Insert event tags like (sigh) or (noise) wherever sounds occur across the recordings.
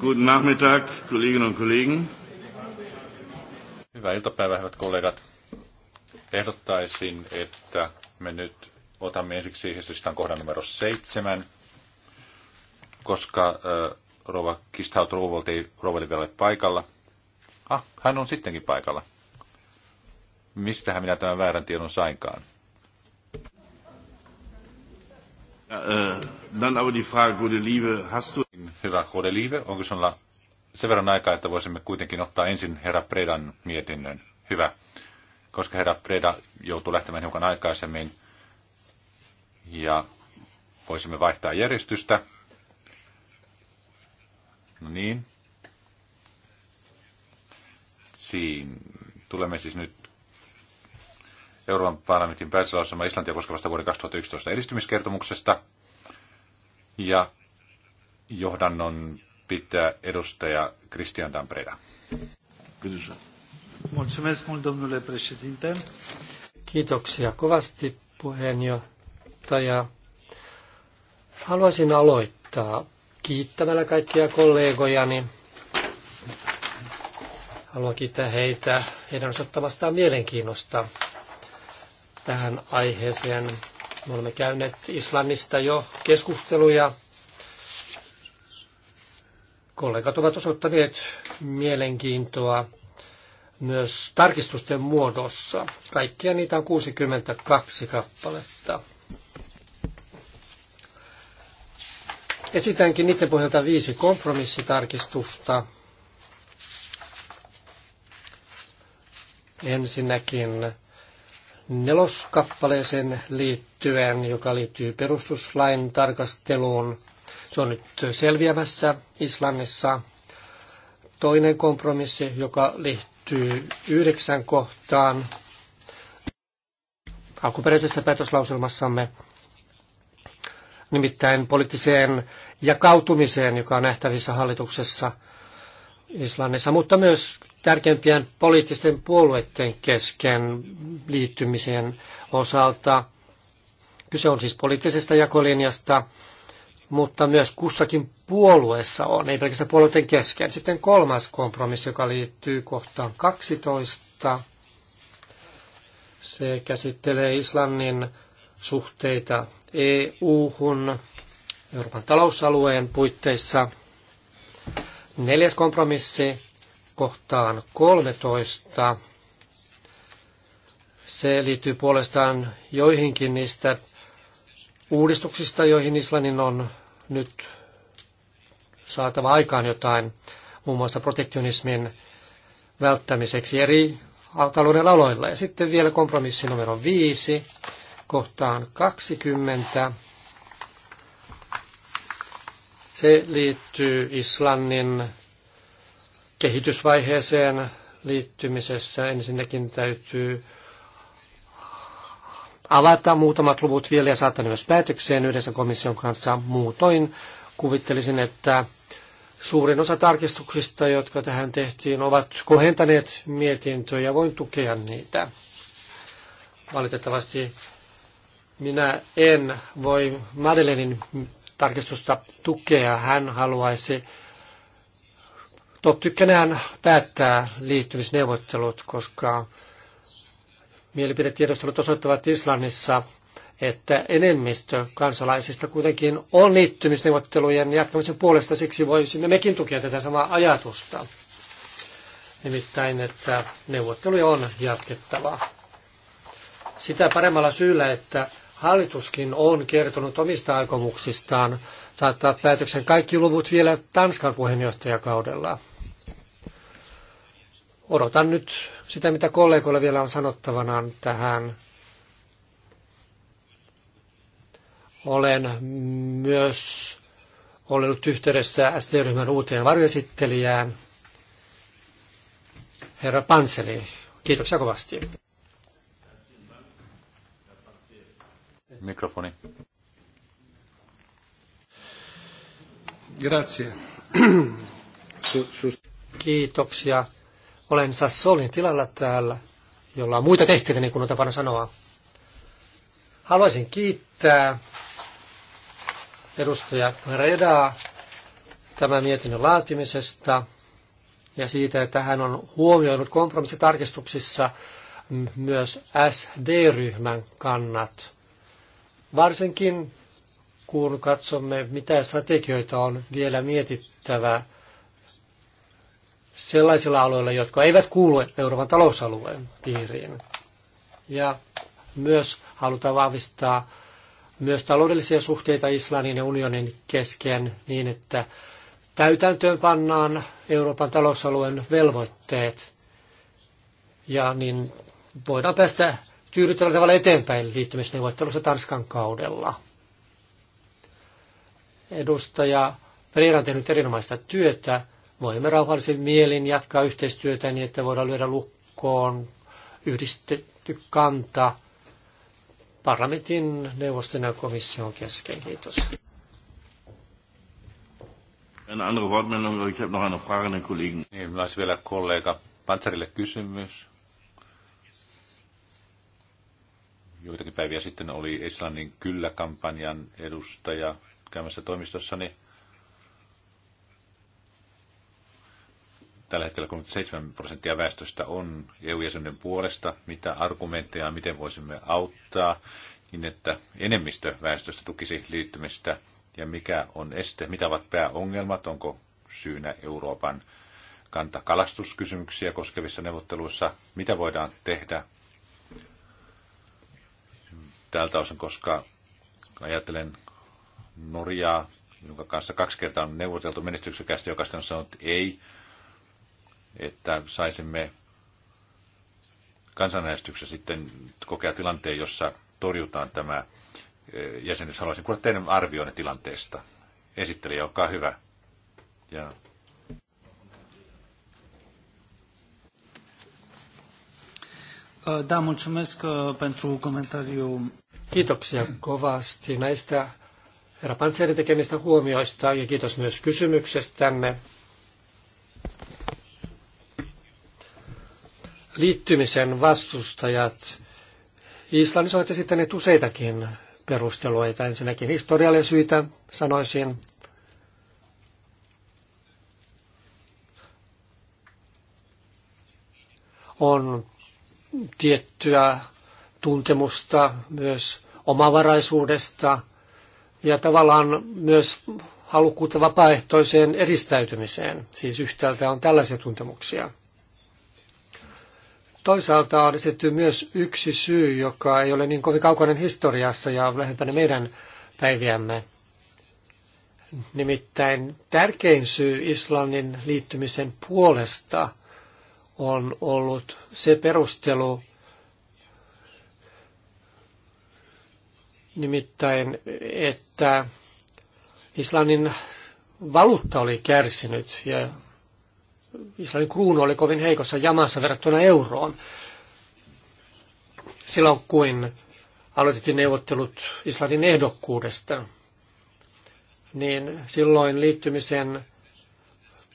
Guten Nachmittag, Kolleginnen und Kollegen. Hyvää iltapäivää, hyvät kollegat. Ehdottaisin, että me nyt otamme ensiksi esitystään kohdan numero seitsemän, koska äh, Rova Kistaut Ruuvolt ei Ruuvolti vielä ole paikalla. Ah, hän on sittenkin paikalla. Mistähän minä tämän väärän tiedon sainkaan? Äh, dann aber die Frage, gute Liebe, hast du... Hyvä, gute Liebe, onko sinulla sen verran aikaa, että voisimme kuitenkin ottaa ensin herra Predan mietinnön. Hyvä, koska herra Preda joutuu lähtemään hiukan aikaisemmin ja voisimme vaihtaa järjestystä. No niin. Siin. Tulemme siis nyt Euroopan parlamentin päätöslauselma Islantia koskevasta vuoden 2011 edistymiskertomuksesta. Ja johdannon pitää edustaja Christian Dampreda. Kiitoksia kovasti, puheenjohtaja. Haluaisin aloittaa kiittämällä kaikkia kollegojani. Haluan kiittää heitä heidän osoittamastaan mielenkiinnosta tähän aiheeseen. Me olemme käyneet Islannista jo keskusteluja. Kollegat ovat osoittaneet mielenkiintoa myös tarkistusten muodossa. Kaikkia niitä on 62 kappaletta. Esitänkin niiden pohjalta viisi kompromissitarkistusta. Ensinnäkin neloskappaleeseen liittyen, joka liittyy perustuslain tarkasteluun. Se on nyt selviämässä Islannissa. Toinen kompromissi, joka liittyy yhdeksän kohtaan alkuperäisessä päätöslauselmassamme, nimittäin poliittiseen jakautumiseen, joka on nähtävissä hallituksessa Islannissa, mutta myös tärkeimpien poliittisten puolueiden kesken liittymisen osalta. Kyse on siis poliittisesta jakolinjasta, mutta myös kussakin puolueessa on, ei pelkästään puolueiden kesken. Sitten kolmas kompromissi, joka liittyy kohtaan 12. Se käsittelee Islannin suhteita EU-hun Euroopan talousalueen puitteissa. Neljäs kompromissi kohtaan 13. Se liittyy puolestaan joihinkin niistä uudistuksista, joihin Islannin on nyt saatava aikaan jotain, muun muassa protektionismin välttämiseksi eri talouden aloilla. Ja sitten vielä kompromissi numero 5 kohtaan 20. Se liittyy Islannin kehitysvaiheeseen liittymisessä ensinnäkin täytyy avata muutamat luvut vielä ja saattaa ne myös päätökseen yhdessä komission kanssa. Muutoin kuvittelisin, että suurin osa tarkistuksista, jotka tähän tehtiin, ovat kohentaneet mietintöä ja voin tukea niitä. Valitettavasti minä en voi Madelenin tarkistusta tukea. Hän haluaisi tykkänään päättää liittymisneuvottelut, koska mielipidetiedostelut osoittavat Islannissa, että enemmistö kansalaisista kuitenkin on liittymisneuvottelujen jatkamisen puolesta, siksi voisimme mekin tukea tätä samaa ajatusta. Nimittäin, että neuvotteluja on jatkettava. Sitä paremmalla syyllä, että hallituskin on kertonut omista aikomuksistaan saattaa päätöksen kaikki luvut vielä Tanskan puheenjohtajakaudella. Odotan nyt sitä, mitä kollegoilla vielä on sanottavanaan tähän. Olen myös ollut yhteydessä SD-ryhmän uuteen varjoesittelijään, herra Panseli. Kiitoksia kovasti. Mikrofoni. Grazie. Kiitoksia. Olen Sassolin tilalla täällä, jolla on muita tehtäviä, niin kuin on tapana sanoa. Haluaisin kiittää edustaja Redaa tämän mietinnön laatimisesta ja siitä, että hän on huomioinut kompromissitarkistuksissa myös SD-ryhmän kannat. Varsinkin kun katsomme, mitä strategioita on vielä mietittävä sellaisilla aloilla, jotka eivät kuulu Euroopan talousalueen piiriin. Ja myös halutaan vahvistaa myös taloudellisia suhteita Islannin ja unionin kesken niin, että täytäntöön pannaan Euroopan talousalueen velvoitteet ja niin voidaan päästä tyydyttävällä tavalla eteenpäin liittymisneuvottelussa Tanskan kaudella edustaja Pereira on tehnyt erinomaista työtä. Voimme rauhallisen mielin jatkaa yhteistyötä niin, että voidaan lyödä lukkoon yhdistetty kanta parlamentin, neuvoston ja komission kesken. Kiitos. En andere Wortmeldung, ich habe noch eine Frage an den Kollegen. Niin, olisi vielä kollega Panzerille kysymys. Joitakin päiviä sitten oli Islannin kyllä-kampanjan edustaja käymässä toimistossani. Tällä hetkellä 37 prosenttia väestöstä on EU-jäsenen puolesta. Mitä argumentteja, miten voisimme auttaa niin, että enemmistö väestöstä tukisi liittymistä ja mikä on este, mitä ovat pääongelmat, onko syynä Euroopan kanta kalastuskysymyksiä koskevissa neuvotteluissa, mitä voidaan tehdä tältä osin, koska ajattelen Norjaa, jonka kanssa kaksi kertaa on neuvoteltu menestyksekästä, joka on sanonut ei, että saisimme kansanäänestyksessä sitten kokea tilanteen, jossa torjutaan tämä eh, jäsenyys. Haluaisin kuulla teidän arvioinnin tilanteesta. Esittelijä, olkaa hyvä. Ja. Da, mulțumesc pentru comentariu. Kiitoksia kovasti näistä herra Pantserin tekemistä huomioista ja kiitos myös kysymyksestänne. Liittymisen vastustajat Islannissa olette esittäneet useitakin perusteluita. Ensinnäkin historiallisia syitä, sanoisin. On tiettyä tuntemusta myös omavaraisuudesta, ja tavallaan myös halukkuutta vapaaehtoiseen eristäytymiseen. Siis yhtäältä on tällaisia tuntemuksia. Toisaalta on esitetty myös yksi syy, joka ei ole niin kovin kaukainen historiassa ja lähempänä meidän päiviämme. Nimittäin tärkein syy Islannin liittymisen puolesta on ollut se perustelu, nimittäin, että Islannin valuutta oli kärsinyt ja Islannin kruunu oli kovin heikossa jamassa verrattuna euroon. Silloin kuin aloitettiin neuvottelut Islannin ehdokkuudesta, niin silloin liittymisen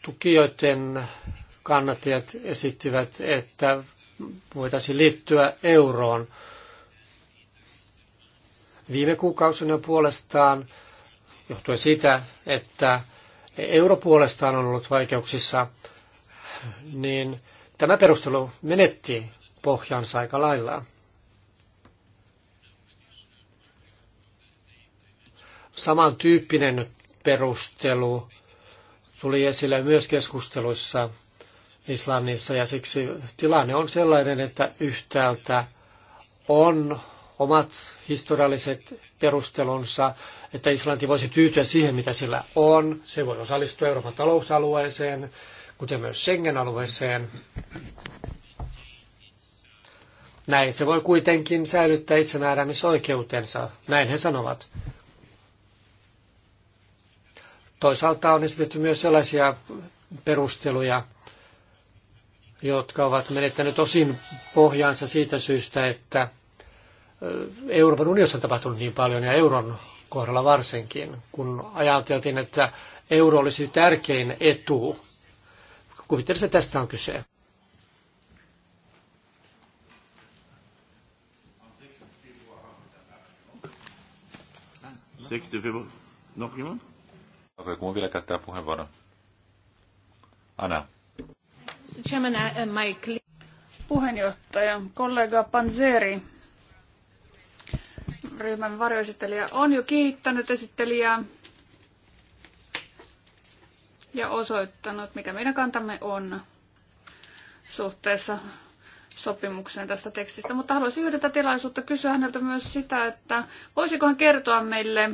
tukijoiden kannattajat esittivät, että voitaisiin liittyä euroon – Viime kuukausina puolestaan, johtuen siitä, että euro puolestaan on ollut vaikeuksissa, niin tämä perustelu menetti pohjansa aika lailla. Samantyyppinen perustelu tuli esille myös keskusteluissa Islannissa ja siksi tilanne on sellainen, että yhtäältä on omat historialliset perustelunsa, että Islanti voisi tyytyä siihen, mitä sillä on. Se voi osallistua Euroopan talousalueeseen, kuten myös Schengen-alueeseen. Näin se voi kuitenkin säilyttää itsemääräämisoikeutensa, näin he sanovat. Toisaalta on esitetty myös sellaisia perusteluja, jotka ovat menettäneet osin pohjaansa siitä syystä, että Euroopan unionissa on tapahtunut niin paljon ja euron kohdalla varsinkin, kun ajateltiin, että euro olisi tärkein etu. Kuvittelisin, että tästä on kyse. Noch kun vielä käyttää puheenvuoron? Anna. Uh, Puheenjohtaja, kollega Panzeri ryhmän varjoesittelijä on jo kiittänyt esittelijää ja osoittanut, mikä meidän kantamme on suhteessa sopimukseen tästä tekstistä. Mutta haluaisin yhdeltä tilaisuutta kysyä häneltä myös sitä, että voisiko hän kertoa meille,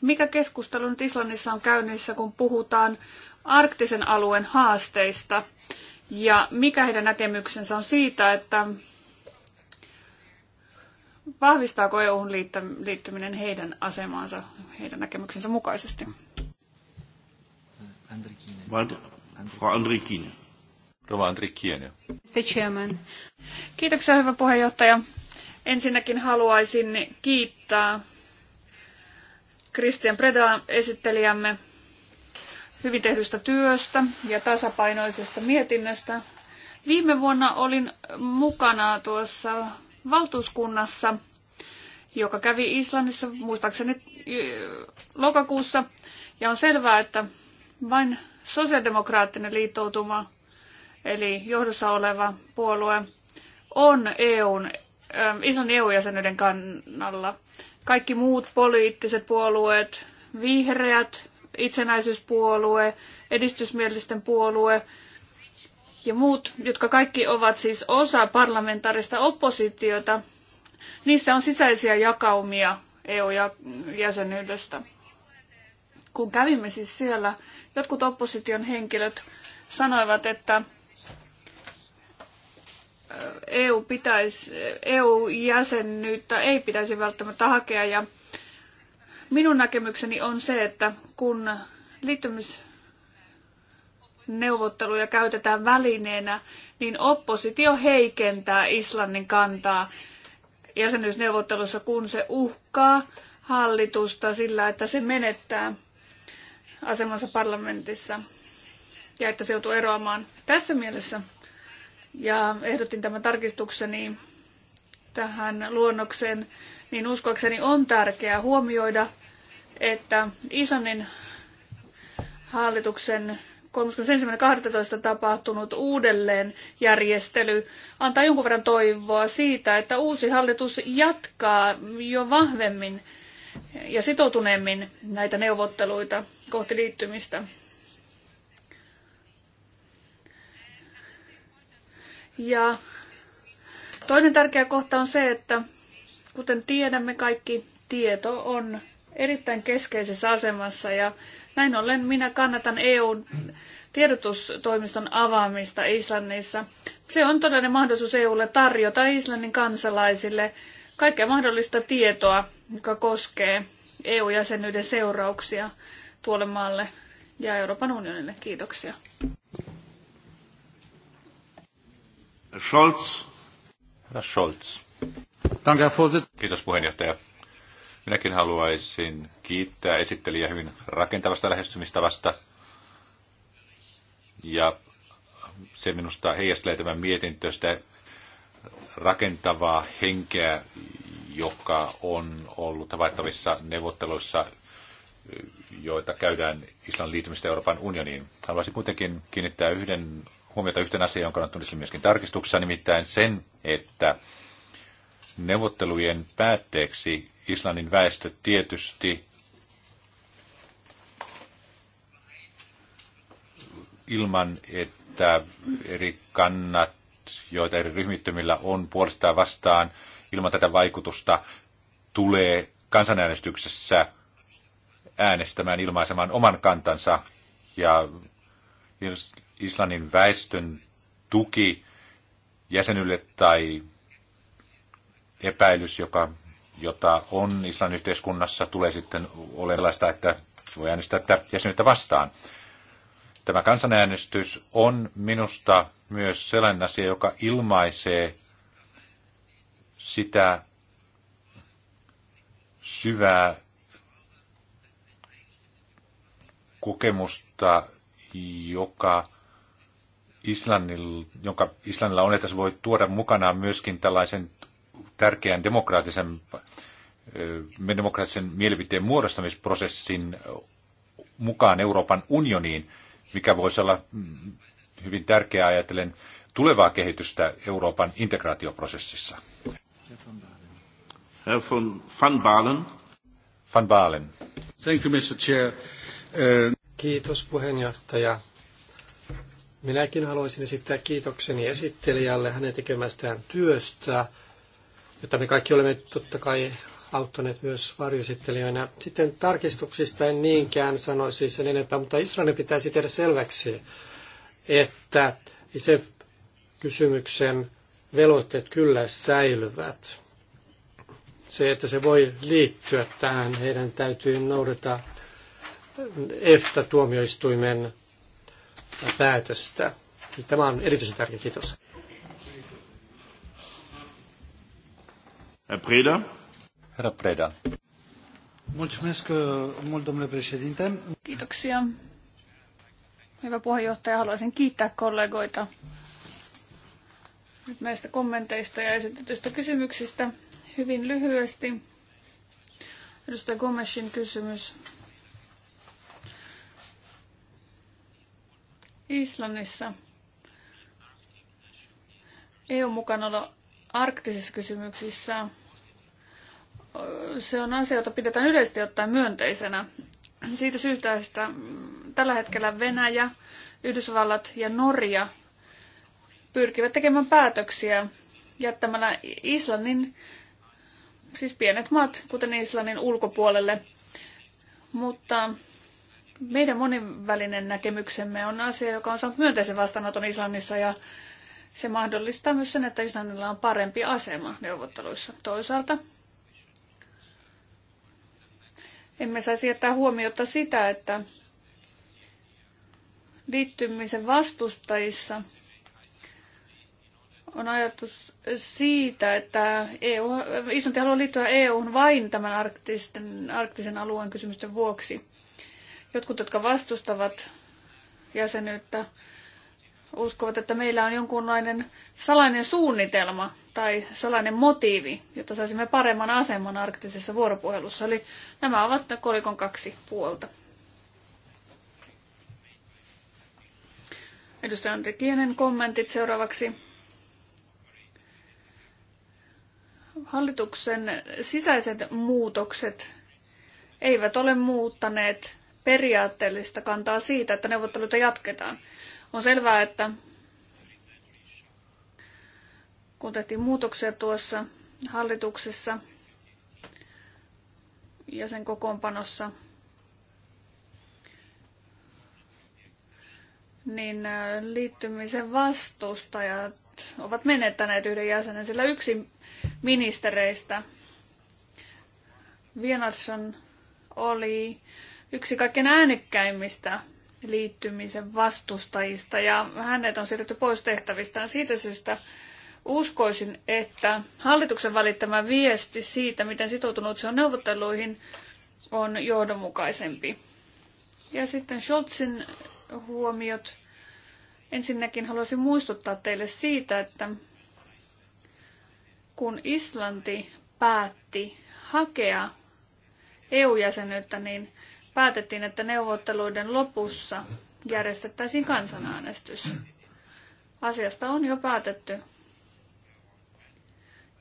mikä keskustelu nyt Islannissa on käynnissä, kun puhutaan arktisen alueen haasteista ja mikä heidän näkemyksensä on siitä, että vahvistaako EU:hun liittyminen heidän asemaansa heidän näkemyksensä mukaisesti? Frau Rova Andrikinen. Kiitoksia, hyvä puheenjohtaja. Ensinnäkin haluaisin kiittää Christian Preda esittelijämme hyvin tehdystä työstä ja tasapainoisesta mietinnöstä. Viime vuonna olin mukana tuossa valtuuskunnassa, joka kävi Islannissa muistaakseni lokakuussa. Ja on selvää, että vain sosiaalidemokraattinen liittoutuma, eli johdossa oleva puolue, on EUn, Islannin EU-jäsenyyden kannalla. Kaikki muut poliittiset puolueet, vihreät, itsenäisyyspuolue, edistysmielisten puolue, ja muut, jotka kaikki ovat siis osa parlamentaarista oppositiota, niissä on sisäisiä jakaumia EU-jäsenyydestä. Kun kävimme siis siellä, jotkut opposition henkilöt sanoivat, että EU pitäisi, EU-jäsenyyttä ei pitäisi välttämättä hakea. Ja minun näkemykseni on se, että kun liittymis neuvotteluja käytetään välineenä, niin oppositio heikentää Islannin kantaa jäsenyysneuvottelussa, kun se uhkaa hallitusta sillä, että se menettää asemansa parlamentissa ja että se joutuu eroamaan tässä mielessä. Ja ehdotin tämän tarkistukseni tähän luonnokseen, niin uskoakseni on tärkeää huomioida, että Isanin hallituksen 31.12. tapahtunut uudelleenjärjestely antaa jonkun verran toivoa siitä, että uusi hallitus jatkaa jo vahvemmin ja sitoutuneemmin näitä neuvotteluita kohti liittymistä. Ja toinen tärkeä kohta on se, että kuten tiedämme kaikki, tieto on erittäin keskeisessä asemassa ja näin ollen minä kannatan EUn tiedotustoimiston avaamista Islannissa. Se on todellinen mahdollisuus EUlle tarjota Islannin kansalaisille kaikkea mahdollista tietoa, joka koskee EU-jäsenyyden seurauksia tuolle maalle ja Euroopan unionille. Kiitoksia. Scholz. Herra Scholz. Kiitos puheenjohtaja. Minäkin haluaisin kiittää esittelijä hyvin rakentavasta lähestymistavasta. Ja se minusta heijastelee tämän mietintöstä rakentavaa henkeä, joka on ollut havaittavissa neuvotteluissa, joita käydään Islannin liittymistä Euroopan unioniin. Haluaisin kuitenkin kiinnittää yhden huomiota yhteen asiaan, jonka on tullut myöskin tarkistuksessa, nimittäin sen, että neuvottelujen päätteeksi Islannin väestö tietysti ilman, että eri kannat, joita eri ryhmittömillä on puolestaan vastaan, ilman tätä vaikutusta tulee kansanäänestyksessä äänestämään ilmaisemaan oman kantansa ja Islannin väestön tuki jäsenylle tai epäilys, joka jota on Islannin yhteiskunnassa, tulee sitten olennaista, että voi äänestää tätä jäsenyyttä vastaan. Tämä kansanäänestys on minusta myös sellainen asia, joka ilmaisee sitä syvää kokemusta, joka Islannilla, jonka Islannilla on, että se voi tuoda mukanaan myöskin tällaisen tärkeän demokraattisen, demokraattisen mielipiteen muodostamisprosessin mukaan Euroopan unioniin, mikä voisi olla mm, hyvin tärkeää ajatellen tulevaa kehitystä Euroopan integraatioprosessissa. Herr von Van Baalen. Van Baalen. Thank you, Mr. Chair. Uh, Kiitos puheenjohtaja. Minäkin haluaisin esittää kiitokseni esittelijälle hänen tekemästään työstä jota me kaikki olemme totta kai auttaneet myös varjosittelijöinä. Sitten tarkistuksista en niinkään sanoisi sen enempää, mutta Israelin pitäisi tehdä selväksi, että se kysymyksen velvoitteet kyllä säilyvät. Se, että se voi liittyä tähän, heidän täytyy noudata EFTA-tuomioistuimen päätöstä. Tämä on erityisen tärkeä. Kiitos. Herr Preda. Herra Preda. Mulțumesc uh, mult, domnule președinte. Kiitoksia. Hyvä puheenjohtaja, haluaisin kiittää kollegoita näistä kommenteista ja esitetyistä kysymyksistä. Hyvin lyhyesti. Edustaja Gomesin kysymys. Islannissa EU-mukanaolo arktisissa kysymyksissä se on asia, jota pidetään yleisesti ottaen myönteisenä. Siitä syystä, että tällä hetkellä Venäjä, Yhdysvallat ja Norja pyrkivät tekemään päätöksiä jättämällä Islannin, siis pienet maat, kuten Islannin ulkopuolelle. Mutta meidän monivälinen näkemyksemme on asia, joka on saanut myönteisen vastaanoton Islannissa ja se mahdollistaa myös sen, että Islannilla on parempi asema neuvotteluissa. Toisaalta emme saisi jättää huomiota sitä, että liittymisen vastustajissa on ajatus siitä, että EU, Islanti haluaa liittyä EUhun vain tämän arktisten, arktisen alueen kysymysten vuoksi. Jotkut, jotka vastustavat jäsenyyttä, uskovat, että meillä on jonkunlainen salainen suunnitelma tai salainen motiivi, jotta saisimme paremman aseman arktisessa vuoropuhelussa. Eli nämä ovat kolikon kaksi puolta. Edustaja Andri Kienen kommentit seuraavaksi. Hallituksen sisäiset muutokset eivät ole muuttaneet periaatteellista kantaa siitä, että neuvotteluita jatketaan. On selvää, että kun tehtiin muutoksia tuossa hallituksessa ja sen kokoonpanossa, niin äh, liittymisen vastustajat ovat menettäneet yhden jäsenen, sillä yksi ministereistä, Vienarsson, oli yksi kaikkein äänekkäimmistä liittymisen vastustajista ja hänet on siirretty pois tehtävistään. Siitä syystä uskoisin, että hallituksen välittämä viesti siitä, miten sitoutunut se on neuvotteluihin, on johdonmukaisempi. Ja sitten Scholzin huomiot. Ensinnäkin haluaisin muistuttaa teille siitä, että kun Islanti päätti hakea EU-jäsenyyttä, niin päätettiin, että neuvotteluiden lopussa järjestettäisiin kansanäänestys. Asiasta on jo päätetty.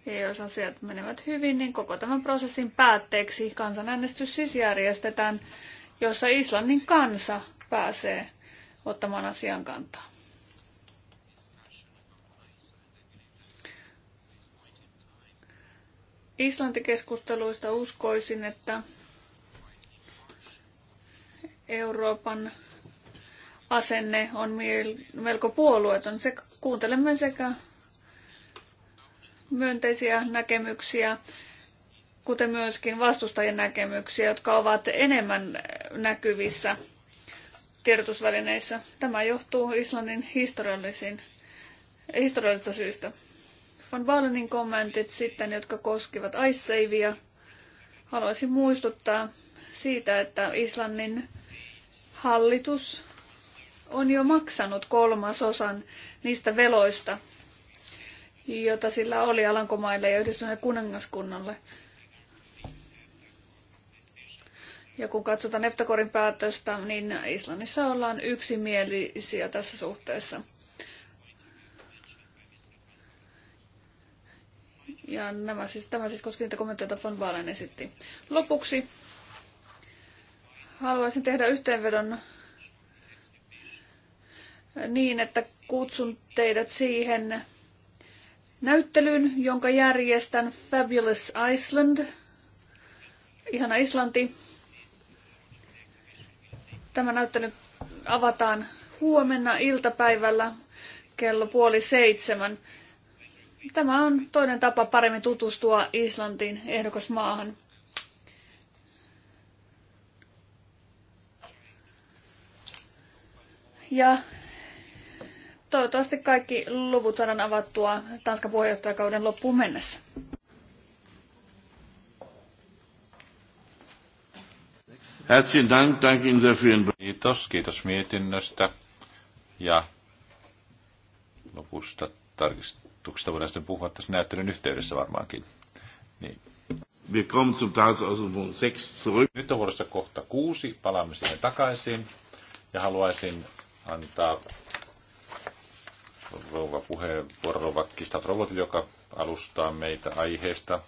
Ja jos asiat menevät hyvin, niin koko tämän prosessin päätteeksi kansanäänestys siis järjestetään, jossa Islannin kansa pääsee ottamaan asian kantaa. Islantikeskusteluista uskoisin, että Euroopan asenne on melko puolueeton. Se, kuuntelemme sekä myönteisiä näkemyksiä, kuten myöskin vastustajien näkemyksiä, jotka ovat enemmän näkyvissä tiedotusvälineissä. Tämä johtuu Islannin historiallisin, historiallisista syistä. Van Wallenin kommentit sitten, jotka koskivat ice savea. Haluaisin muistuttaa siitä, että Islannin hallitus on jo maksanut kolmasosan niistä veloista, jota sillä oli Alankomaille ja yhdistyneen kuningaskunnalle. Ja kun katsotaan Neftakorin päätöstä, niin Islannissa ollaan yksimielisiä tässä suhteessa. Ja nämä siis, tämä siis koski niitä kommentteja, joita von Baalen esitti. Lopuksi haluaisin tehdä yhteenvedon niin, että kutsun teidät siihen näyttelyyn, jonka järjestän Fabulous Iceland, ihana Islanti. Tämä näyttely avataan huomenna iltapäivällä kello puoli seitsemän. Tämä on toinen tapa paremmin tutustua Islantiin ehdokasmaahan. Ja toivottavasti kaikki luvut saadaan avattua Tanskan puheenjohtajakauden loppuun mennessä. Kiitos, kiitos mietinnöstä ja lopusta tarkistuksesta voidaan sitten puhua tässä näyttelyn yhteydessä varmaankin. Niin. Wir kommen zum Tagesordnungspunkt 6 zurück. Nyt on vuorossa kohta kuusi, palaamme sinne takaisin ja haluaisin antaa rouva puheenvuoro rouva Kistatrolotille, joka alustaa meitä aiheesta.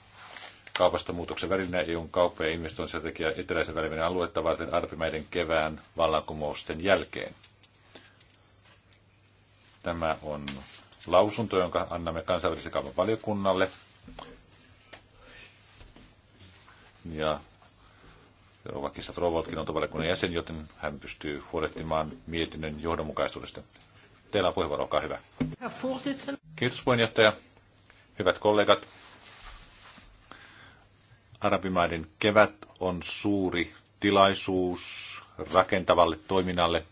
Kaupasta muutoksen välinä EUn kauppa- ja investointistrategia eteläisen välimeren aluetta varten arpimäiden kevään vallankumousten jälkeen. Tämä on lausunto, jonka annamme kansainvälisen kaupan valiokunnalle. Ja Rovakissa Trovoltkin on tavallinen jäsen, joten hän pystyy huolehtimaan mietinnön johdonmukaisuudesta. Teillä on puheenvuoro, olkaa hyvä. Kiitos puheenjohtaja. Hyvät kollegat, arabimaiden kevät on suuri tilaisuus rakentavalle toiminnalle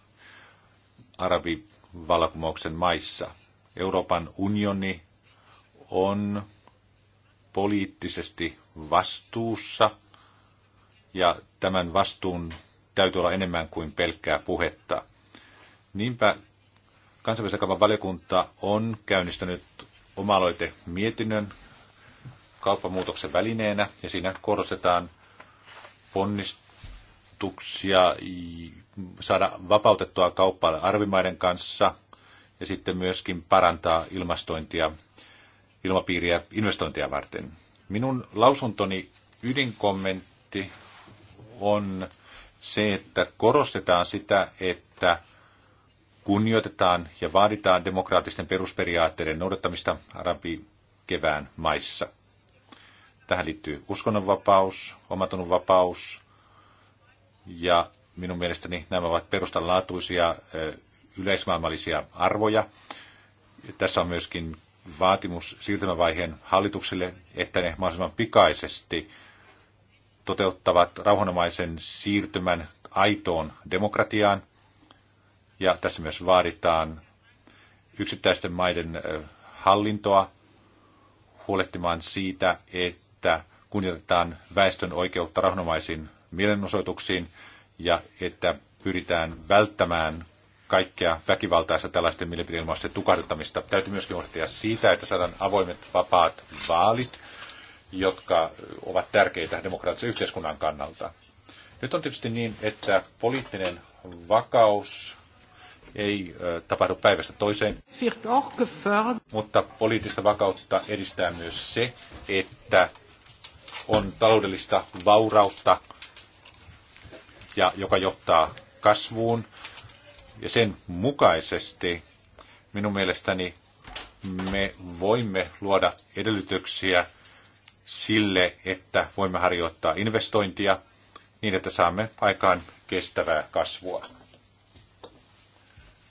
arabivallankumouksen maissa. Euroopan unioni on poliittisesti vastuussa – ja tämän vastuun täytyy olla enemmän kuin pelkkää puhetta. Niinpä kansainvälisen kaupan valiokunta on käynnistänyt oma-aloite mietinnön kauppamuutoksen välineenä ja siinä korostetaan ponnistuksia saada vapautettua kauppaa arvimaiden kanssa ja sitten myöskin parantaa ilmastointia, ilmapiiriä investointia varten. Minun lausuntoni ydinkommentti on se, että korostetaan sitä, että kunnioitetaan ja vaaditaan demokraattisten perusperiaatteiden noudattamista arabikevään maissa. Tähän liittyy uskonnonvapaus, omatunnonvapaus ja minun mielestäni nämä ovat perustanlaatuisia yleismaailmallisia arvoja. Tässä on myöskin vaatimus siirtymävaiheen hallitukselle, että ne mahdollisimman pikaisesti – toteuttavat rauhanomaisen siirtymän aitoon demokratiaan. Ja tässä myös vaaditaan yksittäisten maiden hallintoa huolehtimaan siitä, että kunnioitetaan väestön oikeutta rauhanomaisiin mielenosoituksiin ja että pyritään välttämään kaikkea väkivaltaista tällaisten mielipideilmausten tukahduttamista. Täytyy myöskin huolehtia siitä, että saadaan avoimet vapaat vaalit jotka ovat tärkeitä demokraattisen yhteiskunnan kannalta. Nyt on tietysti niin, että poliittinen vakaus ei tapahdu päivästä toiseen, mutta poliittista vakautta edistää myös se, että on taloudellista vaurautta, ja joka johtaa kasvuun. Ja sen mukaisesti minun mielestäni me voimme luoda edellytyksiä sille, että voimme harjoittaa investointia niin, että saamme aikaan kestävää kasvua.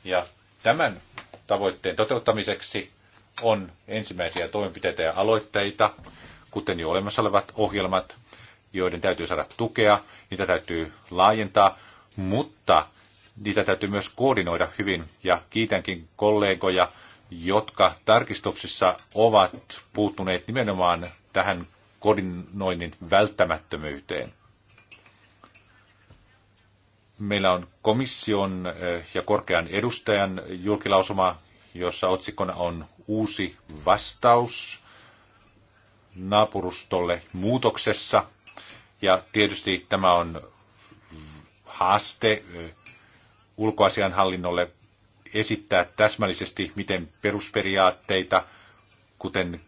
Ja tämän tavoitteen toteuttamiseksi on ensimmäisiä toimenpiteitä ja aloitteita, kuten jo olemassa olevat ohjelmat, joiden täytyy saada tukea, niitä täytyy laajentaa, mutta niitä täytyy myös koordinoida hyvin. Ja kiitänkin kollegoja, jotka tarkistuksissa ovat puuttuneet nimenomaan tähän koordinoinnin välttämättömyyteen. Meillä on komission eh, ja korkean edustajan julkilausuma, jossa otsikkona on uusi vastaus naapurustolle muutoksessa. Ja tietysti tämä on haaste eh, ulkoasianhallinnolle esittää täsmällisesti, miten perusperiaatteita, kuten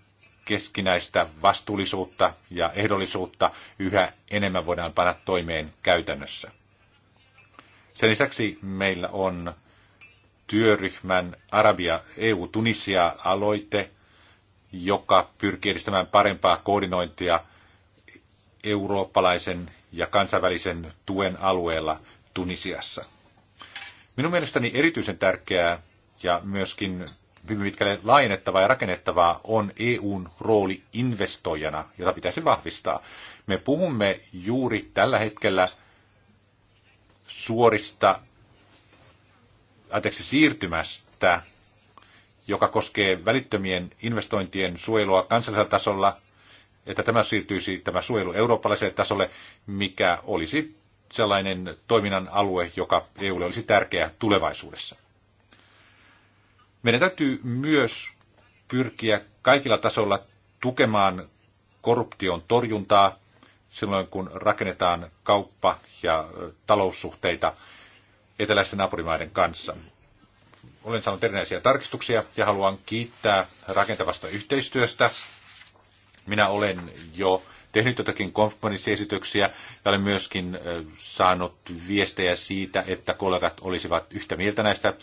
keskinäistä vastuullisuutta ja ehdollisuutta yhä enemmän voidaan panna toimeen käytännössä. Sen lisäksi meillä on työryhmän Arabia EU-Tunisia-aloite, joka pyrkii edistämään parempaa koordinointia eurooppalaisen ja kansainvälisen tuen alueella Tunisiassa. Minun mielestäni erityisen tärkeää ja myöskin hyvin pitkälle laajennettavaa ja rakennettavaa on EUn rooli investoijana, jota pitäisi vahvistaa. Me puhumme juuri tällä hetkellä suorista anteeksi, siirtymästä, joka koskee välittömien investointien suojelua kansallisella tasolla, että tämä siirtyisi tämä suojelu eurooppalaiselle tasolle, mikä olisi sellainen toiminnan alue, joka EUlle olisi tärkeä tulevaisuudessa. Meidän täytyy myös pyrkiä kaikilla tasolla tukemaan korruption torjuntaa silloin, kun rakennetaan kauppa- ja taloussuhteita eteläisten naapurimaiden kanssa. Olen saanut erinäisiä tarkistuksia ja haluan kiittää rakentavasta yhteistyöstä. Minä olen jo tehnyt jotakin kompromissiesityksiä ja olen myöskin saanut viestejä siitä, että kollegat olisivat yhtä mieltä näistä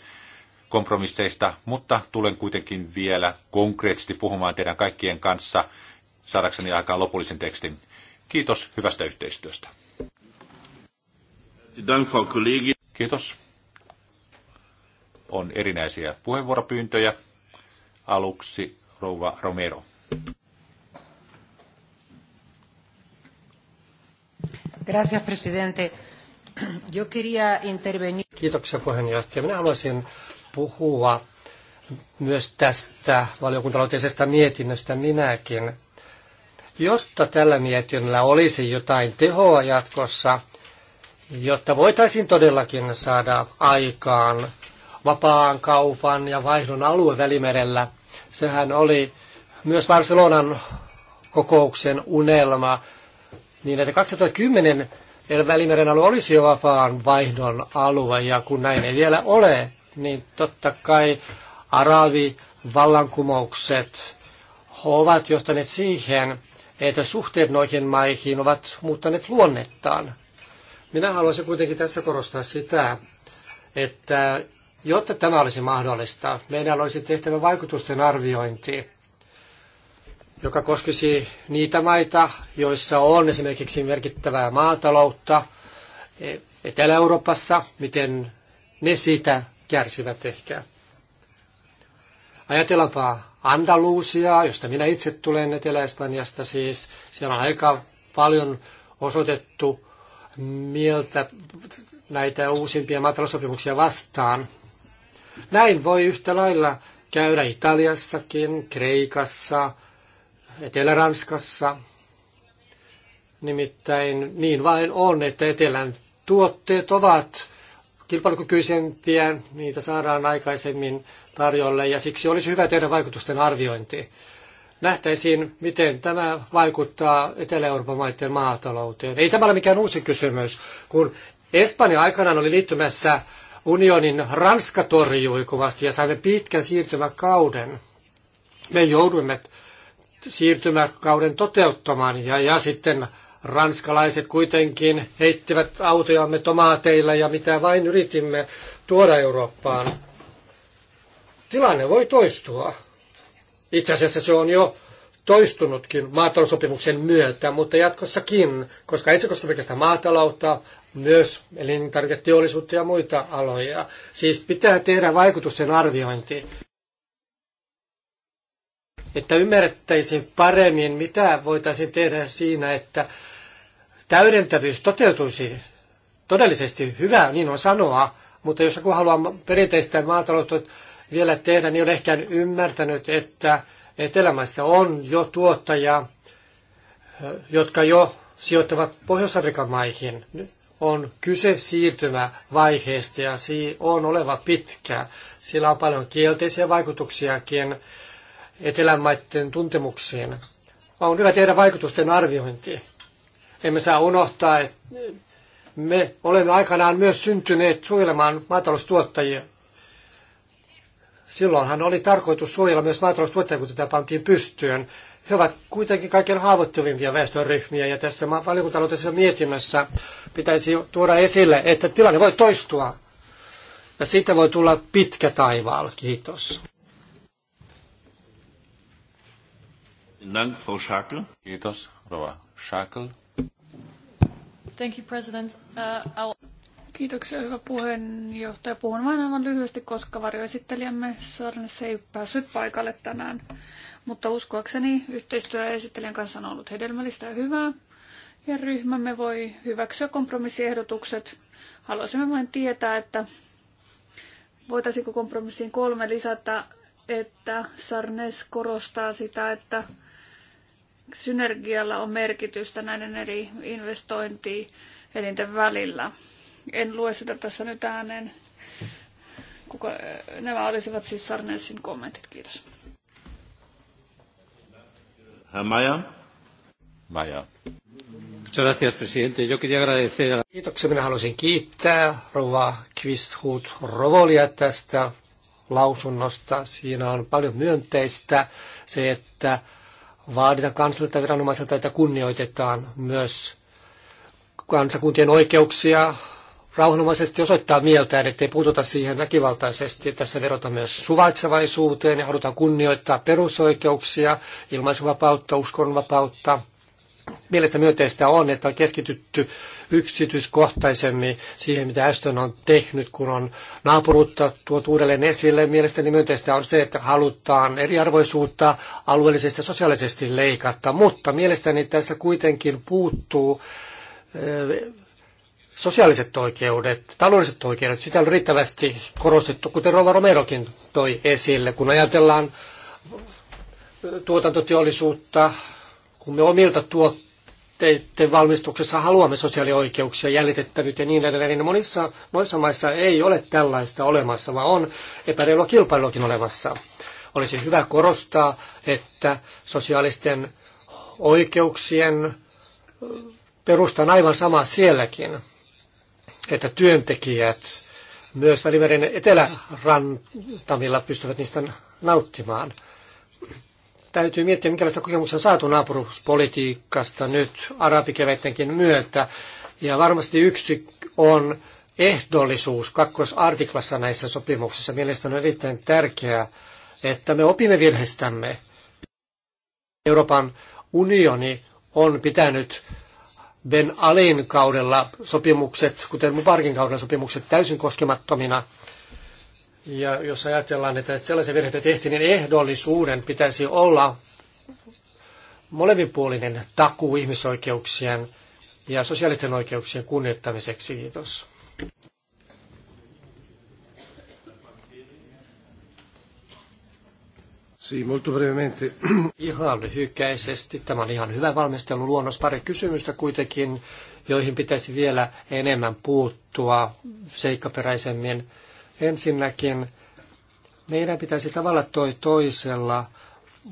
kompromisseista, mutta tulen kuitenkin vielä konkreettisesti puhumaan teidän kaikkien kanssa saadakseni aikaan lopullisen tekstin. Kiitos hyvästä yhteistyöstä. Kiitos. On erinäisiä puheenvuoropyyntöjä. Aluksi rouva Romero. Gracias, presidente. Yo quería intervenir. Kiitoksia puheenjohtaja. Minä haluaisin puhua myös tästä valiokuntaloitteisesta mietinnöstä minäkin. Jotta tällä mietinnöllä olisi jotain tehoa jatkossa, jotta voitaisiin todellakin saada aikaan vapaan kaupan ja vaihdon alue Välimerellä. Sehän oli myös Barcelonan kokouksen unelma, niin että 2010 Välimeren alue olisi jo vapaan vaihdon alue, ja kun näin ei vielä ole, niin totta kai arabivallankumoukset ovat johtaneet siihen, että suhteet noihin maihin ovat muuttaneet luonnettaan. Minä haluaisin kuitenkin tässä korostaa sitä, että jotta tämä olisi mahdollista, meidän olisi tehtävä vaikutusten arviointi, joka koskisi niitä maita, joissa on esimerkiksi merkittävää maataloutta, e- Etelä-Euroopassa, miten ne siitä kärsivät ehkä. Ajatellaanpa Andalusia, josta minä itse tulen Etelä-Espanjasta siis. Siellä on aika paljon osoitettu mieltä näitä uusimpia matalasopimuksia vastaan. Näin voi yhtä lailla käydä Italiassakin, Kreikassa, Etelä-Ranskassa. Nimittäin niin vain on, että etelän tuotteet ovat kilpailukykyisempiä, niitä saadaan aikaisemmin tarjolle ja siksi olisi hyvä tehdä vaikutusten arviointi. Nähtäisiin, miten tämä vaikuttaa Etelä-Euroopan maiden maatalouteen. Ei tämä ole mikään uusi kysymys, kun Espanja aikanaan oli liittymässä unionin Ranska torjui kovasti ja saimme pitkän siirtymäkauden. Me jouduimme siirtymäkauden toteuttamaan ja, ja sitten Ranskalaiset kuitenkin heittivät autojamme tomaateilla ja mitä vain yritimme tuoda Eurooppaan. Tilanne voi toistua. Itse asiassa se on jo toistunutkin maataloussopimuksen myötä, mutta jatkossakin, koska ei se koske pelkästään maataloutta, myös elintarviketeollisuutta ja muita aloja. Siis pitää tehdä vaikutusten arviointi, että ymmärrettäisiin paremmin, mitä voitaisiin tehdä siinä, että täydentävyys toteutuisi todellisesti hyvä, niin on sanoa, mutta jos joku haluaa perinteistä maataloutta vielä tehdä, niin on ehkä ymmärtänyt, että etelämässä on jo tuottajia, jotka jo sijoittavat Pohjois-Afrikan maihin. On kyse siirtymävaiheesta ja siinä on oleva pitkä. Sillä on paljon kielteisiä vaikutuksiakin etelämaiden tuntemuksiin. On hyvä tehdä vaikutusten arviointi. Emme saa unohtaa, että me olemme aikanaan myös syntyneet suojelemaan maataloustuottajia. Silloinhan oli tarkoitus suojella myös maataloustuottajia, kun tätä pantiin pystyyn. He ovat kuitenkin kaiken haavoittuvimpia väestöryhmiä ja tässä valiokuntaloitteessa mietinnössä pitäisi tuoda esille, että tilanne voi toistua ja siitä voi tulla pitkä taivaalla. Kiitos. Frau Kiitos, Rova Schakel. Thank you, President. Uh, Kiitoksia, hyvä puheenjohtaja. Puhun vain aivan lyhyesti, koska varjoesittelijämme Sarnes ei päässyt paikalle tänään. Mutta uskoakseni yhteistyö esittelijän kanssa on ollut hedelmällistä ja hyvää. Ja ryhmämme voi hyväksyä kompromissiehdotukset. Haluaisimme vain tietää, että voitaisiinko kompromissiin kolme lisätä, että Sarnes korostaa sitä, että synergialla on merkitystä näiden eri investointielinten välillä. En lue sitä tässä nyt ääneen. Kuka, nämä olisivat siis Sarnesin kommentit. Kiitos. Maja. Maja. Muchas presidente. Yo quería agradecer... Kiitoksia. Minä haluaisin kiittää Rova Kvisthut Rovolia tästä lausunnosta. Siinä on paljon myönteistä se, että vaadita kansallista viranomaiselta, että kunnioitetaan myös kansakuntien oikeuksia rauhanomaisesti osoittaa mieltä, ettei puututa siihen väkivaltaisesti. Tässä verota myös suvaitsevaisuuteen ja halutaan kunnioittaa perusoikeuksia, ilmaisuvapautta, uskonvapautta – mielestä myönteistä on, että on keskitytty yksityiskohtaisemmin siihen, mitä Aston on tehnyt, kun on naapuruutta tuotu uudelleen esille. Mielestäni myönteistä on se, että halutaan eriarvoisuutta alueellisesti ja sosiaalisesti leikata, mutta mielestäni tässä kuitenkin puuttuu eh, sosiaaliset oikeudet, taloudelliset oikeudet, sitä on riittävästi korostettu, kuten Rova Romerokin toi esille, kun ajatellaan tuotantoteollisuutta, kun me omilta tuotteiden valmistuksessa haluamme sosiaalioikeuksia, jäljitettävyyttä ja niin edelleen, niin monissa, monissa maissa ei ole tällaista olemassa, vaan on epäreilua kilpailuakin olemassa. Olisi hyvä korostaa, että sosiaalisten oikeuksien perusta on aivan sama sielläkin, että työntekijät myös Välimeren etelärantamilla pystyvät niistä nauttimaan – täytyy miettiä, minkälaista kokemuksia on saatu naapuruspolitiikasta nyt arabikevättenkin myötä. Ja varmasti yksi on ehdollisuus kakkosartiklassa näissä sopimuksissa. Mielestäni on erittäin tärkeää, että me opimme virheistämme. Euroopan unioni on pitänyt Ben Alin kaudella sopimukset, kuten Mubarkin kaudella sopimukset, täysin koskemattomina – ja jos ajatellaan, että sellaisia virheitä tehtiin, niin ehdollisuuden pitäisi olla molemminpuolinen takuu ihmisoikeuksien ja sosiaalisten oikeuksien kunnioittamiseksi. Kiitos. Sì, molto brevemente. (clears throat) Ihan lyhykäisesti. Tämä on ihan hyvä luonnos. Pari kysymystä kuitenkin, joihin pitäisi vielä enemmän puuttua seikkaperäisemmin Ensinnäkin meidän pitäisi tavalla toi toisella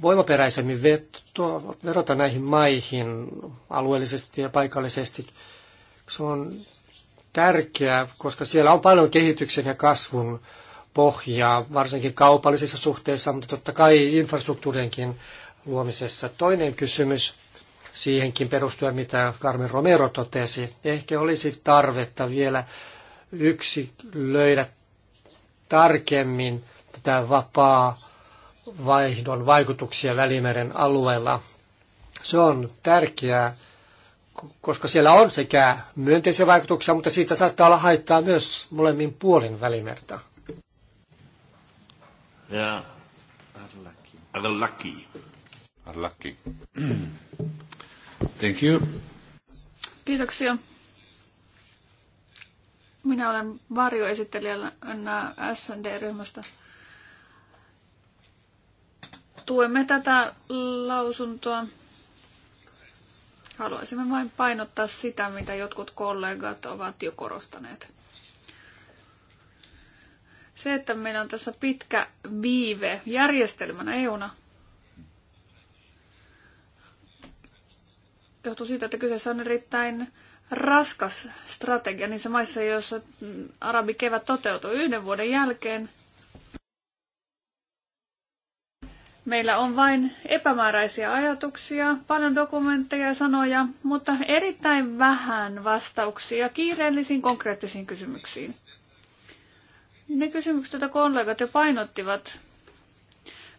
voimaperäisemmin veto, verota näihin maihin alueellisesti ja paikallisesti. Se on tärkeää, koska siellä on paljon kehityksen ja kasvun pohjaa, varsinkin kaupallisissa suhteissa, mutta totta kai infrastruktuurienkin luomisessa. Toinen kysymys siihenkin perustuen, mitä Carmen Romero totesi. Ehkä olisi tarvetta vielä yksi löydä tarkemmin tätä vapaa vaihdon vaikutuksia Välimeren alueella. Se on tärkeää, koska siellä on sekä myönteisiä vaikutuksia, mutta siitä saattaa olla haittaa myös molemmin puolin Välimerta. Ja Arlaki. Arlaki. (clears throat) Thank you. Kiitoksia. Minä olen varjoesittelijänä SND-ryhmästä. Tuemme tätä lausuntoa. Haluaisimme vain painottaa sitä, mitä jotkut kollegat ovat jo korostaneet. Se, että meillä on tässä pitkä viive järjestelmänä EUna, johtuu siitä, että kyseessä on erittäin raskas strategia niissä maissa, joissa arabikevät toteutui yhden vuoden jälkeen. Meillä on vain epämääräisiä ajatuksia, paljon dokumentteja ja sanoja, mutta erittäin vähän vastauksia kiireellisiin konkreettisiin kysymyksiin. Ne kysymykset, joita kollegat jo painottivat,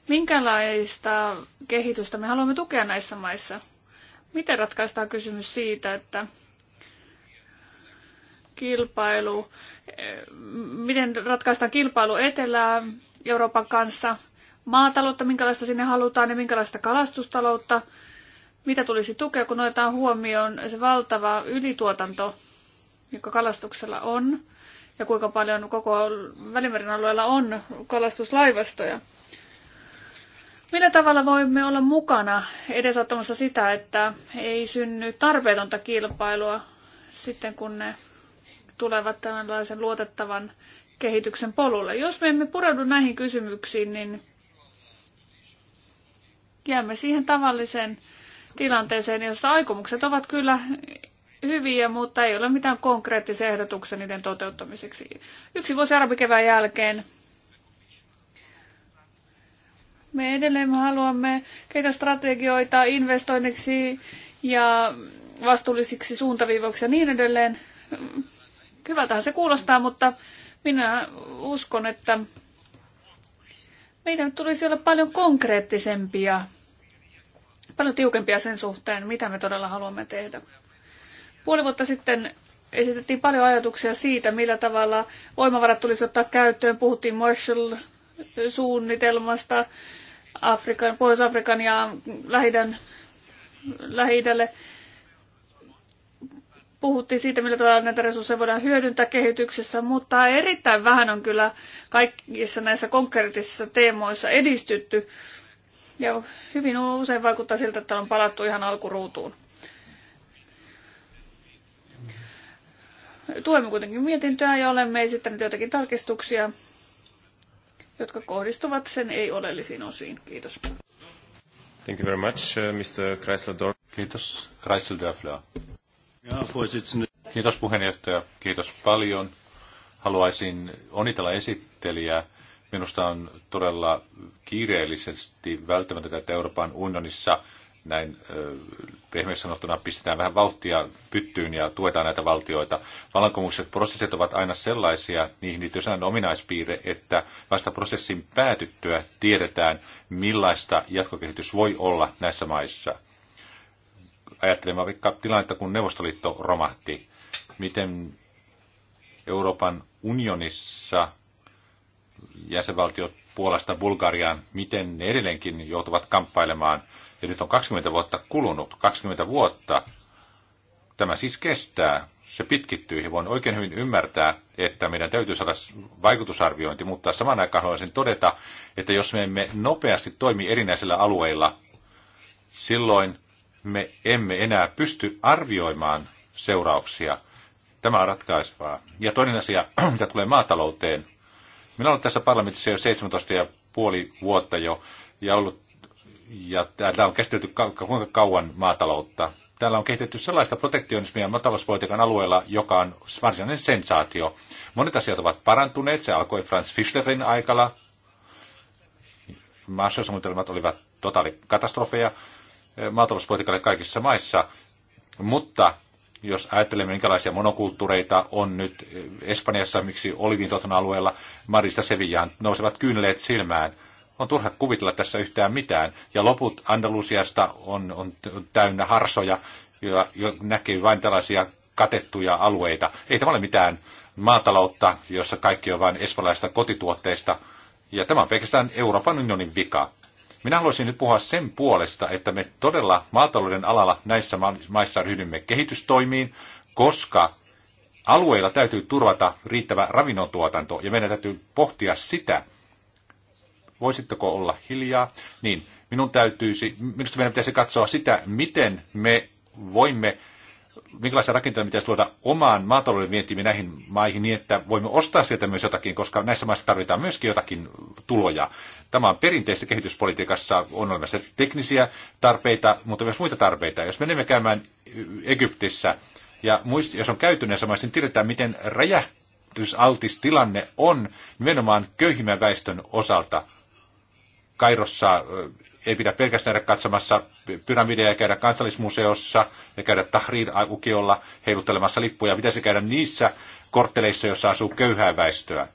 minkälaista kehitystä me haluamme tukea näissä maissa? Miten ratkaistaan kysymys siitä, että kilpailu, miten ratkaistaan kilpailu Etelä-Euroopan kanssa, maataloutta, minkälaista sinne halutaan ja minkälaista kalastustaloutta, mitä tulisi tukea, kun otetaan huomioon se valtava ylituotanto, joka kalastuksella on, ja kuinka paljon koko Välimeren alueella on kalastuslaivastoja. Millä tavalla voimme olla mukana edesauttamassa sitä, että ei synny tarpeetonta kilpailua sitten, kun ne tulevat tällaisen luotettavan kehityksen polulle. Jos me emme pureudu näihin kysymyksiin, niin jäämme siihen tavalliseen tilanteeseen, jossa aikomukset ovat kyllä hyviä, mutta ei ole mitään konkreettisia ehdotuksia niiden toteuttamiseksi. Yksi vuosi arabikevään jälkeen me edelleen haluamme keitä strategioita investoinniksi ja vastuullisiksi suuntaviivoiksi ja niin edelleen. Hyvältähän se kuulostaa, mutta minä uskon, että meidän tulisi olla paljon konkreettisempia, paljon tiukempia sen suhteen, mitä me todella haluamme tehdä. Puoli vuotta sitten esitettiin paljon ajatuksia siitä, millä tavalla voimavarat tulisi ottaa käyttöön. Puhuttiin Marshall-suunnitelmasta Afrikan, Pohjois-Afrikan ja Lähidän, Lähidälle puhuttiin siitä, millä tavalla näitä resursseja voidaan hyödyntää kehityksessä, mutta erittäin vähän on kyllä kaikissa näissä konkreettisissa teemoissa edistytty. Ja hyvin usein vaikuttaa siltä, että on palattu ihan alkuruutuun. Tuemme kuitenkin mietintöä ja olemme esittäneet joitakin tarkistuksia, jotka kohdistuvat sen ei-oleellisiin osiin. Kiitos. Thank you very much, uh, Mr. Chrysler Kiitos, kreisler Dörfler. Kiitos puheenjohtaja, kiitos paljon. Haluaisin onnitella esittelijää. Minusta on todella kiireellisesti välttämätöntä, että Euroopan unionissa näin pehmeä sanottuna pistetään vähän vauhtia pyttyyn ja tuetaan näitä valtioita. Vallankumoukset prosessit ovat aina sellaisia, niihin liittyy sellainen ominaispiirre, että vasta prosessin päätyttyä tiedetään, millaista jatkokehitys voi olla näissä maissa ajattelemaan vaikka tilannetta, kun Neuvostoliitto romahti. Miten Euroopan unionissa jäsenvaltiot Puolasta Bulgariaan, miten ne edelleenkin joutuvat kamppailemaan. Ja nyt on 20 vuotta kulunut, 20 vuotta. Tämä siis kestää, se pitkittyy ja voin oikein hyvin ymmärtää, että meidän täytyy saada vaikutusarviointi, mutta saman aikaan haluaisin todeta, että jos me emme nopeasti toimi erinäisillä alueilla, silloin me emme enää pysty arvioimaan seurauksia. Tämä on ratkaisevaa. Ja toinen asia, (clears throat) mitä tulee maatalouteen. Minä olen tässä parlamentissa jo 17 ja puoli vuotta jo ja ollut ja täällä on käsitelty kuinka kauan maataloutta. Täällä on kehitetty sellaista protektionismia maatalouspolitiikan alueella, joka on varsinainen sensaatio. Monet asiat ovat parantuneet. Se alkoi Franz Fischlerin aikana. Maassa olivat totaalikatastrofeja. katastrofeja Eh, maatalouspolitiikalle kaikissa maissa, mutta jos ajattelemme, minkälaisia monokulttuureita on nyt eh, Espanjassa, miksi olivintuoton alueella Marista Sevillaan nousevat kyyneleet silmään, on turha kuvitella tässä yhtään mitään. Ja loput Andalusiasta on, on täynnä harsoja, ja jo näkee vain tällaisia katettuja alueita. Ei tämä ole mitään maataloutta, jossa kaikki on vain espanjalaista kotituotteista. Ja tämä on pelkästään Euroopan unionin vika. Minä haluaisin nyt puhua sen puolesta, että me todella maatalouden alalla näissä maissa ryhdymme kehitystoimiin, koska alueilla täytyy turvata riittävä ravinnontuotanto ja meidän täytyy pohtia sitä, voisitteko olla hiljaa, niin minun täytyisi, minusta meidän pitäisi katsoa sitä, miten me voimme minkälaisia rakenteita pitäisi luoda omaan maatalouden vientiimme näihin maihin niin, että voimme ostaa sieltä myös jotakin, koska näissä maissa tarvitaan myöskin jotakin tuloja. Tämä on perinteistä kehityspolitiikassa, on olemassa teknisiä tarpeita, mutta myös muita tarpeita. Jos menemme käymään Egyptissä, ja muist, jos on käyty näissä maissa, niin tiedetään, miten räjähtysaltis tilanne on nimenomaan köyhimmän väestön osalta. Kairossa ei pidä pelkästään käydä katsomassa pyramideja, käydä kansallismuseossa ja käydä tahrir ukiolla heiluttelemassa lippuja. Pitäisi käydä niissä kortteleissa, joissa asuu köyhää väestöä.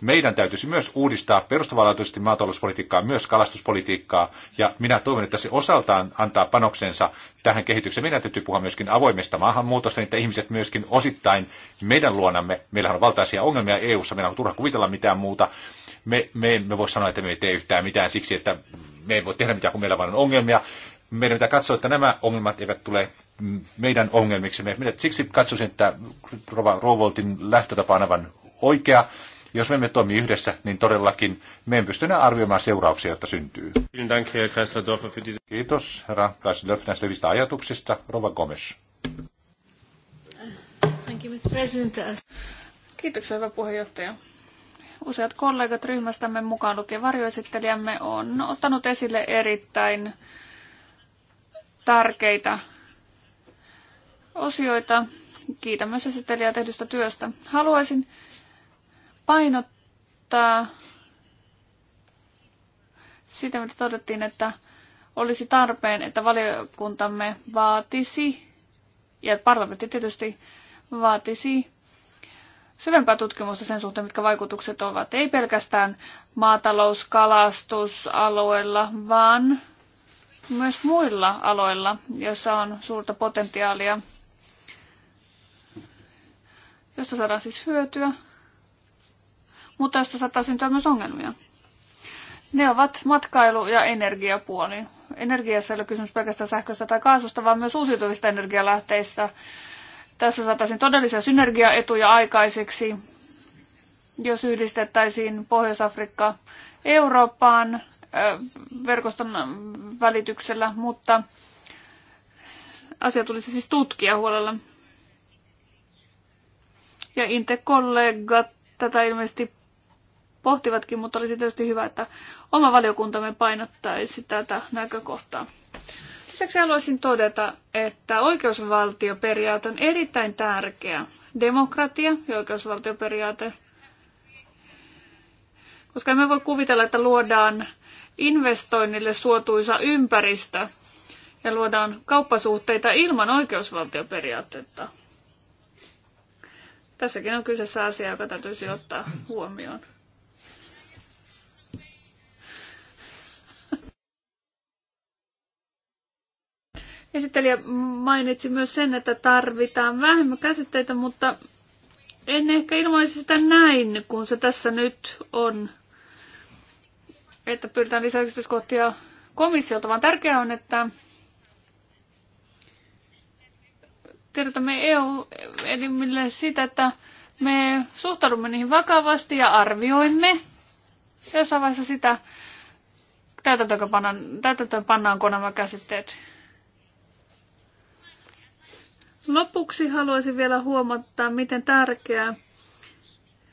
Meidän täytyisi myös uudistaa perustavanlaatuisesti maatalouspolitiikkaa, myös kalastuspolitiikkaa, ja minä toivon, että se osaltaan antaa panoksensa tähän kehitykseen. Meidän täytyy puhua myöskin avoimesta maahanmuutosta, niin että ihmiset myöskin osittain meidän luonamme, meillähän on valtaisia ongelmia EU-ssa, meillä on turha kuvitella mitään muuta, me, me emme voi sanoa, että me ei tee yhtään mitään siksi, että me ei voi tehdä mitään, kun meillä vaan on ongelmia. Meidän pitää katsoa, että nämä ongelmat eivät tule meidän ongelmiksi, Minä siksi katsoisin, että Rova Rovoltin lähtötapa on aivan oikea. Jos me emme toimi yhdessä, niin todellakin me emme pysty enää arvioimaan seurauksia, jotta syntyy. Kiitos, herra Kreisler, näistä hyvistä ajatuksista. Rova Gomes. Kiitoksia, hyvä puheenjohtaja useat kollegat ryhmästämme mukaan lukien varjoesittelijämme on ottanut esille erittäin tärkeitä osioita. Kiitän myös esittelijää tehdystä työstä. Haluaisin painottaa sitä, mitä todettiin, että olisi tarpeen, että valiokuntamme vaatisi, ja parlamentti tietysti vaatisi syvempää tutkimusta sen suhteen, mitkä vaikutukset ovat. Ei pelkästään maatalous, vaan myös muilla aloilla, joissa on suurta potentiaalia, josta saadaan siis hyötyä, mutta josta saattaa syntyä myös ongelmia. Ne ovat matkailu- ja energiapuoli. Energiassa ei ole kysymys pelkästään sähköstä tai kaasusta, vaan myös uusiutuvista energialähteistä, tässä saataisiin todellisia synergiaetuja aikaiseksi, jos yhdistettäisiin Pohjois-Afrikka Eurooppaan verkoston välityksellä, mutta asia tulisi siis tutkia huolella. Ja Inte-kollegat tätä ilmeisesti pohtivatkin, mutta olisi tietysti hyvä, että oma valiokuntamme painottaisi tätä näkökohtaa. Lisäksi haluaisin todeta, että oikeusvaltioperiaate on erittäin tärkeä. Demokratia ja oikeusvaltioperiaate. Koska emme voi kuvitella, että luodaan investoinnille suotuisa ympäristö ja luodaan kauppasuhteita ilman oikeusvaltioperiaatetta. Tässäkin on kyseessä asia, joka täytyisi ottaa huomioon. Esittelijä mainitsi myös sen, että tarvitaan vähemmän käsitteitä, mutta en ehkä ilmaisi sitä näin, kun se tässä nyt on, että pyritään lisää yksityiskohtia komissiolta, vaan tärkeää on, että tiedotamme EU-elimille sitä, että me suhtaudumme niihin vakavasti ja arvioimme jossain vaiheessa sitä, täytäntöön pannaan, täytäntöön nämä käsitteet Lopuksi haluaisin vielä huomattaa, miten tärkeää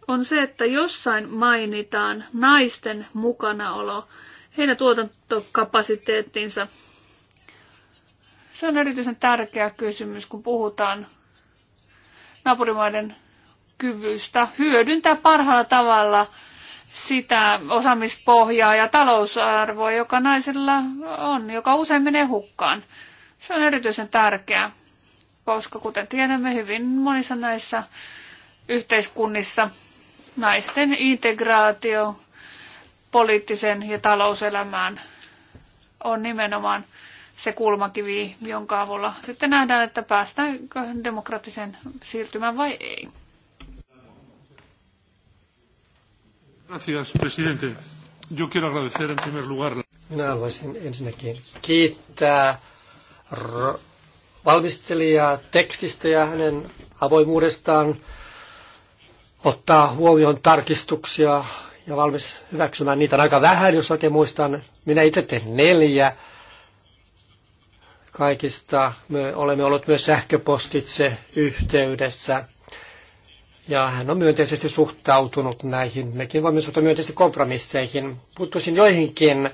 on se, että jossain mainitaan naisten mukanaolo, heidän tuotantokapasiteettinsa. Se on erityisen tärkeä kysymys, kun puhutaan naapurimaiden kyvystä hyödyntää parhaalla tavalla sitä osaamispohjaa ja talousarvoa, joka naisilla on, joka usein menee hukkaan. Se on erityisen tärkeää koska kuten tiedämme hyvin monissa näissä yhteiskunnissa naisten integraatio poliittisen ja talouselämään on nimenomaan se kulmakivi, jonka avulla sitten nähdään, että päästäänkö demokraattisen siirtymään vai ei. Gracias, presidente. Yo quiero agradecer en primer lugar. Minä haluaisin ensinnäkin kiittää valmistelijaa tekstistä ja hänen avoimuudestaan ottaa huomioon tarkistuksia ja valmis hyväksymään niitä aika vähän, jos oikein muistan. Minä itse tein neljä kaikista. Me olemme olleet myös sähköpostitse yhteydessä. Ja hän on myönteisesti suhtautunut näihin. Mekin voimme suhtautua myönteisesti kompromisseihin. Puuttuisin joihinkin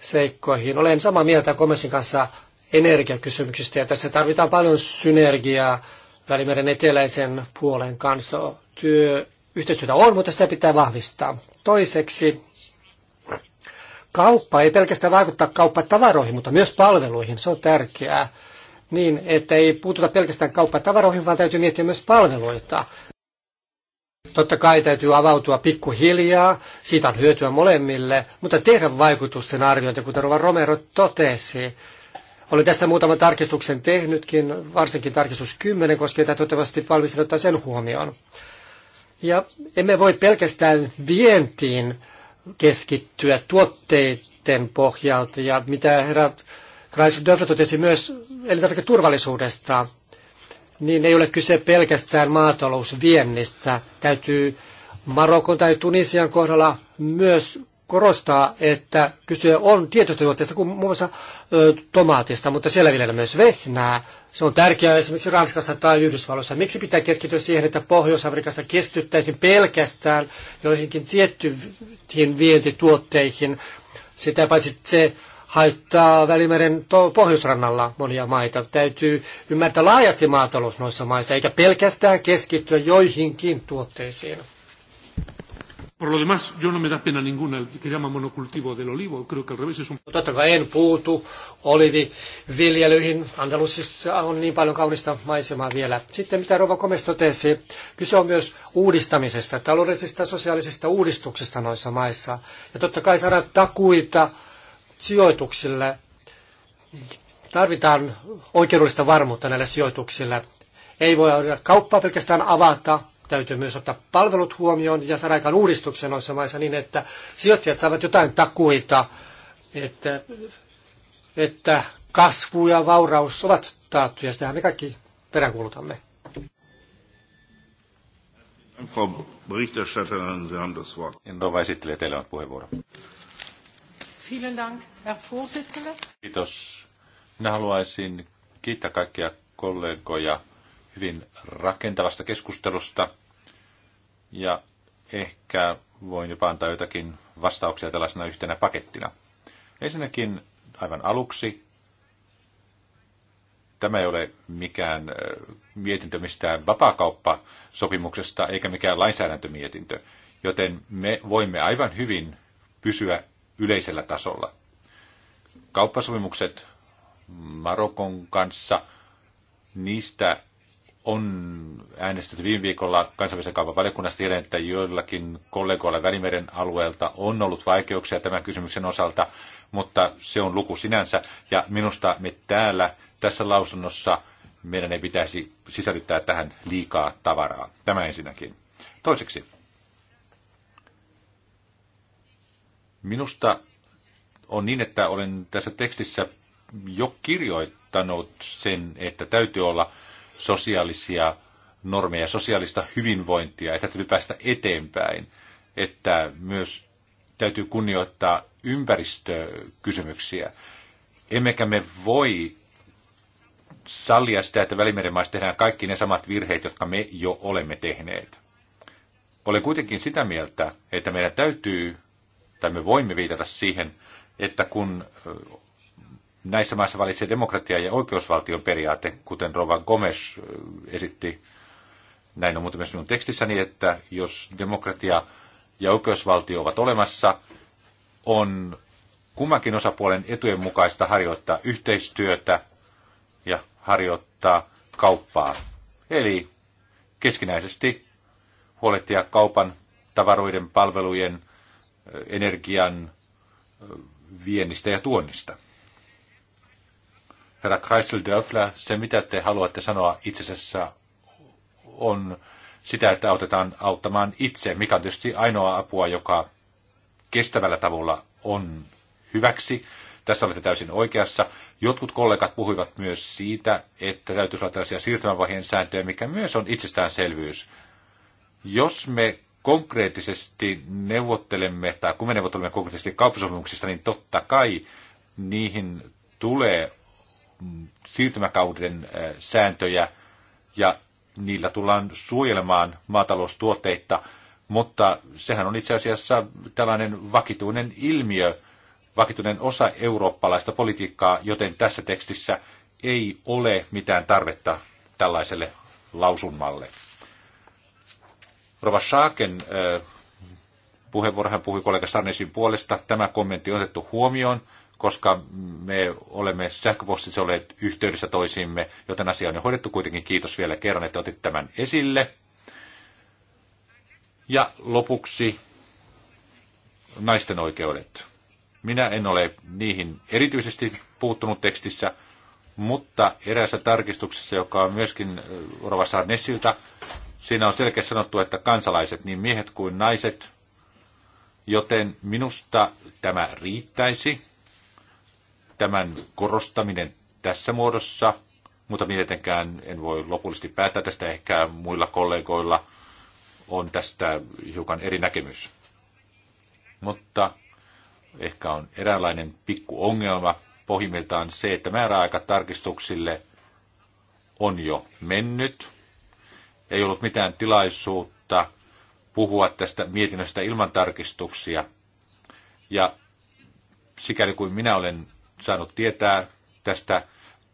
seikkoihin. Olen samaa mieltä komission kanssa energiakysymyksistä. Ja tässä tarvitaan paljon synergiaa Välimeren eteläisen puolen kanssa. Työ, yhteistyötä on, mutta sitä pitää vahvistaa. Toiseksi kauppa ei pelkästään vaikuttaa kauppatavaroihin, mutta myös palveluihin. Se on tärkeää. Niin, että ei puututa pelkästään kauppatavaroihin, vaan täytyy miettiä myös palveluita. Totta kai täytyy avautua pikkuhiljaa, siitä on hyötyä molemmille, mutta tehdä vaikutusten arviointi, kuten Rova Romero totesi, olen tästä muutaman tarkistuksen tehnytkin, varsinkin tarkistus 10 koska tätä toivottavasti valmistin ottaa sen huomioon. Ja emme voi pelkästään vientiin keskittyä tuotteiden pohjalta ja mitä herra Kreisdorf totesi myös elintarviketurvallisuudesta, niin ei ole kyse pelkästään maatalousviennistä. Täytyy Marokon tai Tunisian kohdalla myös korostaa, että kyse on tietystä tuotteesta kuin muun muassa ö, tomaatista, mutta siellä viljellään myös vehnää. Se on tärkeää esimerkiksi Ranskassa tai Yhdysvalloissa. Miksi pitää keskittyä siihen, että Pohjois-Afrikassa keskityttäisiin pelkästään joihinkin tiettyihin vientituotteihin? Sitä paitsi se haittaa Välimeren pohjoisrannalla monia maita. Täytyy ymmärtää laajasti maatalous noissa maissa, eikä pelkästään keskittyä joihinkin tuotteisiin. Por lo demás, yo no me da pena ninguna el que llama monocultivo del olivo. Creo que al revés es un... Totta kai en puutu oliviviljelyihin. Andalusissa on niin paljon kaunista maisemaa vielä. Sitten mitä Rova Komes totesi, kyse on myös uudistamisesta, taloudellisista ja sosiaalisesta uudistuksista noissa maissa. Ja totta kai saada takuita sijoituksille. Tarvitaan oikeudellista varmuutta näille sijoituksille. Ei voi kauppaa pelkästään avata, Täytyy myös ottaa palvelut huomioon ja saada aikaan uudistuksen noissa maissa niin, että sijoittajat saavat jotain takuita, että, että kasvu ja vauraus ovat taattuja. Sitähän me kaikki peräänkuulutamme. Frau Rova esittelee, teillä on puheenvuoro. Vielen Dank, Herr Kiitos. Minä haluaisin kiittää kaikkia kollegoja hyvin rakentavasta keskustelusta ja ehkä voin jopa antaa jotakin vastauksia tällaisena yhtenä pakettina. Ensinnäkin aivan aluksi tämä ei ole mikään mietintö mistään vapaakauppasopimuksesta eikä mikään lainsäädäntömietintö, joten me voimme aivan hyvin pysyä yleisellä tasolla. Kauppasopimukset Marokon kanssa, niistä on äänestetty viime viikolla kansainvälisen kaupan valiokunnasta tiedän, että joillakin kollegoilla Välimeren alueelta on ollut vaikeuksia tämän kysymyksen osalta, mutta se on luku sinänsä. Ja minusta me täällä tässä lausunnossa meidän ei pitäisi sisällyttää tähän liikaa tavaraa. Tämä ensinnäkin. Toiseksi, minusta on niin, että olen tässä tekstissä jo kirjoittanut sen, että täytyy olla sosiaalisia normeja, sosiaalista hyvinvointia, että täytyy päästä eteenpäin, että myös täytyy kunnioittaa ympäristökysymyksiä. Emmekä me voi sallia sitä, että Välimeren maissa tehdään kaikki ne samat virheet, jotka me jo olemme tehneet. Olen kuitenkin sitä mieltä, että meidän täytyy, tai me voimme viitata siihen, että kun näissä maissa valitsee demokratia ja oikeusvaltion periaate, kuten Rova Gomes esitti. Näin on muuten myös minun tekstissäni, että jos demokratia ja oikeusvaltio ovat olemassa, on kummankin osapuolen etujen mukaista harjoittaa yhteistyötä ja harjoittaa kauppaa. Eli keskinäisesti huolehtia kaupan, tavaroiden, palvelujen, energian, viennistä ja tuonnista herra Kreisel Döfler, se mitä te haluatte sanoa itse asiassa on sitä, että autetaan auttamaan itse, mikä on tietysti ainoa apua, joka kestävällä tavalla on hyväksi. Tässä olette täysin oikeassa. Jotkut kollegat puhuivat myös siitä, että täytyisi olla tällaisia siirtymävaiheen sääntöjä, mikä myös on itsestäänselvyys. Jos me konkreettisesti neuvottelemme, tai kun me neuvottelemme konkreettisesti kauppasopimuksista, niin totta kai niihin tulee Mm, siirtymäkauden sääntöjä ja niillä tullaan suojelemaan maataloustuotteita, mutta sehän on itse asiassa tällainen vakituinen ilmiö, vakituinen osa eurooppalaista politiikkaa, joten tässä tekstissä ei ole mitään tarvetta tällaiselle lausunmalle. Rova Schaaken puheenvuoro, hän puhui kollega Sarnesin puolesta. Tämä kommentti on otettu huomioon koska me olemme sähköpostissa olleet yhteydessä toisiimme, joten asia on jo hoidettu kuitenkin. Kiitos vielä kerran, että otit tämän esille. Ja lopuksi naisten oikeudet. Minä en ole niihin erityisesti puuttunut tekstissä, mutta eräässä tarkistuksessa, joka on myöskin Rovassa Nessiltä, siinä on selkeästi sanottu, että kansalaiset, niin miehet kuin naiset, joten minusta tämä riittäisi tämän korostaminen tässä muodossa, mutta mitenkään en voi lopullisesti päättää tästä, ehkä muilla kollegoilla on tästä hiukan eri näkemys. Mutta ehkä on eräänlainen pikku ongelma pohjimmiltaan se, että määräaika tarkistuksille on jo mennyt. Ei ollut mitään tilaisuutta puhua tästä mietinnöstä ilman tarkistuksia. Ja sikäli kuin minä olen saanut tietää, tästä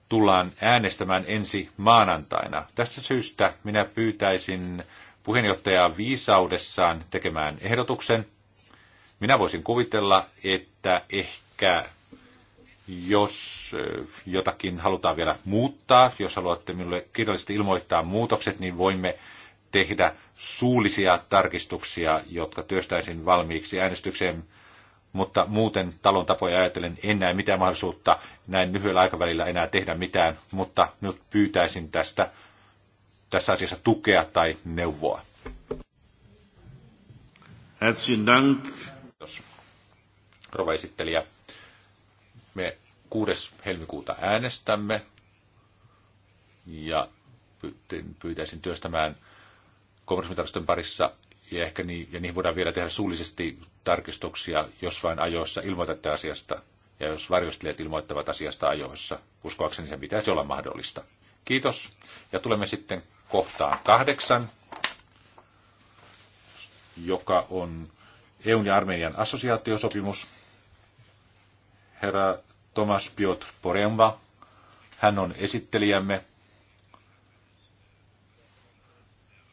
tullaan äänestämään ensi maanantaina. Tästä syystä minä pyytäisin puheenjohtajaa viisaudessaan tekemään ehdotuksen. Minä voisin kuvitella, että ehkä jos jotakin halutaan vielä muuttaa, jos haluatte minulle kirjallisesti ilmoittaa muutokset, niin voimme tehdä suullisia tarkistuksia, jotka työstäisin valmiiksi äänestykseen mutta muuten talon tapoja ajatellen en näe mitään mahdollisuutta näin lyhyellä aikavälillä enää tehdä mitään, mutta nyt pyytäisin tästä tässä asiassa tukea tai neuvoa. Herzlichen Dank. Kiitos, rova esittelijä. Me 6. helmikuuta äänestämme ja pyytäisin työstämään kompromissitarkastusten parissa ja ehkä niin, ja niihin voidaan vielä tehdä suullisesti tarkistuksia, jos vain ajoissa ilmoitatte asiasta ja jos varjostelijat ilmoittavat asiasta ajoissa. Uskoakseni sen pitäisi olla mahdollista. Kiitos ja tulemme sitten kohtaan kahdeksan, joka on EUn ja Armenian assosiaatiosopimus. Herra Tomas Piotr Poremba, hän on esittelijämme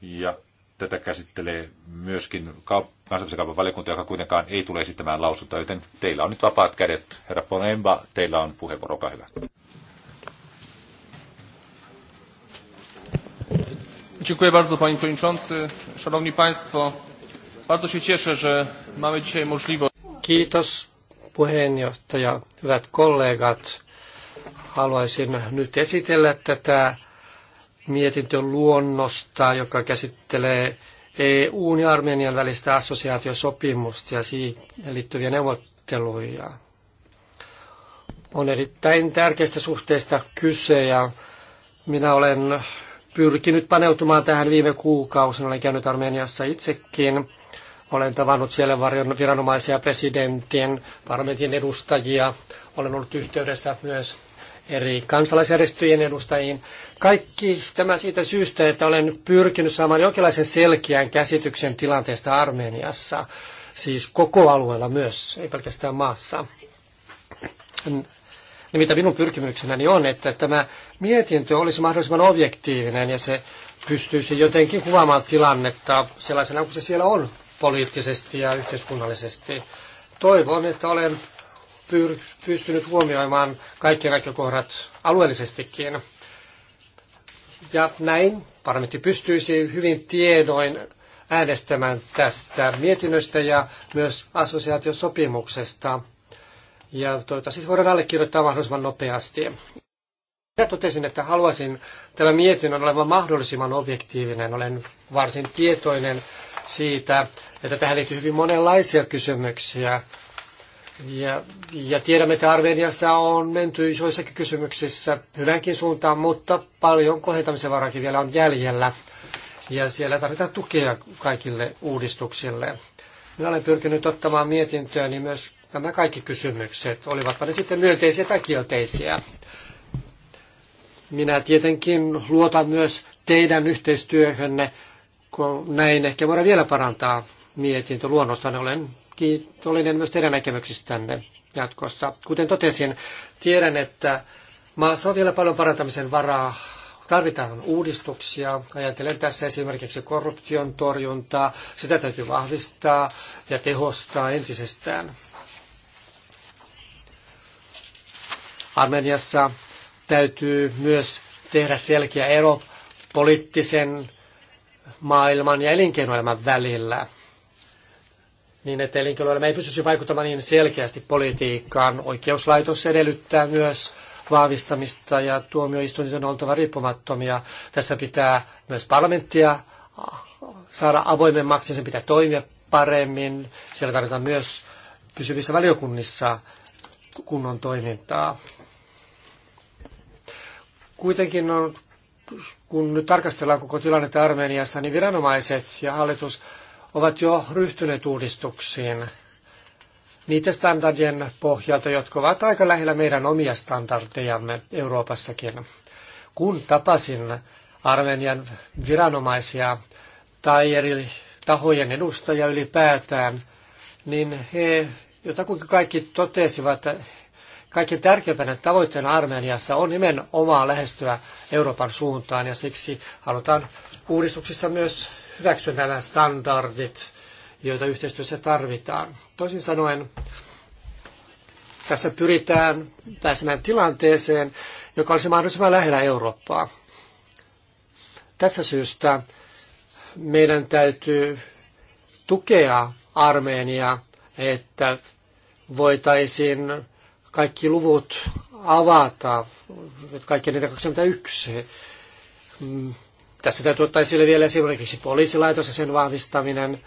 ja tätä käsittelee myöskin kauppa kansallisen kaupan valiokunta, joka kuitenkaan ei tule esittämään lausuntoa, joten teillä on nyt vapaat kädet. Herra Ponemba, teillä on puheenvuoro, olkaa hyvä. Dziękuję bardzo Panie Przewodniczący. Szanowni Państwo, bardzo się cieszę, że mamy dzisiaj możliwość. Kiitos puheenjohtaja, hyvät kollegat. Haluaisin nyt esitellä tätä mietintön luonnosta, joka käsittelee EUn ja Armenian välistä assosiaatiosopimusta ja siihen liittyviä neuvotteluja. On erittäin tärkeistä suhteista kyse ja minä olen pyrkinyt paneutumaan tähän viime kuukausina. Olen käynyt Armeniassa itsekin. Olen tavannut siellä viranomaisia, presidentin, parlamentin edustajia. Olen ollut yhteydessä myös eri kansalaisjärjestöjen edustajiin. Kaikki tämä siitä syystä, että olen pyrkinyt saamaan jonkinlaisen selkeän käsityksen tilanteesta Armeniassa, siis koko alueella myös, ei pelkästään maassa. Ja niin mitä minun pyrkimyksenäni on, että tämä mietintö olisi mahdollisimman objektiivinen ja se pystyisi jotenkin kuvaamaan tilannetta sellaisena kuin se siellä on poliittisesti ja yhteiskunnallisesti. Toivon, että olen pyr- pystynyt huomioimaan kaikki näkökohdat alueellisestikin. Ja näin parlamentti pystyisi hyvin tiedoin äänestämään tästä mietinnöstä ja myös assosiaatiosopimuksesta. Ja toivottavasti siis voidaan allekirjoittaa mahdollisimman nopeasti. Minä totesin, että haluaisin tämän mietinnön olevan mahdollisimman objektiivinen. Olen varsin tietoinen siitä, että tähän liittyy hyvin monenlaisia kysymyksiä, ja, ja tiedämme, että Armeniassa on menty joissakin kysymyksissä hyvänkin suuntaan, mutta paljon kohentamisen varakin vielä on jäljellä. Ja siellä tarvitaan tukea kaikille uudistuksille. Minä olen pyrkinyt ottamaan mietintöön niin myös nämä kaikki kysymykset, olivatpa ne sitten myönteisiä tai kielteisiä. Minä tietenkin luotan myös teidän yhteistyöhönne, kun näin ehkä voidaan vielä parantaa mietintöluonnosta. Olen kiitollinen myös teidän näkemyksistänne jatkossa. Kuten totesin, tiedän, että maassa on vielä paljon parantamisen varaa. Tarvitaan uudistuksia. Ajattelen tässä esimerkiksi korruption torjuntaa. Sitä täytyy vahvistaa ja tehostaa entisestään. Armeniassa täytyy myös tehdä selkeä ero poliittisen maailman ja elinkeinoelämän välillä – niin että elinkeinoelämä ei pystyisi vaikuttamaan niin selkeästi politiikkaan. Oikeuslaitos edellyttää myös vahvistamista ja tuomioistuimet on oltava riippumattomia. Tässä pitää myös parlamenttia saada avoimemmaksi, sen pitää toimia paremmin. Siellä tarvitaan myös pysyvissä valiokunnissa kunnon toimintaa. Kuitenkin on, kun nyt tarkastellaan koko tilannetta Armeniassa, niin viranomaiset ja hallitus ovat jo ryhtyneet uudistuksiin niiden standardien pohjalta, jotka ovat aika lähellä meidän omia standardejamme Euroopassakin. Kun tapasin Armenian viranomaisia tai eri tahojen edustajia ylipäätään, niin he jotakin kaikki totesivat, että kaikkein tärkeimpänä tavoitteena Armeniassa on nimenomaan lähestyä Euroopan suuntaan ja siksi halutaan uudistuksissa myös hyväksyä nämä standardit, joita yhteistyössä tarvitaan. Toisin sanoen, tässä pyritään pääsemään tilanteeseen, joka olisi mahdollisimman lähellä Eurooppaa. Tässä syystä meidän täytyy tukea Armeenia, että voitaisiin kaikki luvut avata, kaikki niitä 21. Tässä täytyy ottaa esille vielä esimerkiksi poliisilaitos ja sen vahvistaminen.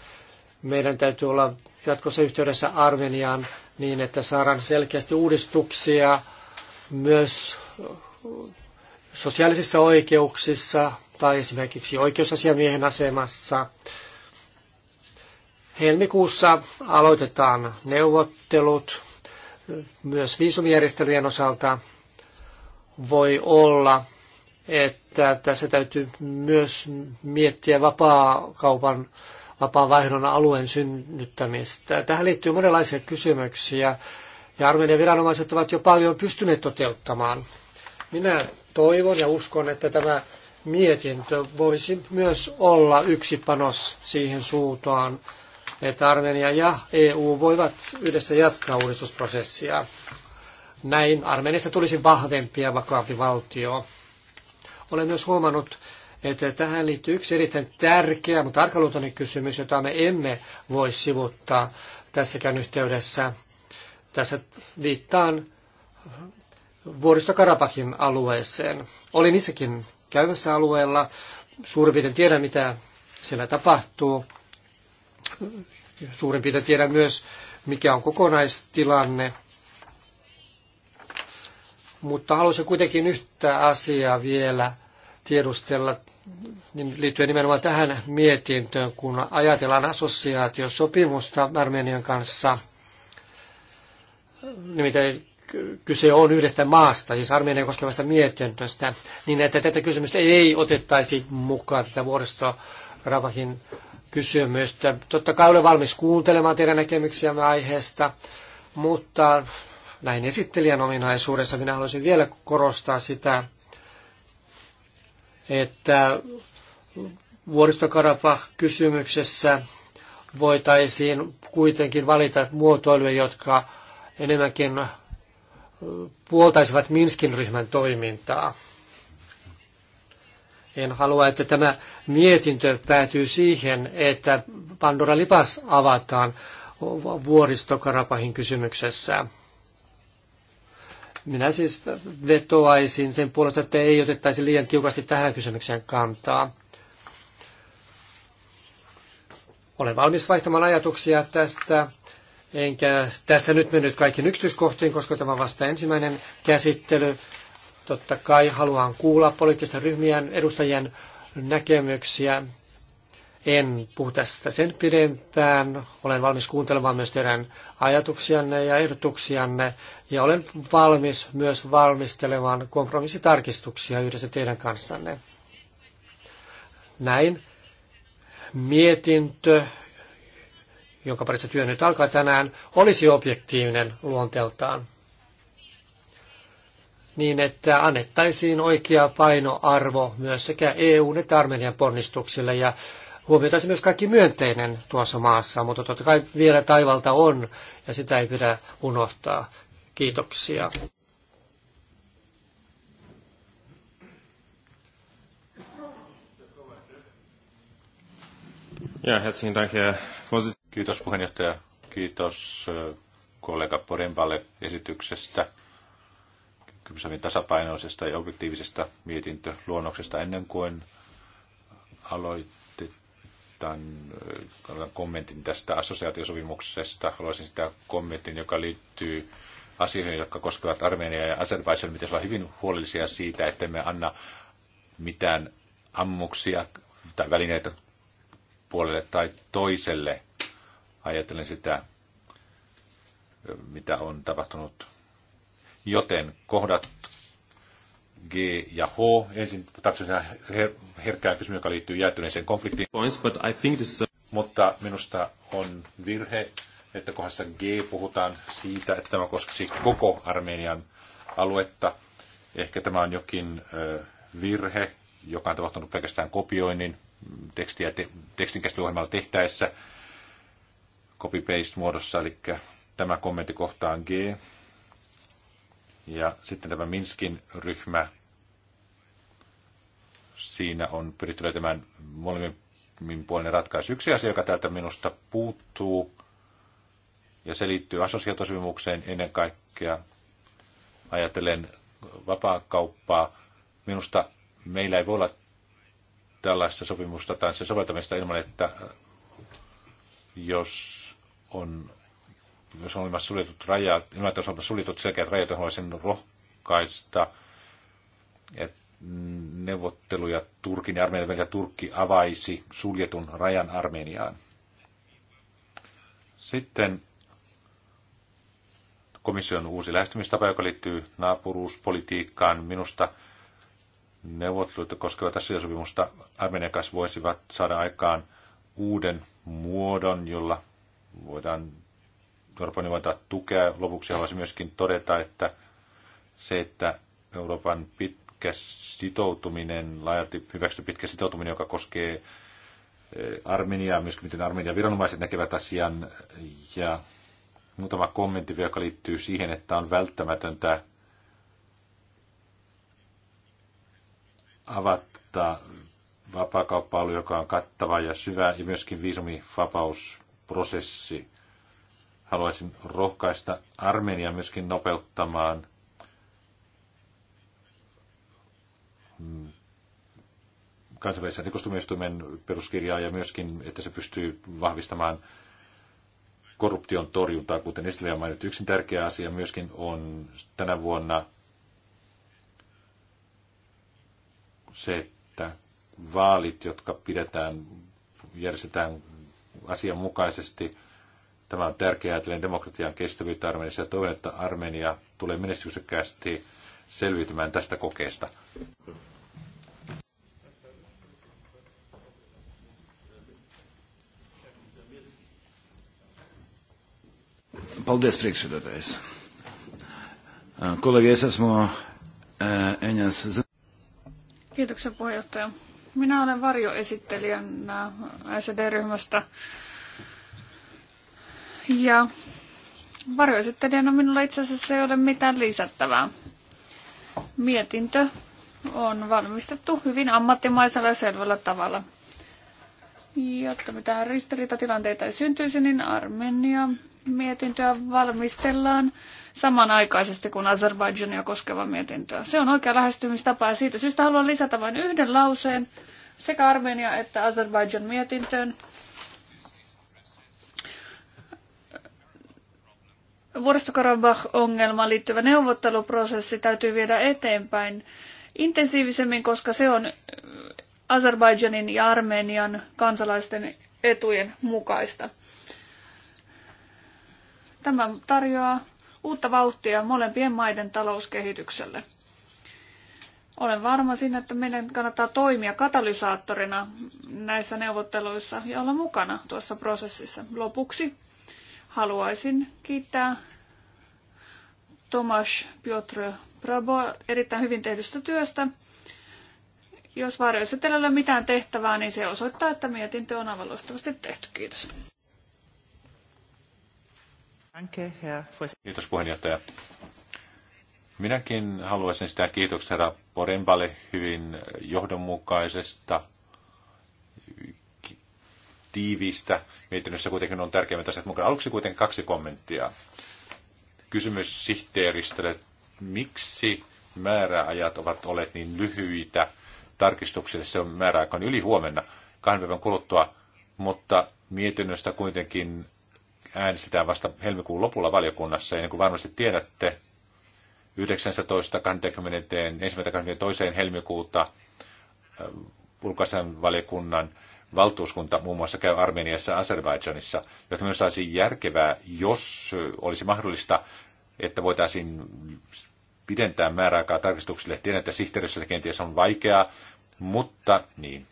Meidän täytyy olla jatkossa yhteydessä Armeniaan niin, että saadaan selkeästi uudistuksia myös sosiaalisissa oikeuksissa tai esimerkiksi oikeusasiamiehen asemassa. Helmikuussa aloitetaan neuvottelut myös viisumijärjestelyjen osalta. Voi olla, että että tässä täytyy myös miettiä vapaa-kaupan, vapaa-vaihdon alueen synnyttämistä. Tähän liittyy monenlaisia kysymyksiä, ja Armenian viranomaiset ovat jo paljon pystyneet toteuttamaan. Minä toivon ja uskon, että tämä mietintö voisi myös olla yksi panos siihen suuntaan, että Armenia ja EU voivat yhdessä jatkaa uudistusprosessia. Näin Armeniasta tulisi vahvempi ja vakaampi valtio. Olen myös huomannut, että tähän liittyy yksi erittäin tärkeä, mutta arkaluontoinen kysymys, jota me emme voi sivuttaa tässäkään yhteydessä. Tässä viittaan vuoristokarapakin alueeseen. Olin itsekin käymässä alueella. Suurin piirtein tiedän, mitä siellä tapahtuu. Suurin piirtein tiedän myös, mikä on kokonaistilanne. Mutta haluaisin kuitenkin yhtä asiaa vielä – tiedustella liittyen nimenomaan tähän mietintöön, kun ajatellaan assosiaatiosopimusta Armenian kanssa. Nimittäin kyse on yhdestä maasta, siis Armenian koskevasta mietintöstä, niin että tätä kysymystä ei otettaisi mukaan tätä vuoristo ravahin kysymystä. Totta kai olen valmis kuuntelemaan teidän näkemyksiämme aiheesta, mutta näin esittelijän ominaisuudessa minä haluaisin vielä korostaa sitä, että vuoristokarapah-kysymyksessä voitaisiin kuitenkin valita muotoiluja, jotka enemmänkin puoltaisivat Minskin ryhmän toimintaa. En halua, että tämä mietintö päätyy siihen, että Pandora Lipas avataan vuoristokarapahin kysymyksessä. Minä siis vetoaisin sen puolesta, että ei otettaisi liian tiukasti tähän kysymykseen kantaa. Olen valmis vaihtamaan ajatuksia tästä, enkä tässä nyt mennyt kaikkiin yksityiskohtiin, koska tämä on vasta ensimmäinen käsittely. Totta kai haluan kuulla poliittisten ryhmien edustajien näkemyksiä en puhu tästä sen pidempään. Olen valmis kuuntelemaan myös teidän ajatuksianne ja ehdotuksianne. Ja olen valmis myös valmistelemaan kompromissitarkistuksia yhdessä teidän kanssanne. Näin. Mietintö, jonka parissa työ nyt alkaa tänään, olisi objektiivinen luonteeltaan niin että annettaisiin oikea painoarvo myös sekä EUn että Armenian ponnistuksille ja huomioitaisiin myös kaikki myönteinen tuossa maassa, mutta totta kai vielä taivalta on ja sitä ei pidä unohtaa. Kiitoksia. Ja, Dank, Herr Kiitos puheenjohtaja. Kiitos äh, kollega Porenpalle esityksestä, kypsävin tasapainoisesta ja objektiivisesta mietintöluonnoksesta ennen kuin aloit oikeastaan äh, kommentin tästä assosiaatiosopimuksesta. Haluaisin sitä kommentin, joka liittyy asioihin, jotka koskevat Armeniaa ja Azerbaijan. miten olla hyvin huolellisia siitä, että me anna mitään ammuksia tai välineitä puolelle tai toiselle. Ajattelen sitä, äh, mitä on tapahtunut. Joten kohdat G ja H. Ensin tarkoitan her- herkkää kysymys, joka liittyy jäätyneeseen konfliktiin. Points, but I think this Mutta minusta on virhe, että kohdassa G puhutaan siitä, että tämä koskisi koko Armenian aluetta. Ehkä tämä on jokin virhe, joka on tapahtunut pelkästään kopioinnin mm, tekstiä te- tekstinkäsittelyohjelmalla tehtäessä copy-paste muodossa, eli tämä kommentti kohtaan G. Ja sitten tämä Minskin ryhmä, siinä on pyritty löytämään molemmin puolinen ratkaisu. Yksi asia, joka täältä minusta puuttuu, ja se liittyy assosiaatiosopimukseen ennen kaikkea, ajatellen vapaakauppaa. Minusta meillä ei voi olla tällaista sopimusta tai sen soveltamista ilman, että jos on jos on olemassa suljetut rajat, ilman on suljetut selkeät rajat, johon sen rohkaista, että neuvotteluja Turkin ja Armeenian välillä Turkki avaisi suljetun rajan Armeniaan. Sitten komission uusi lähestymistapa, joka liittyy naapuruuspolitiikkaan. Minusta neuvottelut koskevat tässä sopimusta Armenian kanssa voisivat saada aikaan uuden muodon, jolla voidaan Euroopan voi antaa tukea. Lopuksi haluaisin myöskin todeta, että se, että Euroopan pitkä sitoutuminen, laajalti hyväksytty pitkä sitoutuminen, joka koskee eh, Armeniaa, myöskin miten Armenian viranomaiset näkevät asian, ja muutama kommentti vielä, joka liittyy siihen, että on välttämätöntä avata vapaakauppa joka on kattava ja syvä, ja myöskin viisumivapausprosessi. Haluaisin rohkaista Armenia myöskin nopeuttamaan mm, kansainvälisen rikostumistuimen peruskirjaa ja myöskin, että se pystyy vahvistamaan korruption torjuntaa, kuten Estelia on mainittu. Yksi tärkeä asia myöskin on tänä vuonna se, että vaalit, jotka pidetään, järjestetään asianmukaisesti – Tämä on tärkeää ajatellen demokratian kestävyyttä Armeniassa ja toivon, että Armenia tulee menestyksekkäästi selviytymään tästä kokeesta. Paldies, priekšsēdētājs. Kolēģi, es esmu eh, Kiitoksia puheenjohtaja. Minä olen varjoesittelijänä SD-ryhmästä ja varjoesittelijänä minulla itse asiassa ei ole mitään lisättävää. Mietintö on valmistettu hyvin ammattimaisella ja selvällä tavalla. Jotta mitään ristiriitatilanteita ei syntyisi, niin Armenia mietintöä valmistellaan samanaikaisesti kuin Azerbaidžania koskeva mietintöä. Se on oikea lähestymistapa ja siitä syystä haluan lisätä vain yhden lauseen sekä Armenia että Azerbaidžan mietintöön. Vuoristokarabah-ongelmaan liittyvä neuvotteluprosessi täytyy viedä eteenpäin intensiivisemmin, koska se on äh, Azerbaidžanin ja Armenian kansalaisten etujen mukaista. Tämä tarjoaa uutta vauhtia molempien maiden talouskehitykselle. Olen varma siinä, että meidän kannattaa toimia katalysaattorina näissä neuvotteluissa ja olla mukana tuossa prosessissa. Lopuksi Haluaisin kiittää Tomasz Piotr Prabo erittäin hyvin tehdystä työstä. Jos teillä ei ole mitään tehtävää, niin se osoittaa, että mietintö on aivan loistavasti tehty. Kiitos. Kiitos puheenjohtaja. Minäkin haluaisin sitä kiitoksia herra Porenvalle hyvin johdonmukaisesta tiiviistä. Mietinnössä kuitenkin on tärkeimmät asiat mukana. Aluksi kuitenkin kaksi kommenttia. Kysymys sihteeristölle. Miksi määräajat ovat olleet niin lyhyitä tarkistuksille? Se on määräaika on yli huomenna, kahden päivän kuluttua, mutta mietinnöstä kuitenkin äänestetään vasta helmikuun lopulla valiokunnassa. Ja niin kuin varmasti tiedätte, 19.20. 1.22. helmikuuta äh, ulkoisen valiokunnan valtuuskunta muun muassa käy Armeniassa ja Azerbaidžanissa, jotta myös saisi järkevää, jos olisi mahdollista, että voitaisiin pidentää määräaikaa tarkistuksille. Tiedän, että sihteerissä kenties on vaikeaa, mutta niin,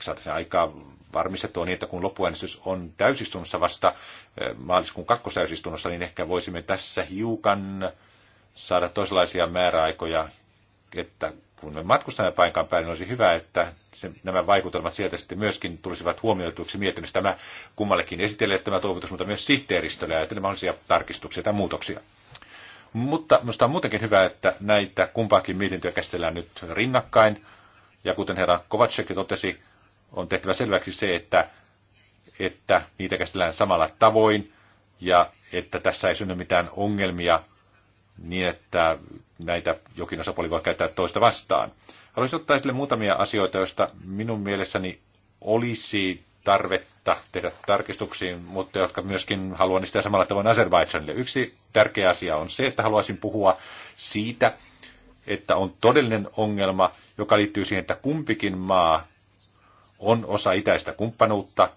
saataisiin aikaa varmistettua niin, että kun loppuäänestys on täysistunnossa vasta eh, maaliskuun kakkosäysistunnossa, niin ehkä voisimme tässä hiukan saada toisenlaisia määräaikoja, että kun me matkustamme paikan päälle, niin olisi hyvä, että se, nämä vaikutelmat sieltä sitten myöskin tulisivat huomioituksi miettimistä, Tämä kummallekin esitelle tämä toivotus, mutta myös sihteeristölle ja mahdollisia tarkistuksia tai muutoksia. Mutta minusta on muutenkin hyvä, että näitä kumpaakin mietintöä käsitellään nyt rinnakkain. Ja kuten herra Kovacek totesi, on tehtävä selväksi se, että, että niitä käsitellään samalla tavoin ja että tässä ei synny mitään ongelmia niin, että näitä jokin osapuoli voi käyttää toista vastaan. Haluaisin ottaa esille muutamia asioita, joista minun mielessäni olisi tarvetta tehdä tarkistuksiin, mutta jotka myöskin haluan niistä samalla tavoin Azerbaidsanille. Yksi tärkeä asia on se, että haluaisin puhua siitä, että on todellinen ongelma, joka liittyy siihen, että kumpikin maa on osa itäistä kumppanuutta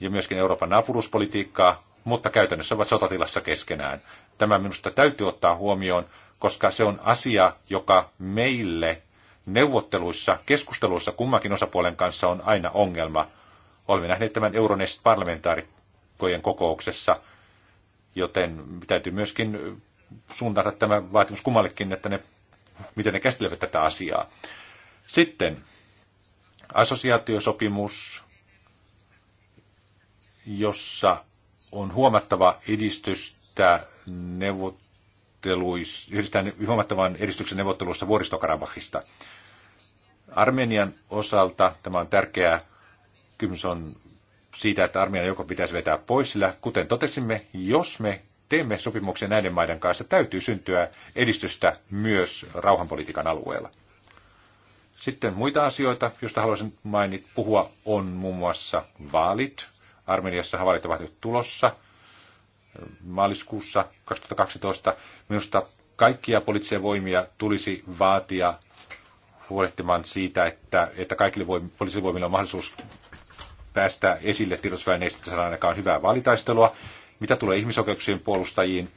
ja myöskin Euroopan naapuruuspolitiikkaa, mutta käytännössä ovat sotatilassa keskenään. Tämä minusta täytyy ottaa huomioon, koska se on asia, joka meille neuvotteluissa, keskusteluissa kummankin osapuolen kanssa on aina ongelma. Olemme nähneet tämän Euronest parlamentaarikkojen kokouksessa, joten täytyy myöskin suunnata tämä vaatimus kummallekin, että ne, miten ne käsittelevät tätä asiaa. Sitten assosiaatiosopimus, jossa on huomattava edistystä neuvotteluissa, huomattavan edistyksen neuvotteluissa vuoristokarabahista. Armenian osalta tämä on tärkeää. Kysymys on siitä, että armeijan joko pitäisi vetää pois, sillä kuten totesimme, jos me teemme sopimuksia näiden maiden kanssa, täytyy syntyä edistystä myös rauhanpolitiikan alueella. Sitten muita asioita, joista haluaisin mainit, puhua, on muun muassa vaalit, Armeniassa vaalit ovat nyt tulossa maaliskuussa 2012. Minusta kaikkia poliittisia voimia tulisi vaatia huolehtimaan siitä, että, että kaikille voim- poliisivoimille on mahdollisuus päästä esille tiedotusvälineistä, että saadaan ainakaan hyvää valitaistelua. Mitä tulee ihmisoikeuksien puolustajiin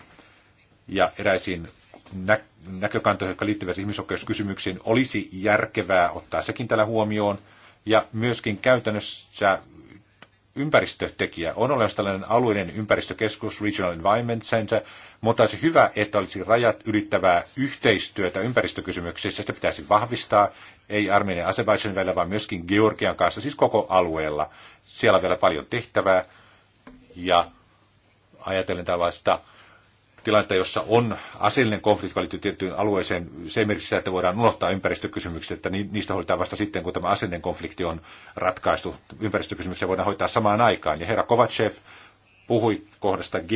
ja eräisiin nä- näkökantoihin, jotka liittyvät ihmisoikeuskysymyksiin, olisi järkevää ottaa sekin tällä huomioon. Ja myöskin käytännössä ympäristötekijä. On olemassa tällainen alueellinen ympäristökeskus, Regional Environment Center, mutta olisi hyvä, että olisi rajat ylittävää yhteistyötä ympäristökysymyksissä. Sitä pitäisi vahvistaa, ei Armenian ja Azerbaijanin välillä, vaan myöskin Georgian kanssa, siis koko alueella. Siellä on vielä paljon tehtävää ja ajatellen tällaista tilanteen, jossa on aseellinen konflikti, valittu tiettyyn alueeseen, se merkissä, että voidaan unohtaa ympäristökysymykset, että niistä hoitaa vasta sitten, kun tämä aseellinen konflikti on ratkaistu. Ympäristökysymyksiä voidaan hoitaa samaan aikaan. Ja herra Kovacev puhui kohdasta G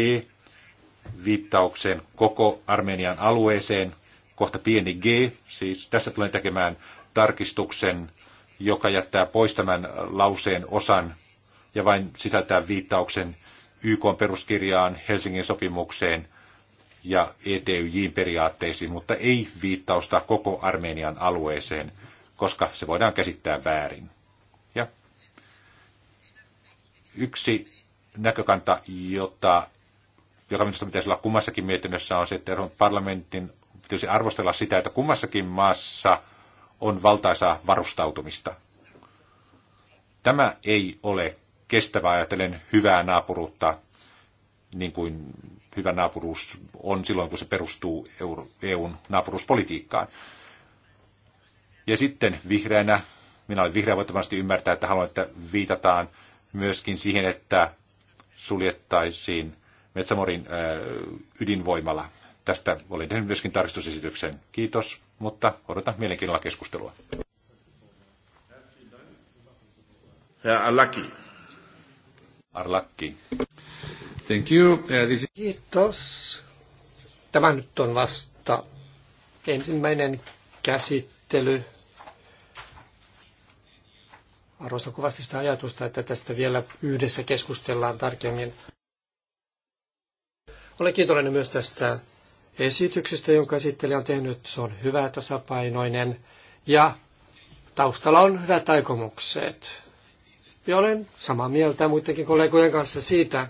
viittaukseen koko Armenian alueeseen, kohta pieni G, siis tässä tulen tekemään tarkistuksen, joka jättää pois tämän lauseen osan ja vain sisältää viittauksen YK peruskirjaan, Helsingin sopimukseen ja ETYJin periaatteisiin, mutta ei viittausta koko Armenian alueeseen, koska se voidaan käsittää väärin. Ja yksi näkökanta, jota, joka minusta pitäisi olla kummassakin mietinnössä, on se, että Euroopan parlamentin pitäisi arvostella sitä, että kummassakin maassa on valtaisaa varustautumista. Tämä ei ole kestävää ajatellen hyvää naapuruutta niin kuin hyvä naapuruus on silloin, kun se perustuu EUn naapuruuspolitiikkaan. Ja sitten vihreänä, minä olen vihreä voittavasti ymmärtää, että haluan, että viitataan myöskin siihen, että suljettaisiin Metsämorin ydinvoimala. Tästä olen tehnyt myöskin tarkistusesityksen. Kiitos, mutta odotan mielenkiinnolla keskustelua. Herr Arlakki. Thank you. Uh, this... Kiitos. Tämä nyt on vasta ensimmäinen käsittely. Arvostan kovasti sitä ajatusta, että tästä vielä yhdessä keskustellaan tarkemmin. Olen kiitollinen myös tästä esityksestä, jonka esittelijä on tehnyt. Se on hyvä, tasapainoinen ja taustalla on hyvät aikomukset. Ja olen samaa mieltä muidenkin kollegojen kanssa siitä,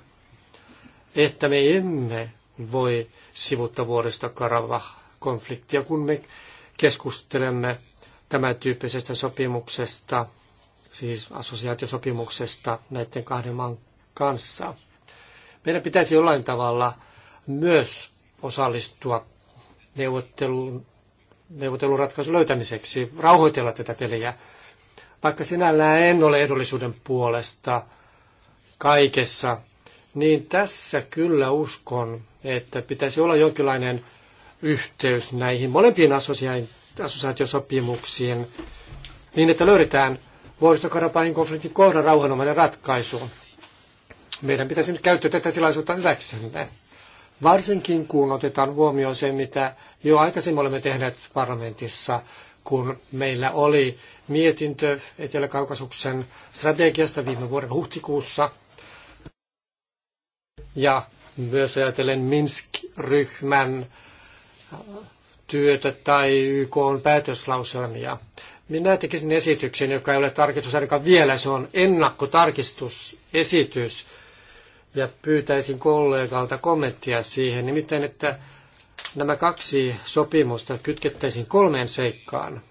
että me emme voi sivuttaa vuodesta Karabah-konfliktia, kun me keskustelemme tämän tyyppisestä sopimuksesta, siis assosiaatiosopimuksesta näiden kahden maan kanssa. Meidän pitäisi jollain tavalla myös osallistua neuvottelun, neuvottelun ratkaisun löytämiseksi, rauhoitella tätä peliä. Vaikka sinällään en ole edullisuuden puolesta kaikessa niin tässä kyllä uskon, että pitäisi olla jonkinlainen yhteys näihin molempiin assosiaatiosopimuksiin, niin että löydetään vuoristokarapahin konfliktin kohdan rauhanomainen ratkaisu. Meidän pitäisi nyt käyttää tätä tilaisuutta hyväksemme, varsinkin kun otetaan huomioon se, mitä jo aikaisemmin olemme tehneet parlamentissa, kun meillä oli mietintö Etelä-Kaukasuksen strategiasta viime vuoden huhtikuussa – ja myös ajatellen Minsk-ryhmän työtä tai YK on päätöslauselmia. Minä tekisin esityksen, joka ei ole tarkistus ainakaan vielä, se on ennakkotarkistusesitys, ja pyytäisin kollegalta kommenttia siihen, nimittäin, että nämä kaksi sopimusta kytkettäisiin kolmeen seikkaan,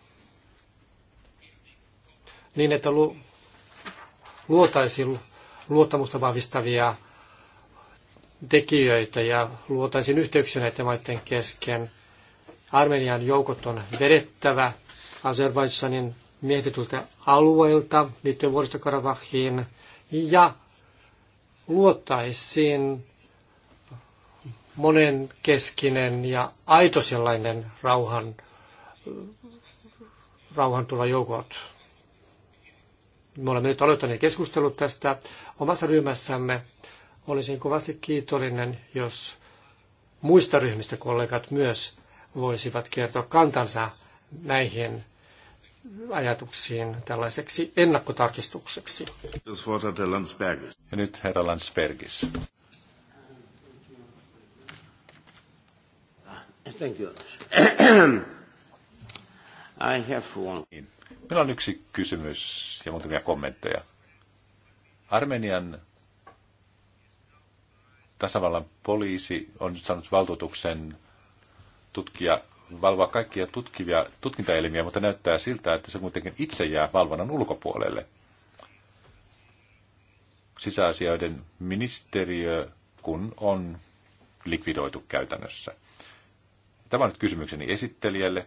niin että lu- luotaisiin luottamusta vahvistavia tekijöitä ja luotaisiin yhteyksiä näiden maiden kesken. Armenian joukot on vedettävä Azerbaidsanin miehitetyltä alueilta liittyen vuoristokarabahiin ja luottaisiin monen keskinen ja aito sellainen rauhan, rauhan tulla joukot. Me olemme nyt aloittaneet keskustelut tästä omassa ryhmässämme Olisin kovasti kiitollinen, jos muista ryhmistä kollegat myös voisivat kertoa kantansa näihin ajatuksiin tällaiseksi ennakkotarkistukseksi. Ja nyt herra Landsbergis. Thank you. (clears throat) I have one. Niin. Meillä on yksi kysymys ja muutamia kommentteja. Armenian tasavallan poliisi on saanut valtuutuksen tutkia, valvoa kaikkia tutkivia tutkintaelimiä, mutta näyttää siltä, että se kuitenkin itse jää valvonnan ulkopuolelle. Sisäasioiden ministeriö, kun on likvidoitu käytännössä. Tämä on nyt kysymykseni esittelijälle.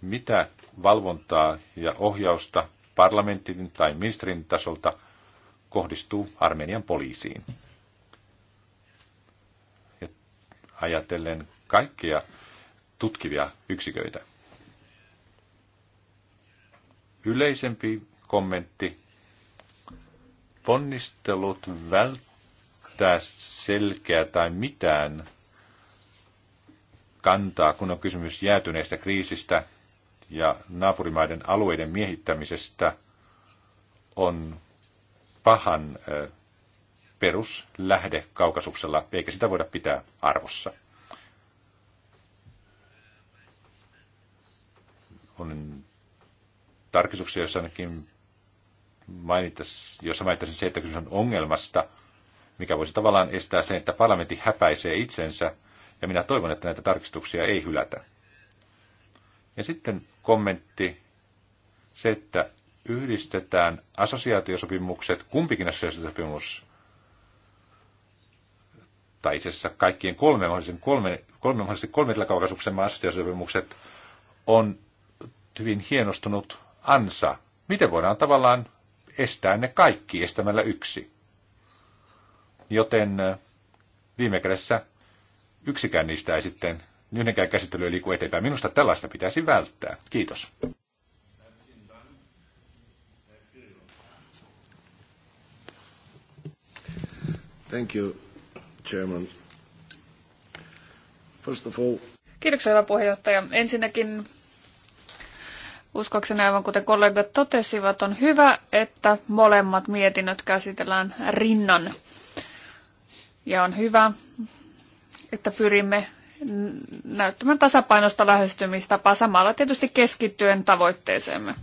Mitä valvontaa ja ohjausta parlamentin tai ministerin tasolta kohdistuu Armenian poliisiin? ajatellen kaikkia tutkivia yksiköitä. Yleisempi kommentti. Ponnistelut välttää selkeä tai mitään kantaa, kun on kysymys jäätyneestä kriisistä ja naapurimaiden alueiden miehittämisestä, on pahan peruslähde kaukasuksella, eikä sitä voida pitää arvossa. On tarkistuksia, joissa ainakin mainittaisi, jossa mainittaisin se, että kysymys on ongelmasta, mikä voisi tavallaan estää sen, että parlamentti häpäisee itsensä, ja minä toivon, että näitä tarkistuksia ei hylätä. Ja sitten kommentti se, että yhdistetään assosiaatiosopimukset, kumpikin assosiaatiosopimus tai itse asiassa kaikkien kolme mahdollisen kolme, kolme mahdollisesti kolmella kaukasuksen maan on hyvin hienostunut ansa. Miten voidaan tavallaan estää ne kaikki estämällä yksi? Joten äh, viime kädessä yksikään niistä ei sitten yhdenkään käsittely ei liiku eteenpäin. Minusta tällaista pitäisi välttää. Kiitos. Thank you. Chairman. First of all... Kiitoksia, hyvä puheenjohtaja. Ensinnäkin uskoakseni aivan kuten kollegat totesivat, on hyvä, että molemmat mietinnöt käsitellään rinnan. Ja on hyvä, että pyrimme näyttämään tasapainosta lähestymistapaa samalla tietysti keskittyen tavoitteeseemme.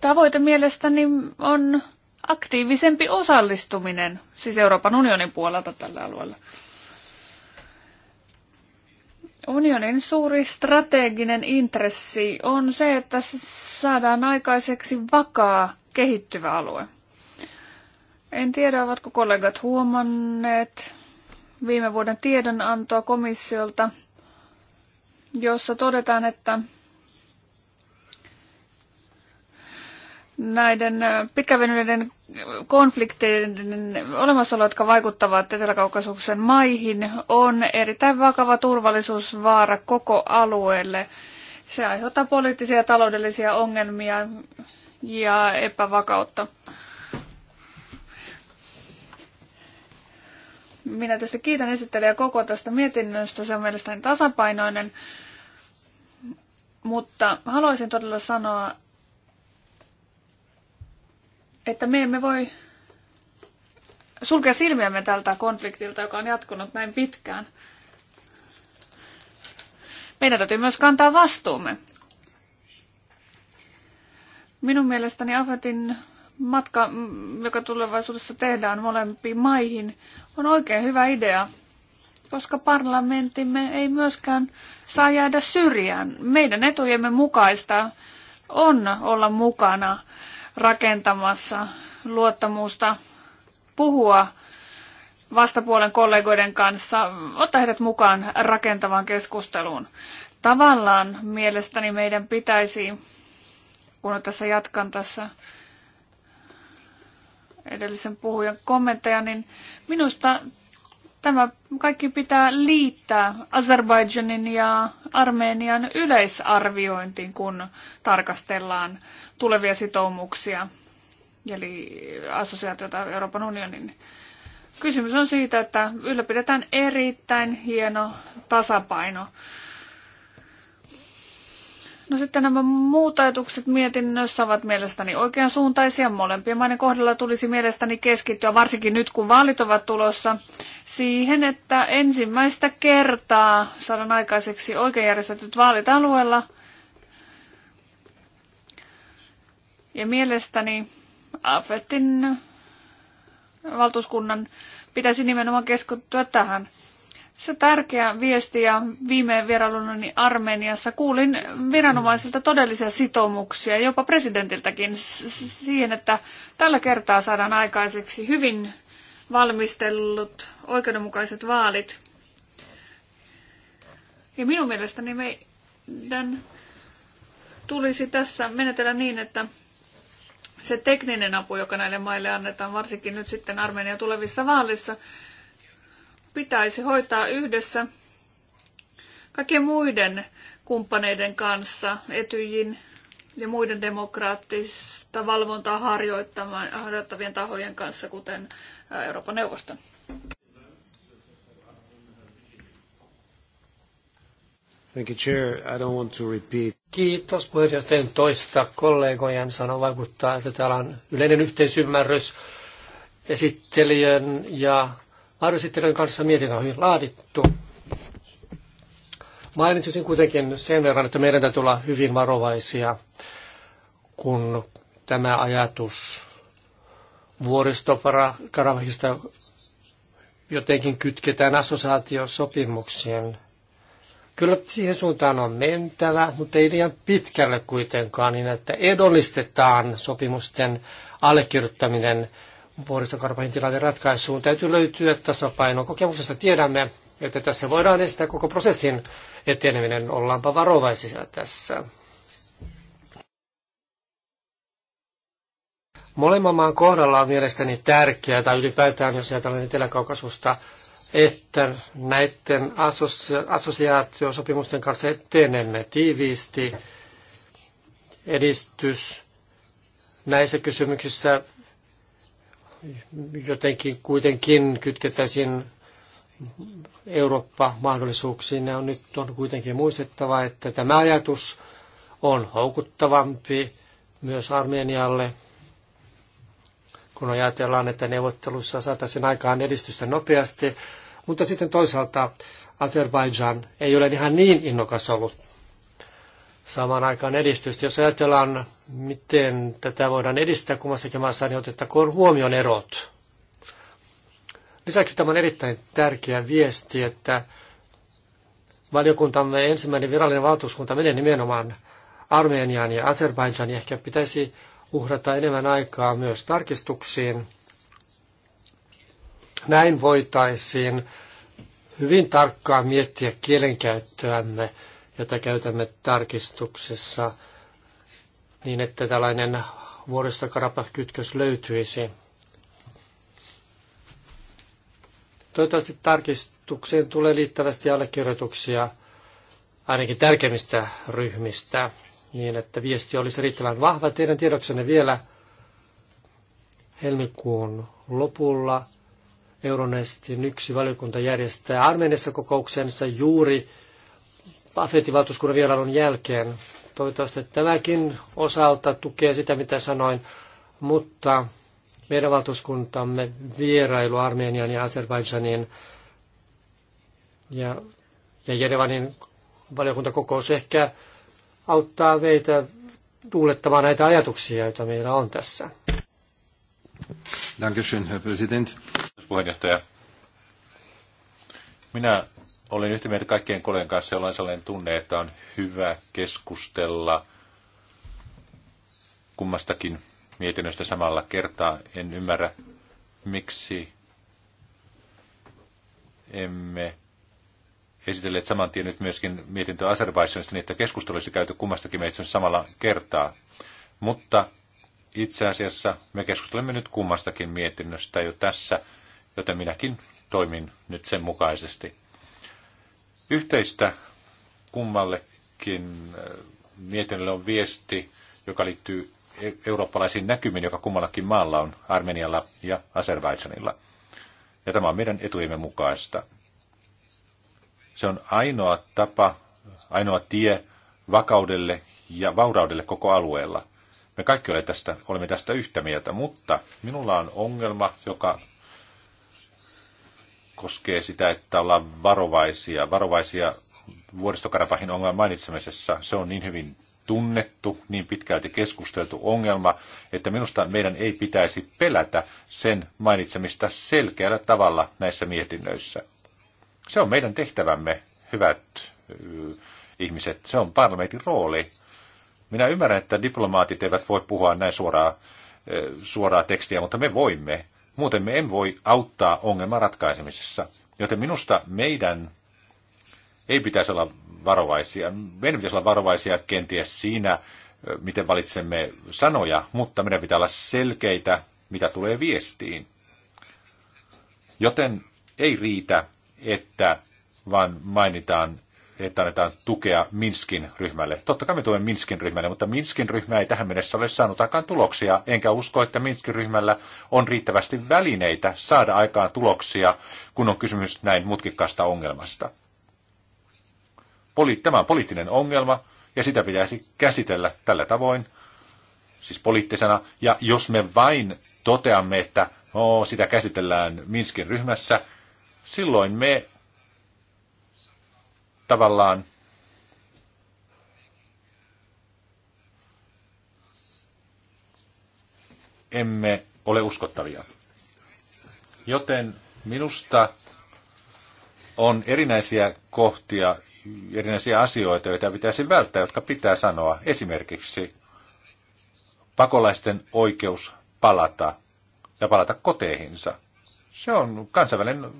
Tavoite mielestäni on aktiivisempi osallistuminen, siis Euroopan unionin puolelta tällä alueella. Unionin suuri strateginen intressi on se, että saadaan aikaiseksi vakaa kehittyvä alue. En tiedä, ovatko kollegat huomanneet viime vuoden tiedonantoa komissiolta, jossa todetaan, että näiden äh, pitkävenyneiden konfliktien olemassaolo, jotka vaikuttavat Etelä-Kaukasuksen maihin, on erittäin vakava turvallisuusvaara koko alueelle. Se aiheuttaa poliittisia ja taloudellisia ongelmia ja epävakautta. Minä tietysti kiitän esittelijä koko tästä mietinnöstä, se on mielestäni tasapainoinen, mutta haluaisin todella sanoa, että me emme voi sulkea silmiämme tältä konfliktilta, joka on jatkunut näin pitkään. Meidän täytyy myös kantaa vastuumme. Minun mielestäni Afetin matka, mm, joka tulevaisuudessa tehdään molempiin maihin, on oikein hyvä idea, koska parlamenttimme ei myöskään saa jäädä syrjään. Meidän etujemme mukaista on olla mukana rakentamassa luottamusta puhua vastapuolen kollegoiden kanssa, ottaa heidät mukaan rakentavaan keskusteluun. Tavallaan mielestäni meidän pitäisi, kun tässä jatkan tässä edellisen puhujan kommentteja, niin minusta Tämä kaikki pitää liittää Azerbaidžanin ja Armenian yleisarviointiin, kun tarkastellaan tulevia sitoumuksia, eli assosiaatiota Euroopan unionin. Kysymys on siitä, että ylläpidetään erittäin hieno tasapaino No sitten nämä muut ajatukset mietinnössä ovat mielestäni oikeansuuntaisia. Molempien maiden kohdalla tulisi mielestäni keskittyä, varsinkin nyt kun vaalit ovat tulossa, siihen, että ensimmäistä kertaa saadaan aikaiseksi oikein järjestetyt vaalit alueella. Ja mielestäni AFETin valtuuskunnan pitäisi nimenomaan keskittyä tähän. Se on tärkeä viesti ja viime vierailunani Armeniassa kuulin viranomaisilta todellisia sitoumuksia, jopa presidentiltäkin siihen, että tällä kertaa saadaan aikaiseksi hyvin valmistellut oikeudenmukaiset vaalit. Ja minun mielestäni meidän tulisi tässä menetellä niin, että se tekninen apu, joka näille maille annetaan, varsinkin nyt sitten Armenian tulevissa vaalissa, pitäisi hoitaa yhdessä kaikkien muiden kumppaneiden kanssa, etyjin ja muiden demokraattista valvontaa harjoittavien tahojen kanssa, kuten Euroopan neuvoston. Thank you, Chair. I don't want to repeat. Kiitos puheenjohtajan toista kollegojen sanon vaikuttaa, että täällä on yleinen yhteisymmärrys esittelijän ja Varjosittelijan kanssa mietintö on hyvin laadittu. Mainitsisin kuitenkin sen verran, että meidän täytyy olla hyvin varovaisia, kun tämä ajatus vuoristoparakaravahista jotenkin kytketään assosiaatiosopimuksien. Kyllä siihen suuntaan on mentävä, mutta ei liian pitkälle kuitenkaan, niin että edollistetaan sopimusten allekirjoittaminen vuoristokarpahin tilanteen ratkaisuun. Täytyy löytyä tasapaino. Kokemuksesta tiedämme, että tässä voidaan estää koko prosessin eteneminen. Ollaanpa varovaisia tässä. Molemman maan kohdalla on mielestäni tärkeää, tai ylipäätään jos ajatellaan Etelä-Kaukasusta, että näiden assosiaatiosopimusten kanssa etenemme tiiviisti. Edistys näissä kysymyksissä jotenkin kuitenkin kytkettäisiin Eurooppa mahdollisuuksiin. Ja nyt on kuitenkin muistettava, että tämä ajatus on houkuttavampi myös Armenialle, kun ajatellaan, että neuvottelussa saataisiin aikaan edistystä nopeasti. Mutta sitten toisaalta Azerbaidžan ei ole ihan niin innokas ollut saamaan aikaan edistystä. Jos ajatellaan, miten tätä voidaan edistää kummassakin maassa, niin otettakoon huomioon erot. Lisäksi tämä on erittäin tärkeä viesti, että valiokuntamme ensimmäinen virallinen valtuuskunta menee nimenomaan Armeniaan ja Azerbaidžaan. niin ehkä pitäisi uhrata enemmän aikaa myös tarkistuksiin. Näin voitaisiin hyvin tarkkaan miettiä kielenkäyttöämme jota käytämme tarkistuksessa, niin että tällainen vuoristokarapah-kytkös löytyisi. Toivottavasti tarkistukseen tulee liittävästi allekirjoituksia ainakin tärkeimmistä ryhmistä, niin että viesti olisi riittävän vahva. Teidän tiedoksenne vielä helmikuun lopulla Euronestin yksi valiokunta järjestää Armeniassa kokouksensa juuri Buffettin valtuuskunnan vierailun jälkeen. Toivottavasti tämäkin osalta tukee sitä, mitä sanoin, mutta meidän valtuuskuntamme vierailu Armenian ja Azerbaidžanin ja, ja Jerevanin valiokuntakokous ehkä auttaa meitä tuulettamaan näitä ajatuksia, joita meillä on tässä. Dankeschön, Herr Präsident. Puheenjohtaja. Minä olen yhtä mieltä kaikkien kollegan kanssa, jolla on sellainen tunne, että on hyvä keskustella kummastakin mietinnöstä samalla kertaa. En ymmärrä, miksi emme esitelleet saman tien nyt myöskin mietintöä Azerbaidžanista, niin että keskustelu olisi käyty kummastakin mietinnöstä samalla kertaa. Mutta itse asiassa me keskustelemme nyt kummastakin mietinnöstä jo tässä, joten minäkin toimin nyt sen mukaisesti. Yhteistä kummallekin äh, mietinnölle on viesti, joka liittyy e- eurooppalaisiin näkymiin, joka kummallakin maalla on, Armenialla ja Azerbaidžanilla. Ja tämä on meidän etujemme mukaista. Se on ainoa tapa, ainoa tie vakaudelle ja vauraudelle koko alueella. Me kaikki olemme tästä, olemme tästä yhtä mieltä, mutta minulla on ongelma, joka koskee sitä, että ollaan varovaisia. Varovaisia vuoristokarapahin ongelman mainitsemisessa. Se on niin hyvin tunnettu, niin pitkälti keskusteltu ongelma, että minusta meidän ei pitäisi pelätä sen mainitsemista selkeällä tavalla näissä mietinnöissä. Se on meidän tehtävämme, hyvät ihmiset. Se on parlamentin rooli. Minä ymmärrän, että diplomaatit eivät voi puhua näin suoraa, suoraa tekstiä, mutta me voimme. Muuten me emme voi auttaa ongelman ratkaisemisessa. Joten minusta meidän ei pitäisi olla varovaisia. Meidän pitäisi olla varovaisia kenties siinä, miten valitsemme sanoja, mutta meidän pitää olla selkeitä, mitä tulee viestiin. Joten ei riitä, että vaan mainitaan että annetaan tukea Minskin ryhmälle. Totta kai me tuemme Minskin ryhmälle, mutta Minskin ryhmä ei tähän mennessä ole saanut aikaan tuloksia, enkä usko, että Minskin ryhmällä on riittävästi välineitä saada aikaan tuloksia, kun on kysymys näin mutkikkaasta ongelmasta. Poli- tämä on poliittinen ongelma, ja sitä pitäisi käsitellä tällä tavoin, siis poliittisena, ja jos me vain toteamme, että no, sitä käsitellään Minskin ryhmässä, silloin me tavallaan emme ole uskottavia. Joten minusta on erinäisiä kohtia, erinäisiä asioita, joita pitäisi välttää, jotka pitää sanoa. Esimerkiksi pakolaisten oikeus palata ja palata koteihinsa. Se on kansainvälinen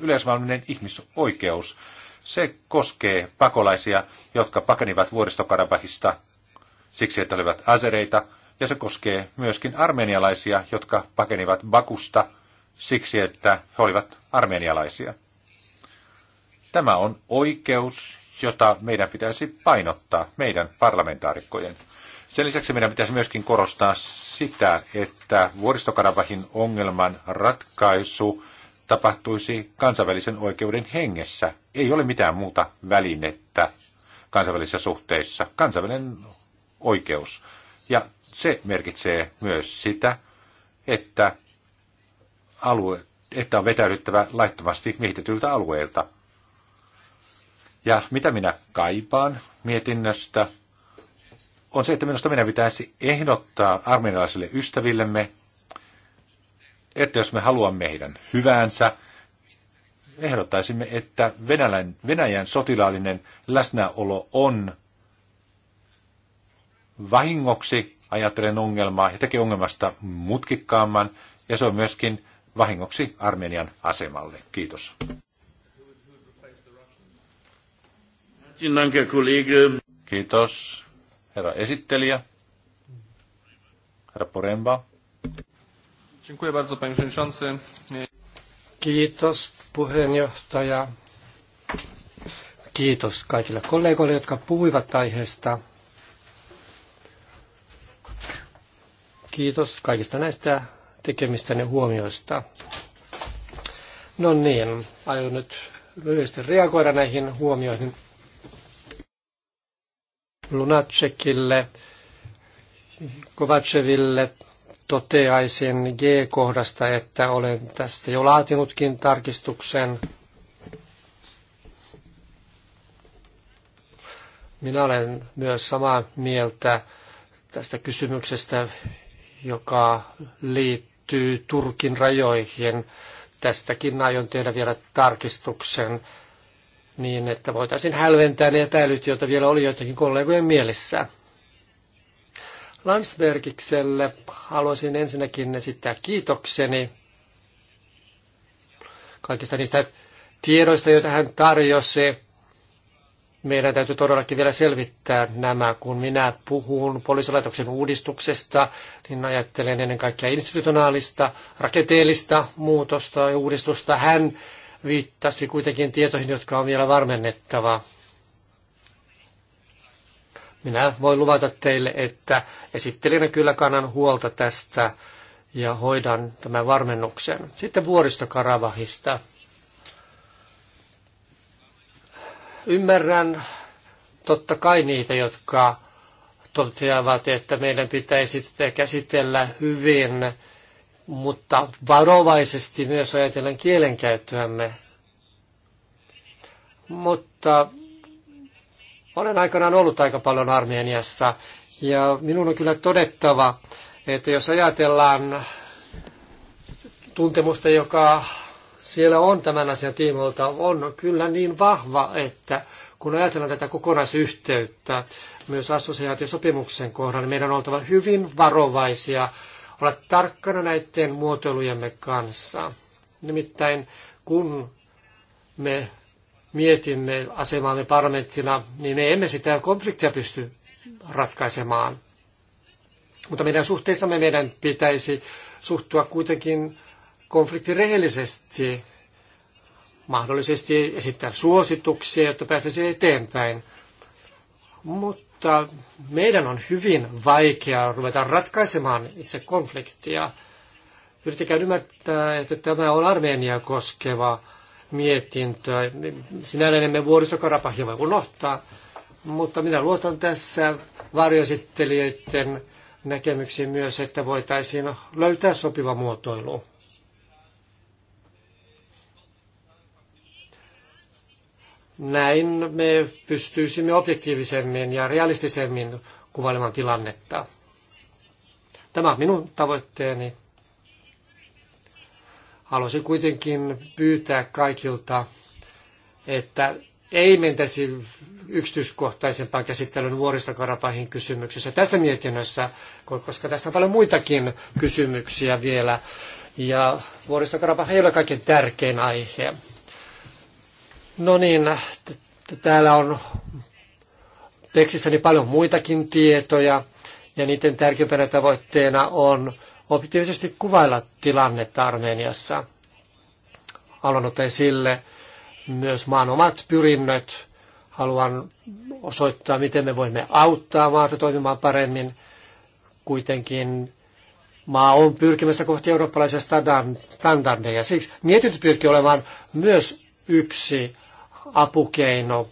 yleismaailmallinen ihmisoikeus. Se koskee pakolaisia, jotka pakenivat vuoristokarabahista siksi, että olivat asereita, ja se koskee myöskin armenialaisia, jotka pakenivat Bakusta siksi, että he olivat armenialaisia. Tämä on oikeus, jota meidän pitäisi painottaa, meidän parlamentaarikkojen. Sen lisäksi meidän pitäisi myöskin korostaa sitä, että vuoristokarabahin ongelman ratkaisu tapahtuisi kansainvälisen oikeuden hengessä. Ei ole mitään muuta välinettä kansainvälisissä suhteissa. Kansainvälinen oikeus. Ja se merkitsee myös sitä, että, alue, että on vetäydyttävä laittomasti miehitetyltä alueelta. Ja mitä minä kaipaan mietinnöstä, on se, että minusta meidän pitäisi ehdottaa armenialaisille ystävillemme, että jos me haluamme heidän hyväänsä, ehdottaisimme, että Venäjän, Venäjän sotilaallinen läsnäolo on vahingoksi, ajattelen ongelmaa, ja tekee ongelmasta mutkikkaamman, ja se on myöskin vahingoksi Armenian asemalle. Kiitos. Kiitos, herra esittelijä. Herra Poremba. Dziękuję bardzo, panie przewodniczący. Kiitos puheenjohtaja. Kiitos kaikille kollegoille, jotka puhuivat aiheesta. Kiitos kaikista näistä tekemistäni huomioista. No niin, aion nyt lyhyesti reagoida näihin huomioihin. Lunacekille, Kovaceville, toteaisin G-kohdasta, että olen tästä jo laatinutkin tarkistuksen. Minä olen myös samaa mieltä tästä kysymyksestä, joka liittyy Turkin rajoihin. Tästäkin aion tehdä vielä tarkistuksen niin, että voitaisiin hälventää ne epäilyt, joita vielä oli joitakin kollegojen mielessä. Landsbergikselle haluaisin ensinnäkin esittää kiitokseni kaikista niistä tiedoista, joita hän tarjosi. Meidän täytyy todellakin vielä selvittää nämä. Kun minä puhun poliisilaitoksen uudistuksesta, niin ajattelen ennen kaikkea institutionaalista, rakenteellista muutosta ja uudistusta. Hän viittasi kuitenkin tietoihin, jotka on vielä varmennettava. Minä voin luvata teille, että esittelijänä kyllä kannan huolta tästä ja hoidan tämän varmennuksen. Sitten vuoristokaravahista. Ymmärrän totta kai niitä, jotka toteavat, että meidän pitäisi käsitellä hyvin, mutta varovaisesti myös ajatellen kielenkäyttöämme. Mutta olen aikanaan ollut aika paljon Armeniassa ja minun on kyllä todettava, että jos ajatellaan tuntemusta, joka siellä on tämän asian tiimoilta, on kyllä niin vahva, että kun ajatellaan tätä kokonaisyhteyttä myös assosiaatiosopimuksen kohdalla, niin meidän on oltava hyvin varovaisia, olla tarkkana näiden muotoilujemme kanssa. Nimittäin kun me mietimme asemaamme parlamenttina, niin me emme sitä konfliktia pysty ratkaisemaan. Mutta meidän suhteissamme meidän pitäisi suhtua kuitenkin konflikti rehellisesti, mahdollisesti esittää suosituksia, jotta päästäisiin eteenpäin. Mutta meidän on hyvin vaikea ruveta ratkaisemaan itse konfliktia. Yrittäkää ymmärtää, että tämä on Armeniaa koskeva mietintöä. Sinällään emme vuoristokarapahia voi unohtaa, mutta minä luotan tässä varjoesittelijöiden näkemyksiin myös, että voitaisiin löytää sopiva muotoilu. Näin me pystyisimme objektiivisemmin ja realistisemmin kuvailemaan tilannetta. Tämä on minun tavoitteeni Haluaisin kuitenkin pyytää kaikilta, että ei mentäisi yksityiskohtaisempaan käsittelyyn vuoristokarapahin kysymyksessä tässä mietinnössä, koska tässä on paljon muitakin kysymyksiä vielä. Ja vuoristokarapah ei ole kaikkein tärkein aihe. No niin, täällä on tekstissäni paljon muitakin tietoja, ja niiden tärkeimpänä tavoitteena on objektiivisesti kuvailla tilannetta Armeniassa. Haluan ottaa esille myös maan omat pyrinnöt. Haluan osoittaa, miten me voimme auttaa maata toimimaan paremmin. Kuitenkin maa on pyrkimässä kohti eurooppalaisia standardeja. Siksi mietintö pyrkii olemaan myös yksi apukeino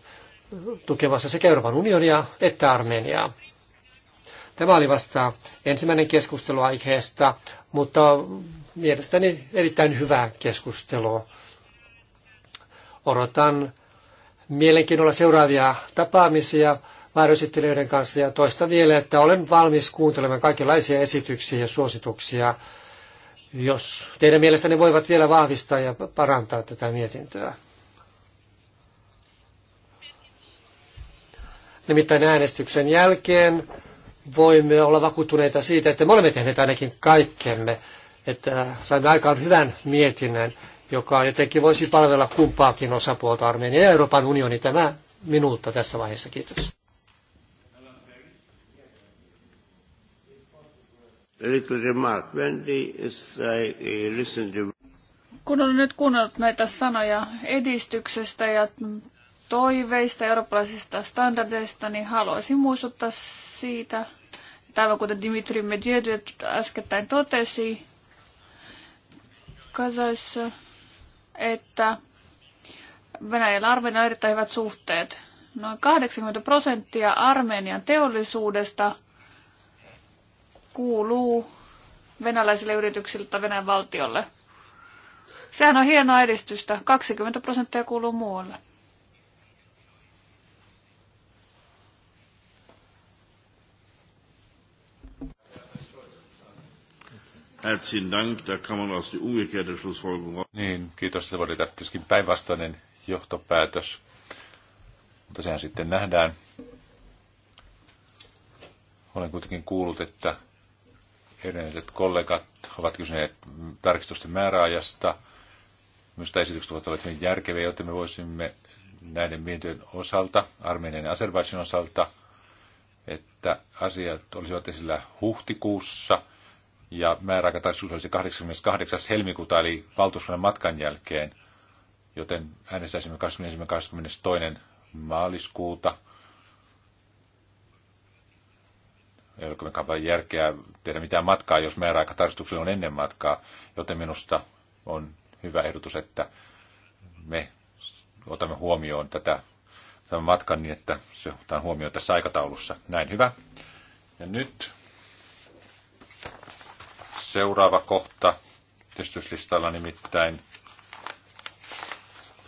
tukemassa sekä Euroopan unionia että Armeniaa. Tämä oli vasta ensimmäinen keskustelu aiheesta, mutta mielestäni erittäin hyvää keskustelua. Odotan mielenkiinnolla seuraavia tapaamisia varjoesittelijöiden kanssa ja toista vielä, että olen valmis kuuntelemaan kaikenlaisia esityksiä ja suosituksia, jos teidän mielestänne voivat vielä vahvistaa ja parantaa tätä mietintöä. Nimittäin äänestyksen jälkeen voimme olla vakuuttuneita siitä, että me olemme tehneet ainakin kaikkemme, että saimme aikaan hyvän mietinnän, joka jotenkin voisi palvella kumpaakin osapuolta Armenia ja Euroopan unioni. Tämä minulta tässä vaiheessa. Kiitos. Uh, Kun olen nyt kuunnellut näitä sanoja edistyksestä ja toiveista, eurooppalaisista standardeista, niin haluaisin muistuttaa siitä, aivan kuten Dimitri Medvedev äskettäin totesi Kasaissa, että Venäjällä Armenia on erittäin hyvät suhteet. Noin 80 prosenttia Armenian teollisuudesta kuuluu venäläisille yrityksille tai Venäjän valtiolle. Sehän on hienoa edistystä. 20 prosenttia kuuluu muualle. Herzlichen Dank, da kann man aus die umgekehrte Schlussfolgerung. Niin, kiitos. Se oli tietysti päinvastainen johtopäätös. Mutta sehän sitten nähdään. Olen kuitenkin kuullut, että edelliset kollegat ovat kysyneet tarkistusten määräajasta. Minusta esitykset ovat olleet hyvin järkeviä, joten me voisimme näiden mietintöjen osalta, Armeenian ja Azerbaidsin osalta, että asiat olisivat esillä huhtikuussa – ja määräaikatarkistus olisi 28. helmikuuta, eli valtuuskunnan matkan jälkeen, joten äänestäisimme 21.22. maaliskuuta. Ei ole kuitenkaan järkeä tehdä mitään matkaa, jos määräaikatarkistuksella on ennen matkaa, joten minusta on hyvä ehdotus, että me otamme huomioon tätä, tämän matkan niin, että se otetaan huomioon tässä aikataulussa. Näin hyvä. Ja nyt Seuraava kohta testyslistalla nimittäin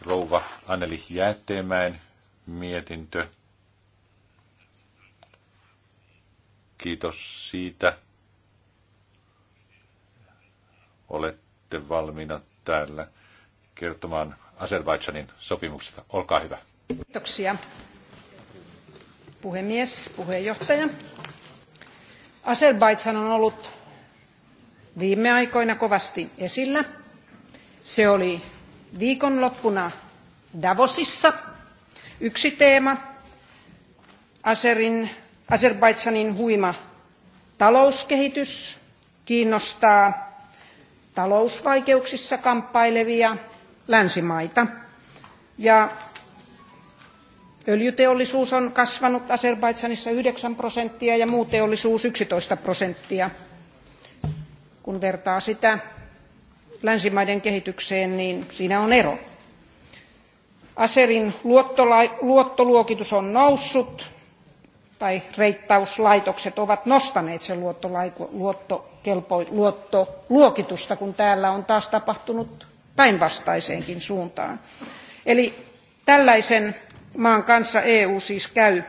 rouva Anneli Jäätteenmäen mietintö. Kiitos siitä. Olette valmiina täällä kertomaan Azerbaidžanin sopimuksesta. Olkaa hyvä. Kiitoksia puhemies, puheenjohtaja. Azerbaidžan on ollut viime aikoina kovasti esillä. Se oli viikonloppuna Davosissa yksi teema, Azerin, Azerbaidsanin huima talouskehitys kiinnostaa talousvaikeuksissa kamppailevia länsimaita. Ja öljyteollisuus on kasvanut Azerbaidsanissa 9 prosenttia ja muu teollisuus 11 prosenttia kun vertaa sitä länsimaiden kehitykseen, niin siinä on ero. Aserin luottoluokitus on noussut, tai reittauslaitokset ovat nostaneet sen luottoluokitusta, kun täällä on taas tapahtunut päinvastaiseenkin suuntaan. Eli tällaisen maan kanssa EU siis käy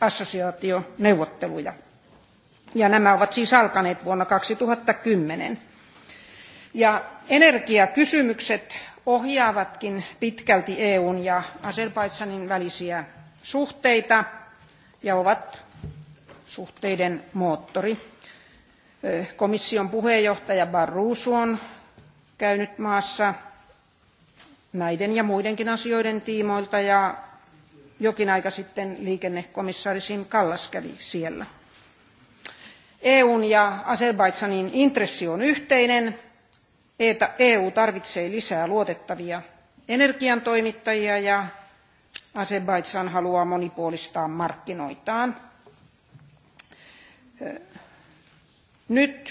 assosiaationeuvotteluja ja nämä ovat siis alkaneet vuonna 2010. Ja energiakysymykset ohjaavatkin pitkälti EUn ja Azerbaidsanin välisiä suhteita ja ovat suhteiden moottori. Komission puheenjohtaja Barroso on käynyt maassa näiden ja muidenkin asioiden tiimoilta ja jokin aika sitten liikennekomissaari Sim Kallas kävi siellä. EUn ja azerbaidanin intressi on yhteinen. EU e tarvitsee lisää luotettavia energiantoimittajia ja azerbaidan haluaa monipuolistaa markkinoitaan. Nyt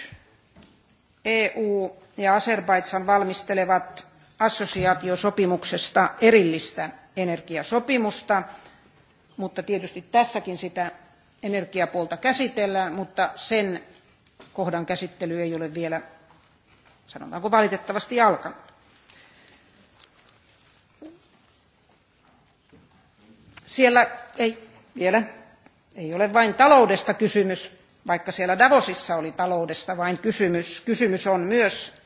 EU ja azerbaidan valmistelevat assosiaatiosopimuksesta erillistä energiasopimusta, mutta tietysti tässäkin sitä energiapuolta käsitellään, mutta sen kohdan käsittely ei ole vielä, sanotaanko valitettavasti, alkanut. Siellä ei vielä ei ole vain taloudesta kysymys, vaikka siellä Davosissa oli taloudesta vain kysymys. Kysymys on myös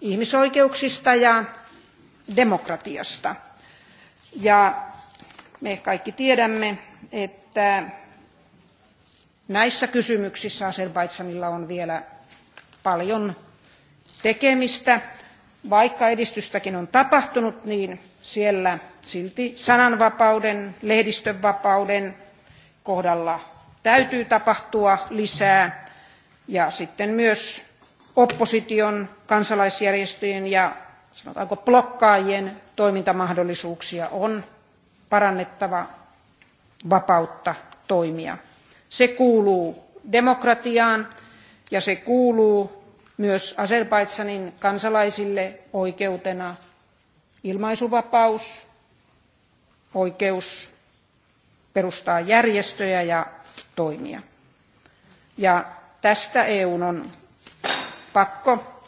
ihmisoikeuksista ja demokratiasta. Ja me kaikki tiedämme, että näissä kysymyksissä Azerbaidsanilla on vielä paljon tekemistä. Vaikka edistystäkin on tapahtunut, niin siellä silti sananvapauden, lehdistönvapauden kohdalla täytyy tapahtua lisää. Ja sitten myös opposition, kansalaisjärjestöjen ja sanotaanko blokkaajien toimintamahdollisuuksia on parannettava vapautta toimia. Se kuuluu demokratiaan ja se kuuluu myös Azerbaidsanin kansalaisille oikeutena ilmaisuvapaus, oikeus perustaa järjestöjä ja toimia. Ja tästä EUn on pakko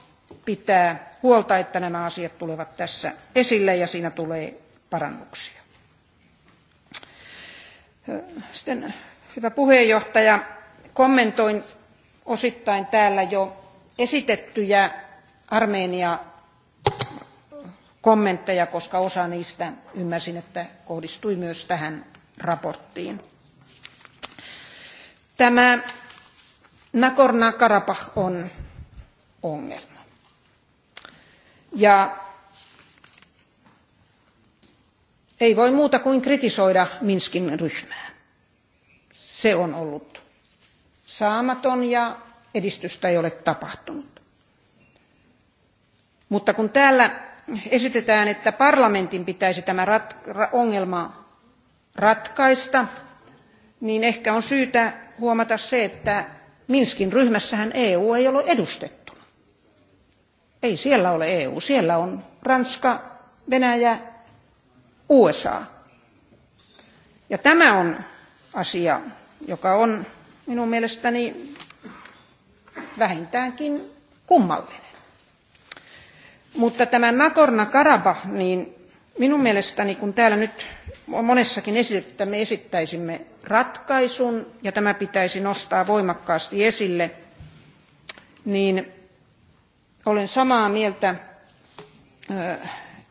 pitää huolta, että nämä asiat tulevat tässä esille ja siinä tulee parannuksia. Sitten Hyvä puheenjohtaja, kommentoin osittain täällä jo esitettyjä Armenia kommentteja, koska osa niistä ymmärsin, että kohdistui myös tähän raporttiin. Tämä Nagorno-Karabakh on ongelma. Ja ei voi muuta kuin kritisoida Minskin ryhmää se on ollut saamaton ja edistystä ei ole tapahtunut. Mutta kun täällä esitetään, että parlamentin pitäisi tämä rat- ongelma ratkaista, niin ehkä on syytä huomata se, että Minskin ryhmässähän EU ei ole edustettuna. Ei siellä ole EU, siellä on Ranska, Venäjä, USA. Ja tämä on asia, joka on minun mielestäni vähintäänkin kummallinen. Mutta tämä Nagorno-Karabah, niin minun mielestäni, kun täällä nyt on monessakin esitetty, että me esittäisimme ratkaisun ja tämä pitäisi nostaa voimakkaasti esille, niin olen samaa mieltä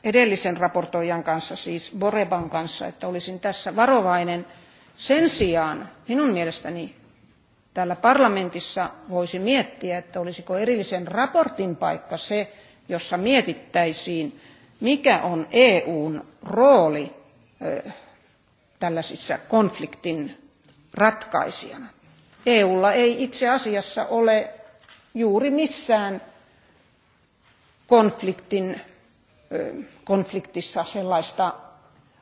edellisen raportoijan kanssa, siis Boreban kanssa, että olisin tässä varovainen – sen sijaan minun mielestäni täällä parlamentissa voisi miettiä, että olisiko erillisen raportin paikka se, jossa mietittäisiin, mikä on EUn rooli tällaisissa konfliktin ratkaisijana. EUlla ei itse asiassa ole juuri missään konfliktin, konfliktissa sellaista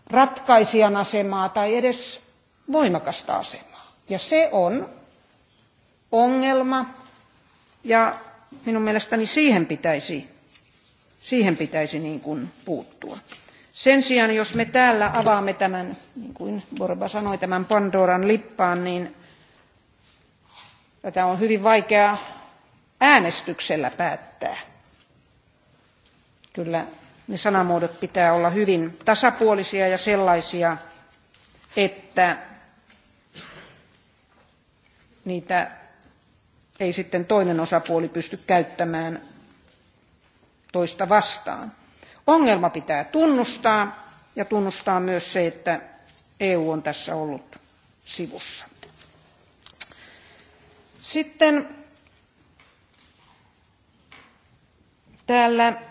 ratkaisijan asemaa tai edes voimakasta asemaa. Ja se on ongelma ja minun mielestäni siihen pitäisi, siihen pitäisi niin kuin puuttua. Sen sijaan, jos me täällä avaamme tämän, niin kuin Borba sanoi, tämän Pandoran lippaan, niin tätä on hyvin vaikea äänestyksellä päättää. Kyllä ne sanamuodot pitää olla hyvin tasapuolisia ja sellaisia, että niitä ei sitten toinen osapuoli pysty käyttämään toista vastaan. Ongelma pitää tunnustaa ja tunnustaa myös se, että EU on tässä ollut sivussa. Sitten täällä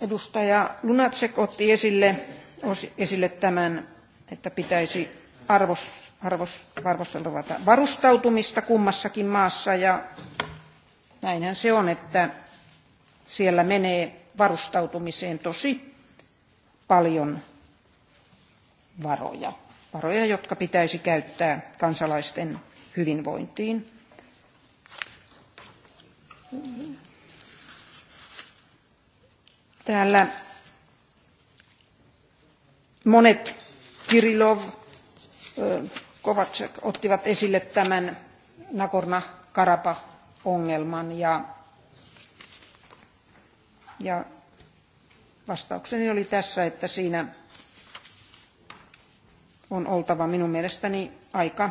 edustaja Lunacek otti esille, esille tämän, että pitäisi arvos, varustautumista kummassakin maassa ja näinhän se on, että siellä menee varustautumiseen tosi paljon varoja. Varoja, jotka pitäisi käyttää kansalaisten hyvinvointiin. Täällä monet Kirilov, Kovacek ottivat esille tämän Nagorno Karapa ongelman ja, ja vastaukseni oli tässä, että siinä on oltava minun mielestäni aika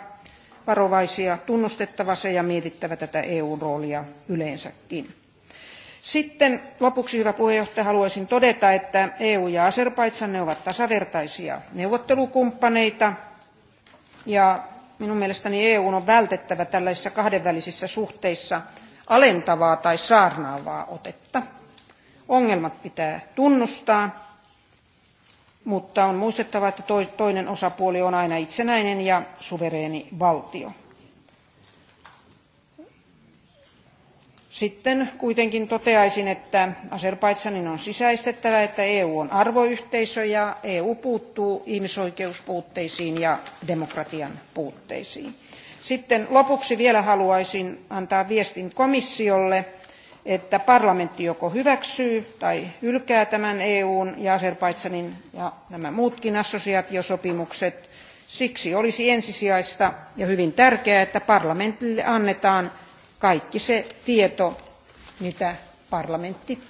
varovaisia, tunnustettava se ja mietittävä tätä EU roolia yleensäkin. Sitten lopuksi, hyvä puheenjohtaja, haluaisin todeta, että EU ja Azerbaidsan ne ovat tasavertaisia neuvottelukumppaneita ja minun mielestäni EU on vältettävä tällaisissa kahdenvälisissä suhteissa alentavaa tai saarnaavaa otetta. Ongelmat pitää tunnustaa, mutta on muistettava, että toinen osapuoli on aina itsenäinen ja suvereeni valtio. Sitten kuitenkin toteaisin, että Azerbaidsanin on sisäistettävä, että EU on arvoyhteisö ja EU puuttuu ihmisoikeuspuutteisiin ja demokratian puutteisiin. Sitten lopuksi vielä haluaisin antaa viestin komissiolle, että parlamentti joko hyväksyy tai hylkää tämän EUn ja Azerbaidsanin ja nämä muutkin assosiaatiosopimukset. Siksi olisi ensisijaista ja hyvin tärkeää, että parlamentille annetaan kaikki se tieto, mitä parlamentti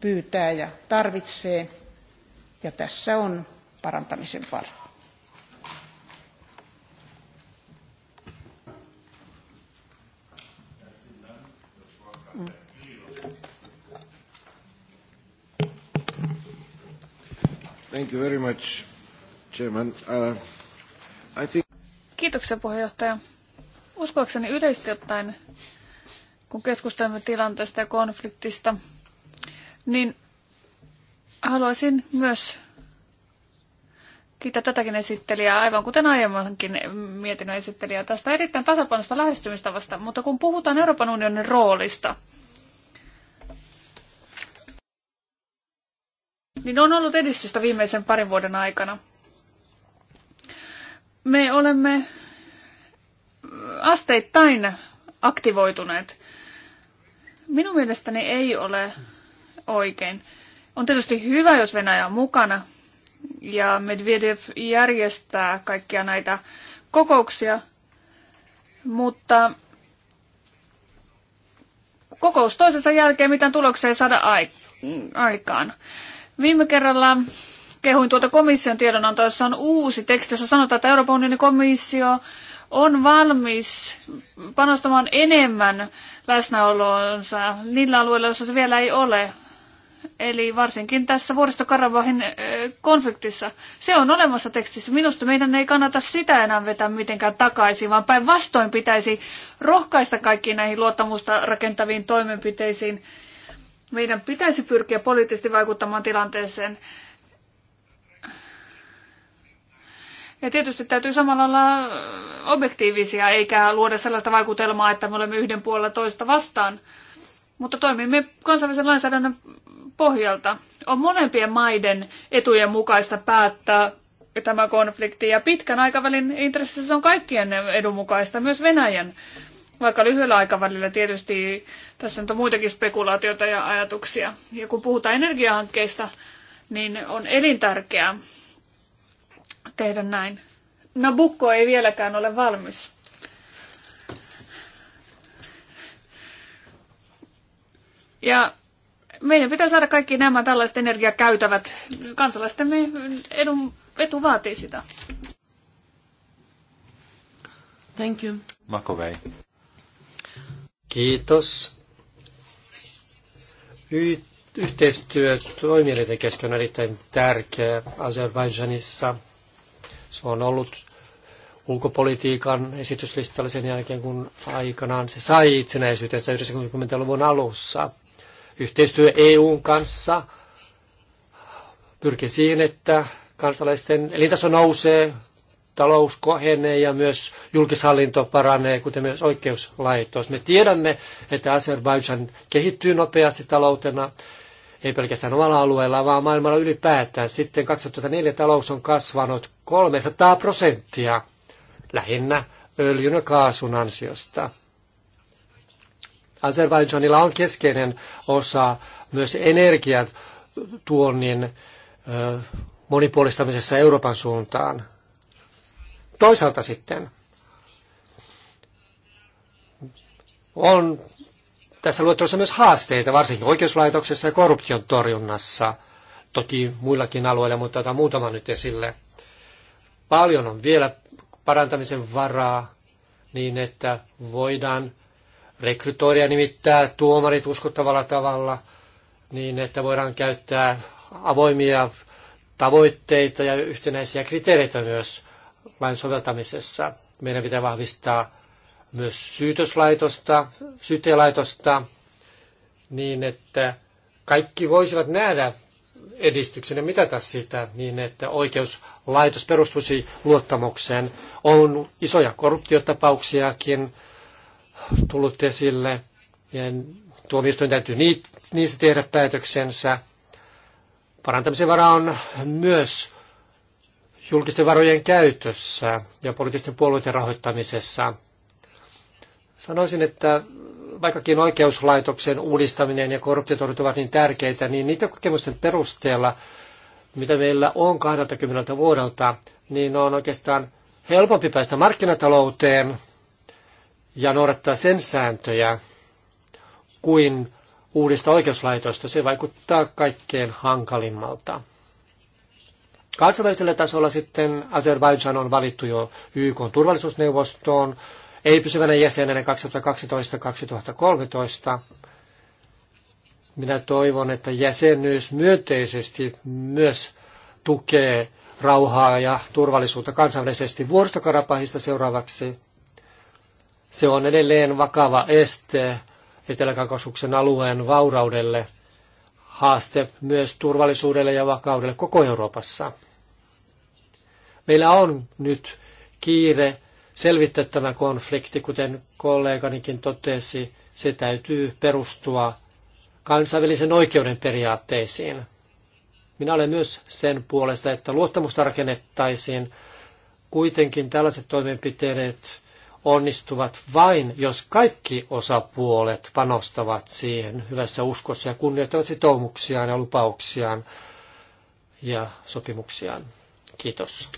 pyytää ja tarvitsee. Ja tässä on parantamisen varaa. Thank you very much, Chairman. Uh, I think... Kiitoksia puheenjohtaja. Uskoakseni yleisesti ottaen, kun keskustelemme tilanteesta ja konfliktista, niin haluaisin myös kiittää tätäkin esittelijää, aivan kuten aiemmankin mietinnön esittelijää, tästä erittäin tasapainosta lähestymistavasta. Mutta kun puhutaan Euroopan unionin roolista, niin on ollut edistystä viimeisen parin vuoden aikana. Me olemme asteittain aktivoituneet. Minun mielestäni ei ole oikein. On tietysti hyvä, jos Venäjä on mukana ja Medvedev järjestää kaikkia näitä kokouksia, mutta kokous toisensa jälkeen mitään tuloksia ei saada aikaan. Viime kerralla kehuin tuota komission tiedonantoa, jossa on uusi teksti, jossa sanotaan, että Euroopan unionin komissio on valmis panostamaan enemmän läsnäoloonsa niillä alueilla, joissa se vielä ei ole. Eli varsinkin tässä vuoristokarabahin konfliktissa. Se on olemassa tekstissä. Minusta meidän ei kannata sitä enää vetää mitenkään takaisin, vaan päinvastoin pitäisi rohkaista kaikkiin näihin luottamusta rakentaviin toimenpiteisiin. Meidän pitäisi pyrkiä poliittisesti vaikuttamaan tilanteeseen Ja tietysti täytyy samalla olla objektiivisia, eikä luoda sellaista vaikutelmaa, että me olemme yhden puolella toista vastaan. Mutta toimimme kansainvälisen lainsäädännön pohjalta. On monempien maiden etujen mukaista päättää tämä konflikti, ja pitkän aikavälin intressissä on kaikkien edun mukaista, myös Venäjän. Vaikka lyhyellä aikavälillä tietysti tässä on muitakin spekulaatioita ja ajatuksia. Ja kun puhutaan energiahankkeista, niin on elintärkeää, tehdä näin. Nabukko ei vieläkään ole valmis. Ja meidän pitää saada kaikki nämä tällaiset energiakäytävät. Kansalaistemme edun, etu vaatii sitä. Thank you. Makovei. Kiitos. Y- yhteistyö toimijoiden kesken on erittäin tärkeä Azerbaidžanissa. Se on ollut ulkopolitiikan esityslistalla sen jälkeen, kun aikanaan se sai itsenäisyytensä 90-luvun alussa. Yhteistyö EUn kanssa pyrkii siihen, että kansalaisten elintaso nousee, talous kohenee ja myös julkishallinto paranee, kuten myös oikeuslaitos. Me tiedämme, että Azerbaijan kehittyy nopeasti taloutena ei pelkästään omalla alueella, vaan maailmalla ylipäätään. Sitten 2004 talous on kasvanut 300 prosenttia, lähinnä öljyn ja kaasun ansiosta. Azerbaidžanilla on keskeinen osa myös energiatuonnin monipuolistamisessa Euroopan suuntaan. Toisaalta sitten on tässä luettelossa myös haasteita, varsinkin oikeuslaitoksessa ja korruption torjunnassa, toki muillakin alueilla, mutta otan muutama nyt esille. Paljon on vielä parantamisen varaa niin, että voidaan rekrytoida nimittää tuomarit uskottavalla tavalla, niin että voidaan käyttää avoimia tavoitteita ja yhtenäisiä kriteereitä myös lain soveltamisessa. Meidän pitää vahvistaa myös syytöslaitosta, syytelaitosta, niin että kaikki voisivat nähdä edistyksen ja mitata sitä niin, että oikeuslaitos perustuisi luottamukseen. On isoja korruptiotapauksiakin tullut esille ja tuomioistuin täytyy niistä tehdä päätöksensä. Parantamisen vara on myös julkisten varojen käytössä ja poliittisten puolueiden rahoittamisessa – Sanoisin, että vaikkakin oikeuslaitoksen uudistaminen ja korruptiotorjunta ovat niin tärkeitä, niin niitä kokemusten perusteella, mitä meillä on 20 vuodelta, niin on oikeastaan helpompi päästä markkinatalouteen ja noudattaa sen sääntöjä kuin uudista oikeuslaitosta. Se vaikuttaa kaikkein hankalimmalta. Kansainvälisellä tasolla sitten Azerbaijan on valittu jo YK turvallisuusneuvostoon ei pysyvänä jäsenenä 2012-2013. Minä toivon, että jäsenyys myönteisesti myös tukee rauhaa ja turvallisuutta kansainvälisesti. Vuoristokarapahista seuraavaksi. Se on edelleen vakava este Etelä-Kaukasuksen alueen vauraudelle, haaste myös turvallisuudelle ja vakaudelle koko Euroopassa. Meillä on nyt kiire selvittää tämä konflikti, kuten kolleganikin totesi, se täytyy perustua kansainvälisen oikeuden periaatteisiin. Minä olen myös sen puolesta, että luottamusta rakennettaisiin. Kuitenkin tällaiset toimenpiteet onnistuvat vain, jos kaikki osapuolet panostavat siihen hyvässä uskossa ja kunnioittavat sitoumuksiaan ja lupauksiaan ja sopimuksiaan. Kiitos.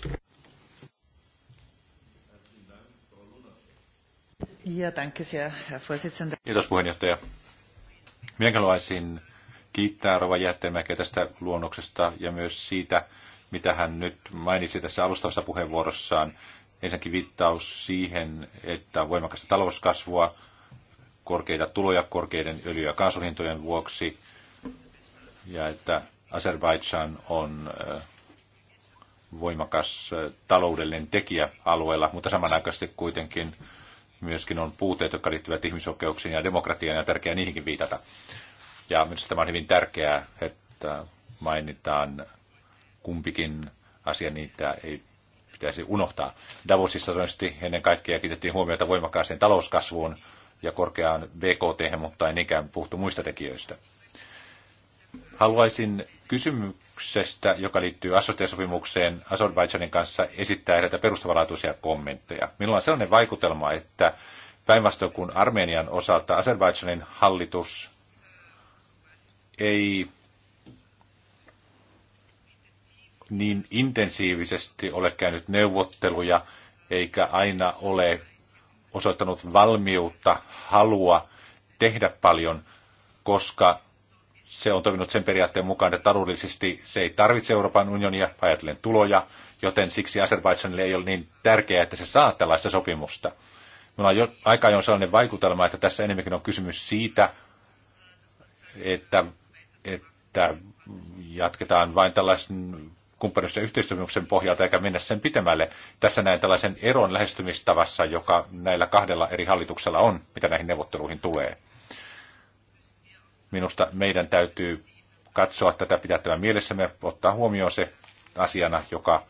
Ja, danke sehr, Herr Vorsitzender. Kiitos puheenjohtaja. Minä haluaisin kiittää Rova Jättemäkeä tästä luonnoksesta ja myös siitä, mitä hän nyt mainitsi tässä alustavassa puheenvuorossaan. Ensinnäkin viittaus siihen, että voimakasta talouskasvua, korkeita tuloja korkeiden öljy- ja kaasuhintojen vuoksi, ja että Azerbaidžan on äh, voimakas äh, taloudellinen tekijä alueella, mutta samanaikaisesti kuitenkin myöskin on puutteet, jotka liittyvät ihmisoikeuksiin ja demokratiaan, ja tärkeää niihinkin viitata. Ja myös tämä on hyvin tärkeää, että mainitaan kumpikin asia, niitä ei pitäisi unohtaa. Davosissa todennäköisesti ennen kaikkea kiinnitettiin huomiota voimakkaaseen talouskasvuun ja korkeaan BKT, mutta ei niinkään puhuttu muista tekijöistä. Haluaisin kysymyksiä esityksestä, joka liittyy assosiaatiosopimukseen Azerbaijanin kanssa, esittää eräitä perustavanlaatuisia kommentteja. Minulla on sellainen vaikutelma, että päinvastoin kuin Armenian osalta Azerbaijanin hallitus ei niin intensiivisesti ole käynyt neuvotteluja, eikä aina ole osoittanut valmiutta, halua tehdä paljon, koska se on toiminut sen periaatteen mukaan, että taloudellisesti se ei tarvitse Euroopan unionia, ajatellen tuloja, joten siksi Azerbaidsanille ei ole niin tärkeää, että se saa tällaista sopimusta. Minulla on jo, aika ajoin sellainen vaikutelma, että tässä enemmänkin on kysymys siitä, että, että jatketaan vain tällaisen kumppanuus- ja yhteistyömyksen pohjalta eikä mennä sen pitemmälle. Tässä näen tällaisen eron lähestymistavassa, joka näillä kahdella eri hallituksella on, mitä näihin neuvotteluihin tulee. Minusta meidän täytyy katsoa tätä pitää tämän mielessämme, ottaa huomioon se asiana, joka,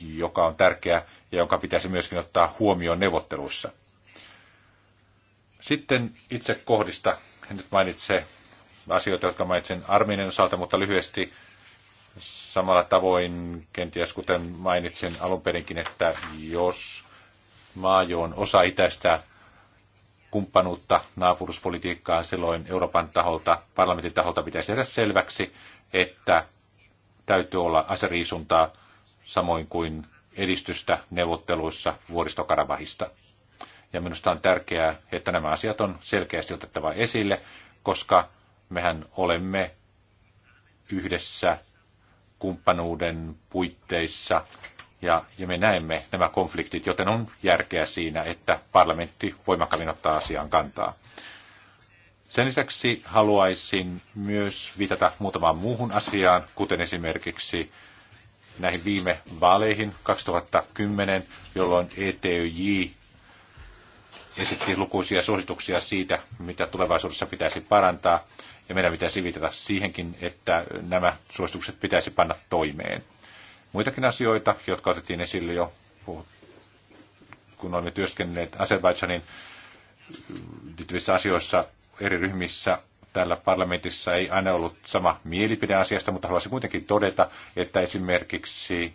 joka on tärkeä ja joka pitäisi myöskin ottaa huomioon neuvotteluissa. Sitten itse kohdista, en nyt mainitse asioita, jotka mainitsin Arminen osalta, mutta lyhyesti samalla tavoin, kenties kuten mainitsin alun perinkin, että jos maajoon on osa itäistä kumppanuutta, naapuruspolitiikkaa, silloin Euroopan taholta, parlamentin taholta pitäisi tehdä selväksi, että täytyy olla aseriisuntaa samoin kuin edistystä neuvotteluissa vuoristokarabahista. Ja minusta on tärkeää, että nämä asiat on selkeästi otettava esille, koska mehän olemme yhdessä kumppanuuden puitteissa ja, ja me näemme nämä konfliktit, joten on järkeä siinä, että parlamentti voimakkaammin ottaa asiaan kantaa. Sen lisäksi haluaisin myös viitata muutamaan muuhun asiaan, kuten esimerkiksi näihin viime vaaleihin 2010, jolloin ETYJ esitti lukuisia suosituksia siitä, mitä tulevaisuudessa pitäisi parantaa, ja meidän pitäisi viitata siihenkin, että nämä suositukset pitäisi panna toimeen muitakin asioita, jotka otettiin esille jo, kun olimme työskennelleet Azerbaidžanin liittyvissä asioissa eri ryhmissä täällä parlamentissa ei aina ollut sama mielipide asiasta, mutta haluaisin kuitenkin todeta, että esimerkiksi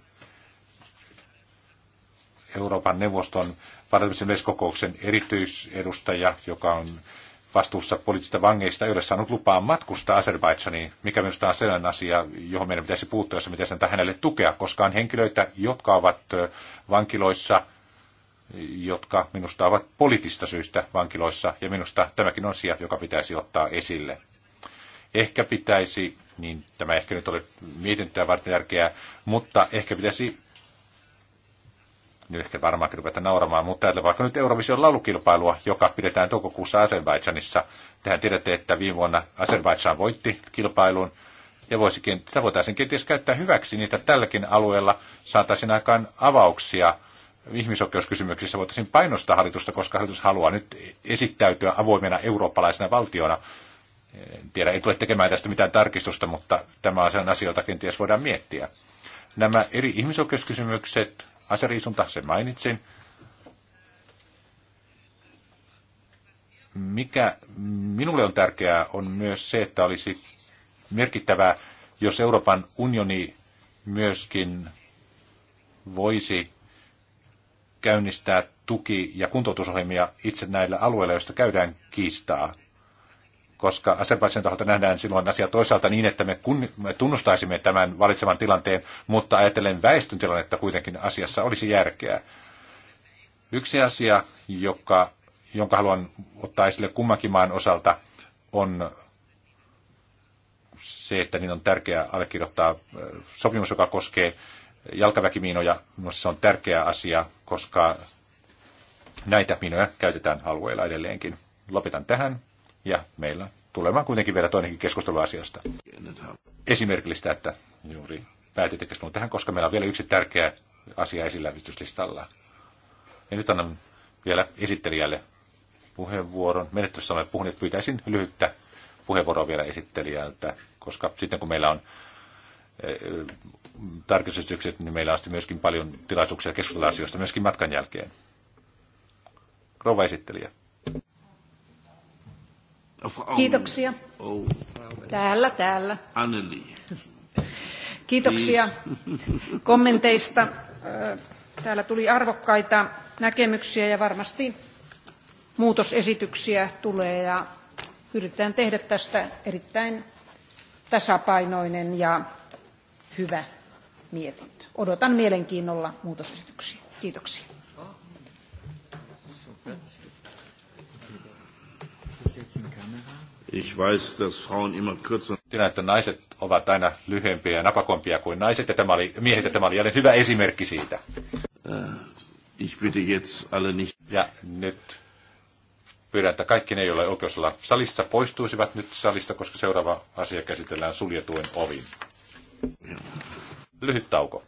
Euroopan neuvoston parlamentin yleiskokouksen erityisedustaja, joka on vastuussa poliittisista vangeista ei ole saanut lupaa matkustaa Azerbaidsaniin, mikä minusta on sellainen asia, johon meidän pitäisi puuttua, jos pitäisi antaa hänelle tukea, koska on henkilöitä, jotka ovat vankiloissa, jotka minusta ovat poliittista syystä vankiloissa, ja minusta tämäkin on asia, joka pitäisi ottaa esille. Ehkä pitäisi, niin tämä ehkä nyt ole mietintöä varten tärkeää, mutta ehkä pitäisi nyt ehkä varmaankin ruveta nauramaan, mutta ajatellaan vaikka nyt Eurovision laulukilpailua, joka pidetään toukokuussa Azerbaidžanissa. Tehän tiedätte, että viime vuonna Azerbaidžan voitti kilpailun, ja voisikin, sitä voitaisiin kenties käyttää hyväksi, niitä tälläkin alueella saataisiin aikaan avauksia ihmisoikeuskysymyksissä, voitaisiin painostaa hallitusta, koska hallitus haluaa nyt esittäytyä avoimena eurooppalaisena valtiona. En tiedä, ei tule tekemään tästä mitään tarkistusta, mutta tämä on sen asioita kenties voidaan miettiä. Nämä eri ihmisoikeuskysymykset aseriisunta, sen mainitsin. Mikä minulle on tärkeää on myös se, että olisi merkittävää, jos Euroopan unioni myöskin voisi käynnistää tuki- ja kuntoutusohjelmia itse näillä alueilla, joista käydään kiistaa koska Azerbaidsin taholta nähdään silloin asia toisaalta niin, että me, kun, me tunnustaisimme tämän valitsevan tilanteen, mutta ajatellen väestön tilannetta kuitenkin asiassa olisi järkeä. Yksi asia, joka, jonka haluan ottaa esille kummankin maan osalta, on se, että niin on tärkeää allekirjoittaa äh, sopimus, joka koskee jalkaväkimiinoja. Minusta se on tärkeä asia, koska näitä miinoja käytetään alueella edelleenkin. Lopetan tähän ja meillä tulemaan kuitenkin vielä toinenkin keskustelu asiasta. Esimerkillistä, että juuri päätitte keskustelun tähän, koska meillä on vielä yksi tärkeä asia esillä Ja nyt annan vielä esittelijälle puheenvuoron. Menettelyssä puhunut, että pyytäisin lyhyttä puheenvuoroa vielä esittelijältä, koska sitten kun meillä on eh, tarkistusykset, niin meillä on myöskin paljon tilaisuuksia keskustella asioista myöskin matkan jälkeen. Rouva esittelijä. Kiitoksia. Täällä, täällä. Anneli. Kiitoksia kommenteista. Täällä tuli arvokkaita näkemyksiä ja varmasti muutosesityksiä tulee ja yritetään tehdä tästä erittäin tasapainoinen ja hyvä mietintö. Odotan mielenkiinnolla muutosesityksiä. Kiitoksia. Ich weiß, dass Frauen immer kürzer... Tiedän, että naiset ovat aina lyhyempiä ja napakompia kuin naiset, ja tämä oli, miehet, ja tämä oli jälleen hyvä esimerkki siitä. Äh, ich bitte jetzt alle nicht... Ja nyt pyydän, että kaikki ne, joilla ei oikeus olla salissa, poistuisivat nyt salista, koska seuraava asia käsitellään suljetuen ovin. Lyhyt tauko.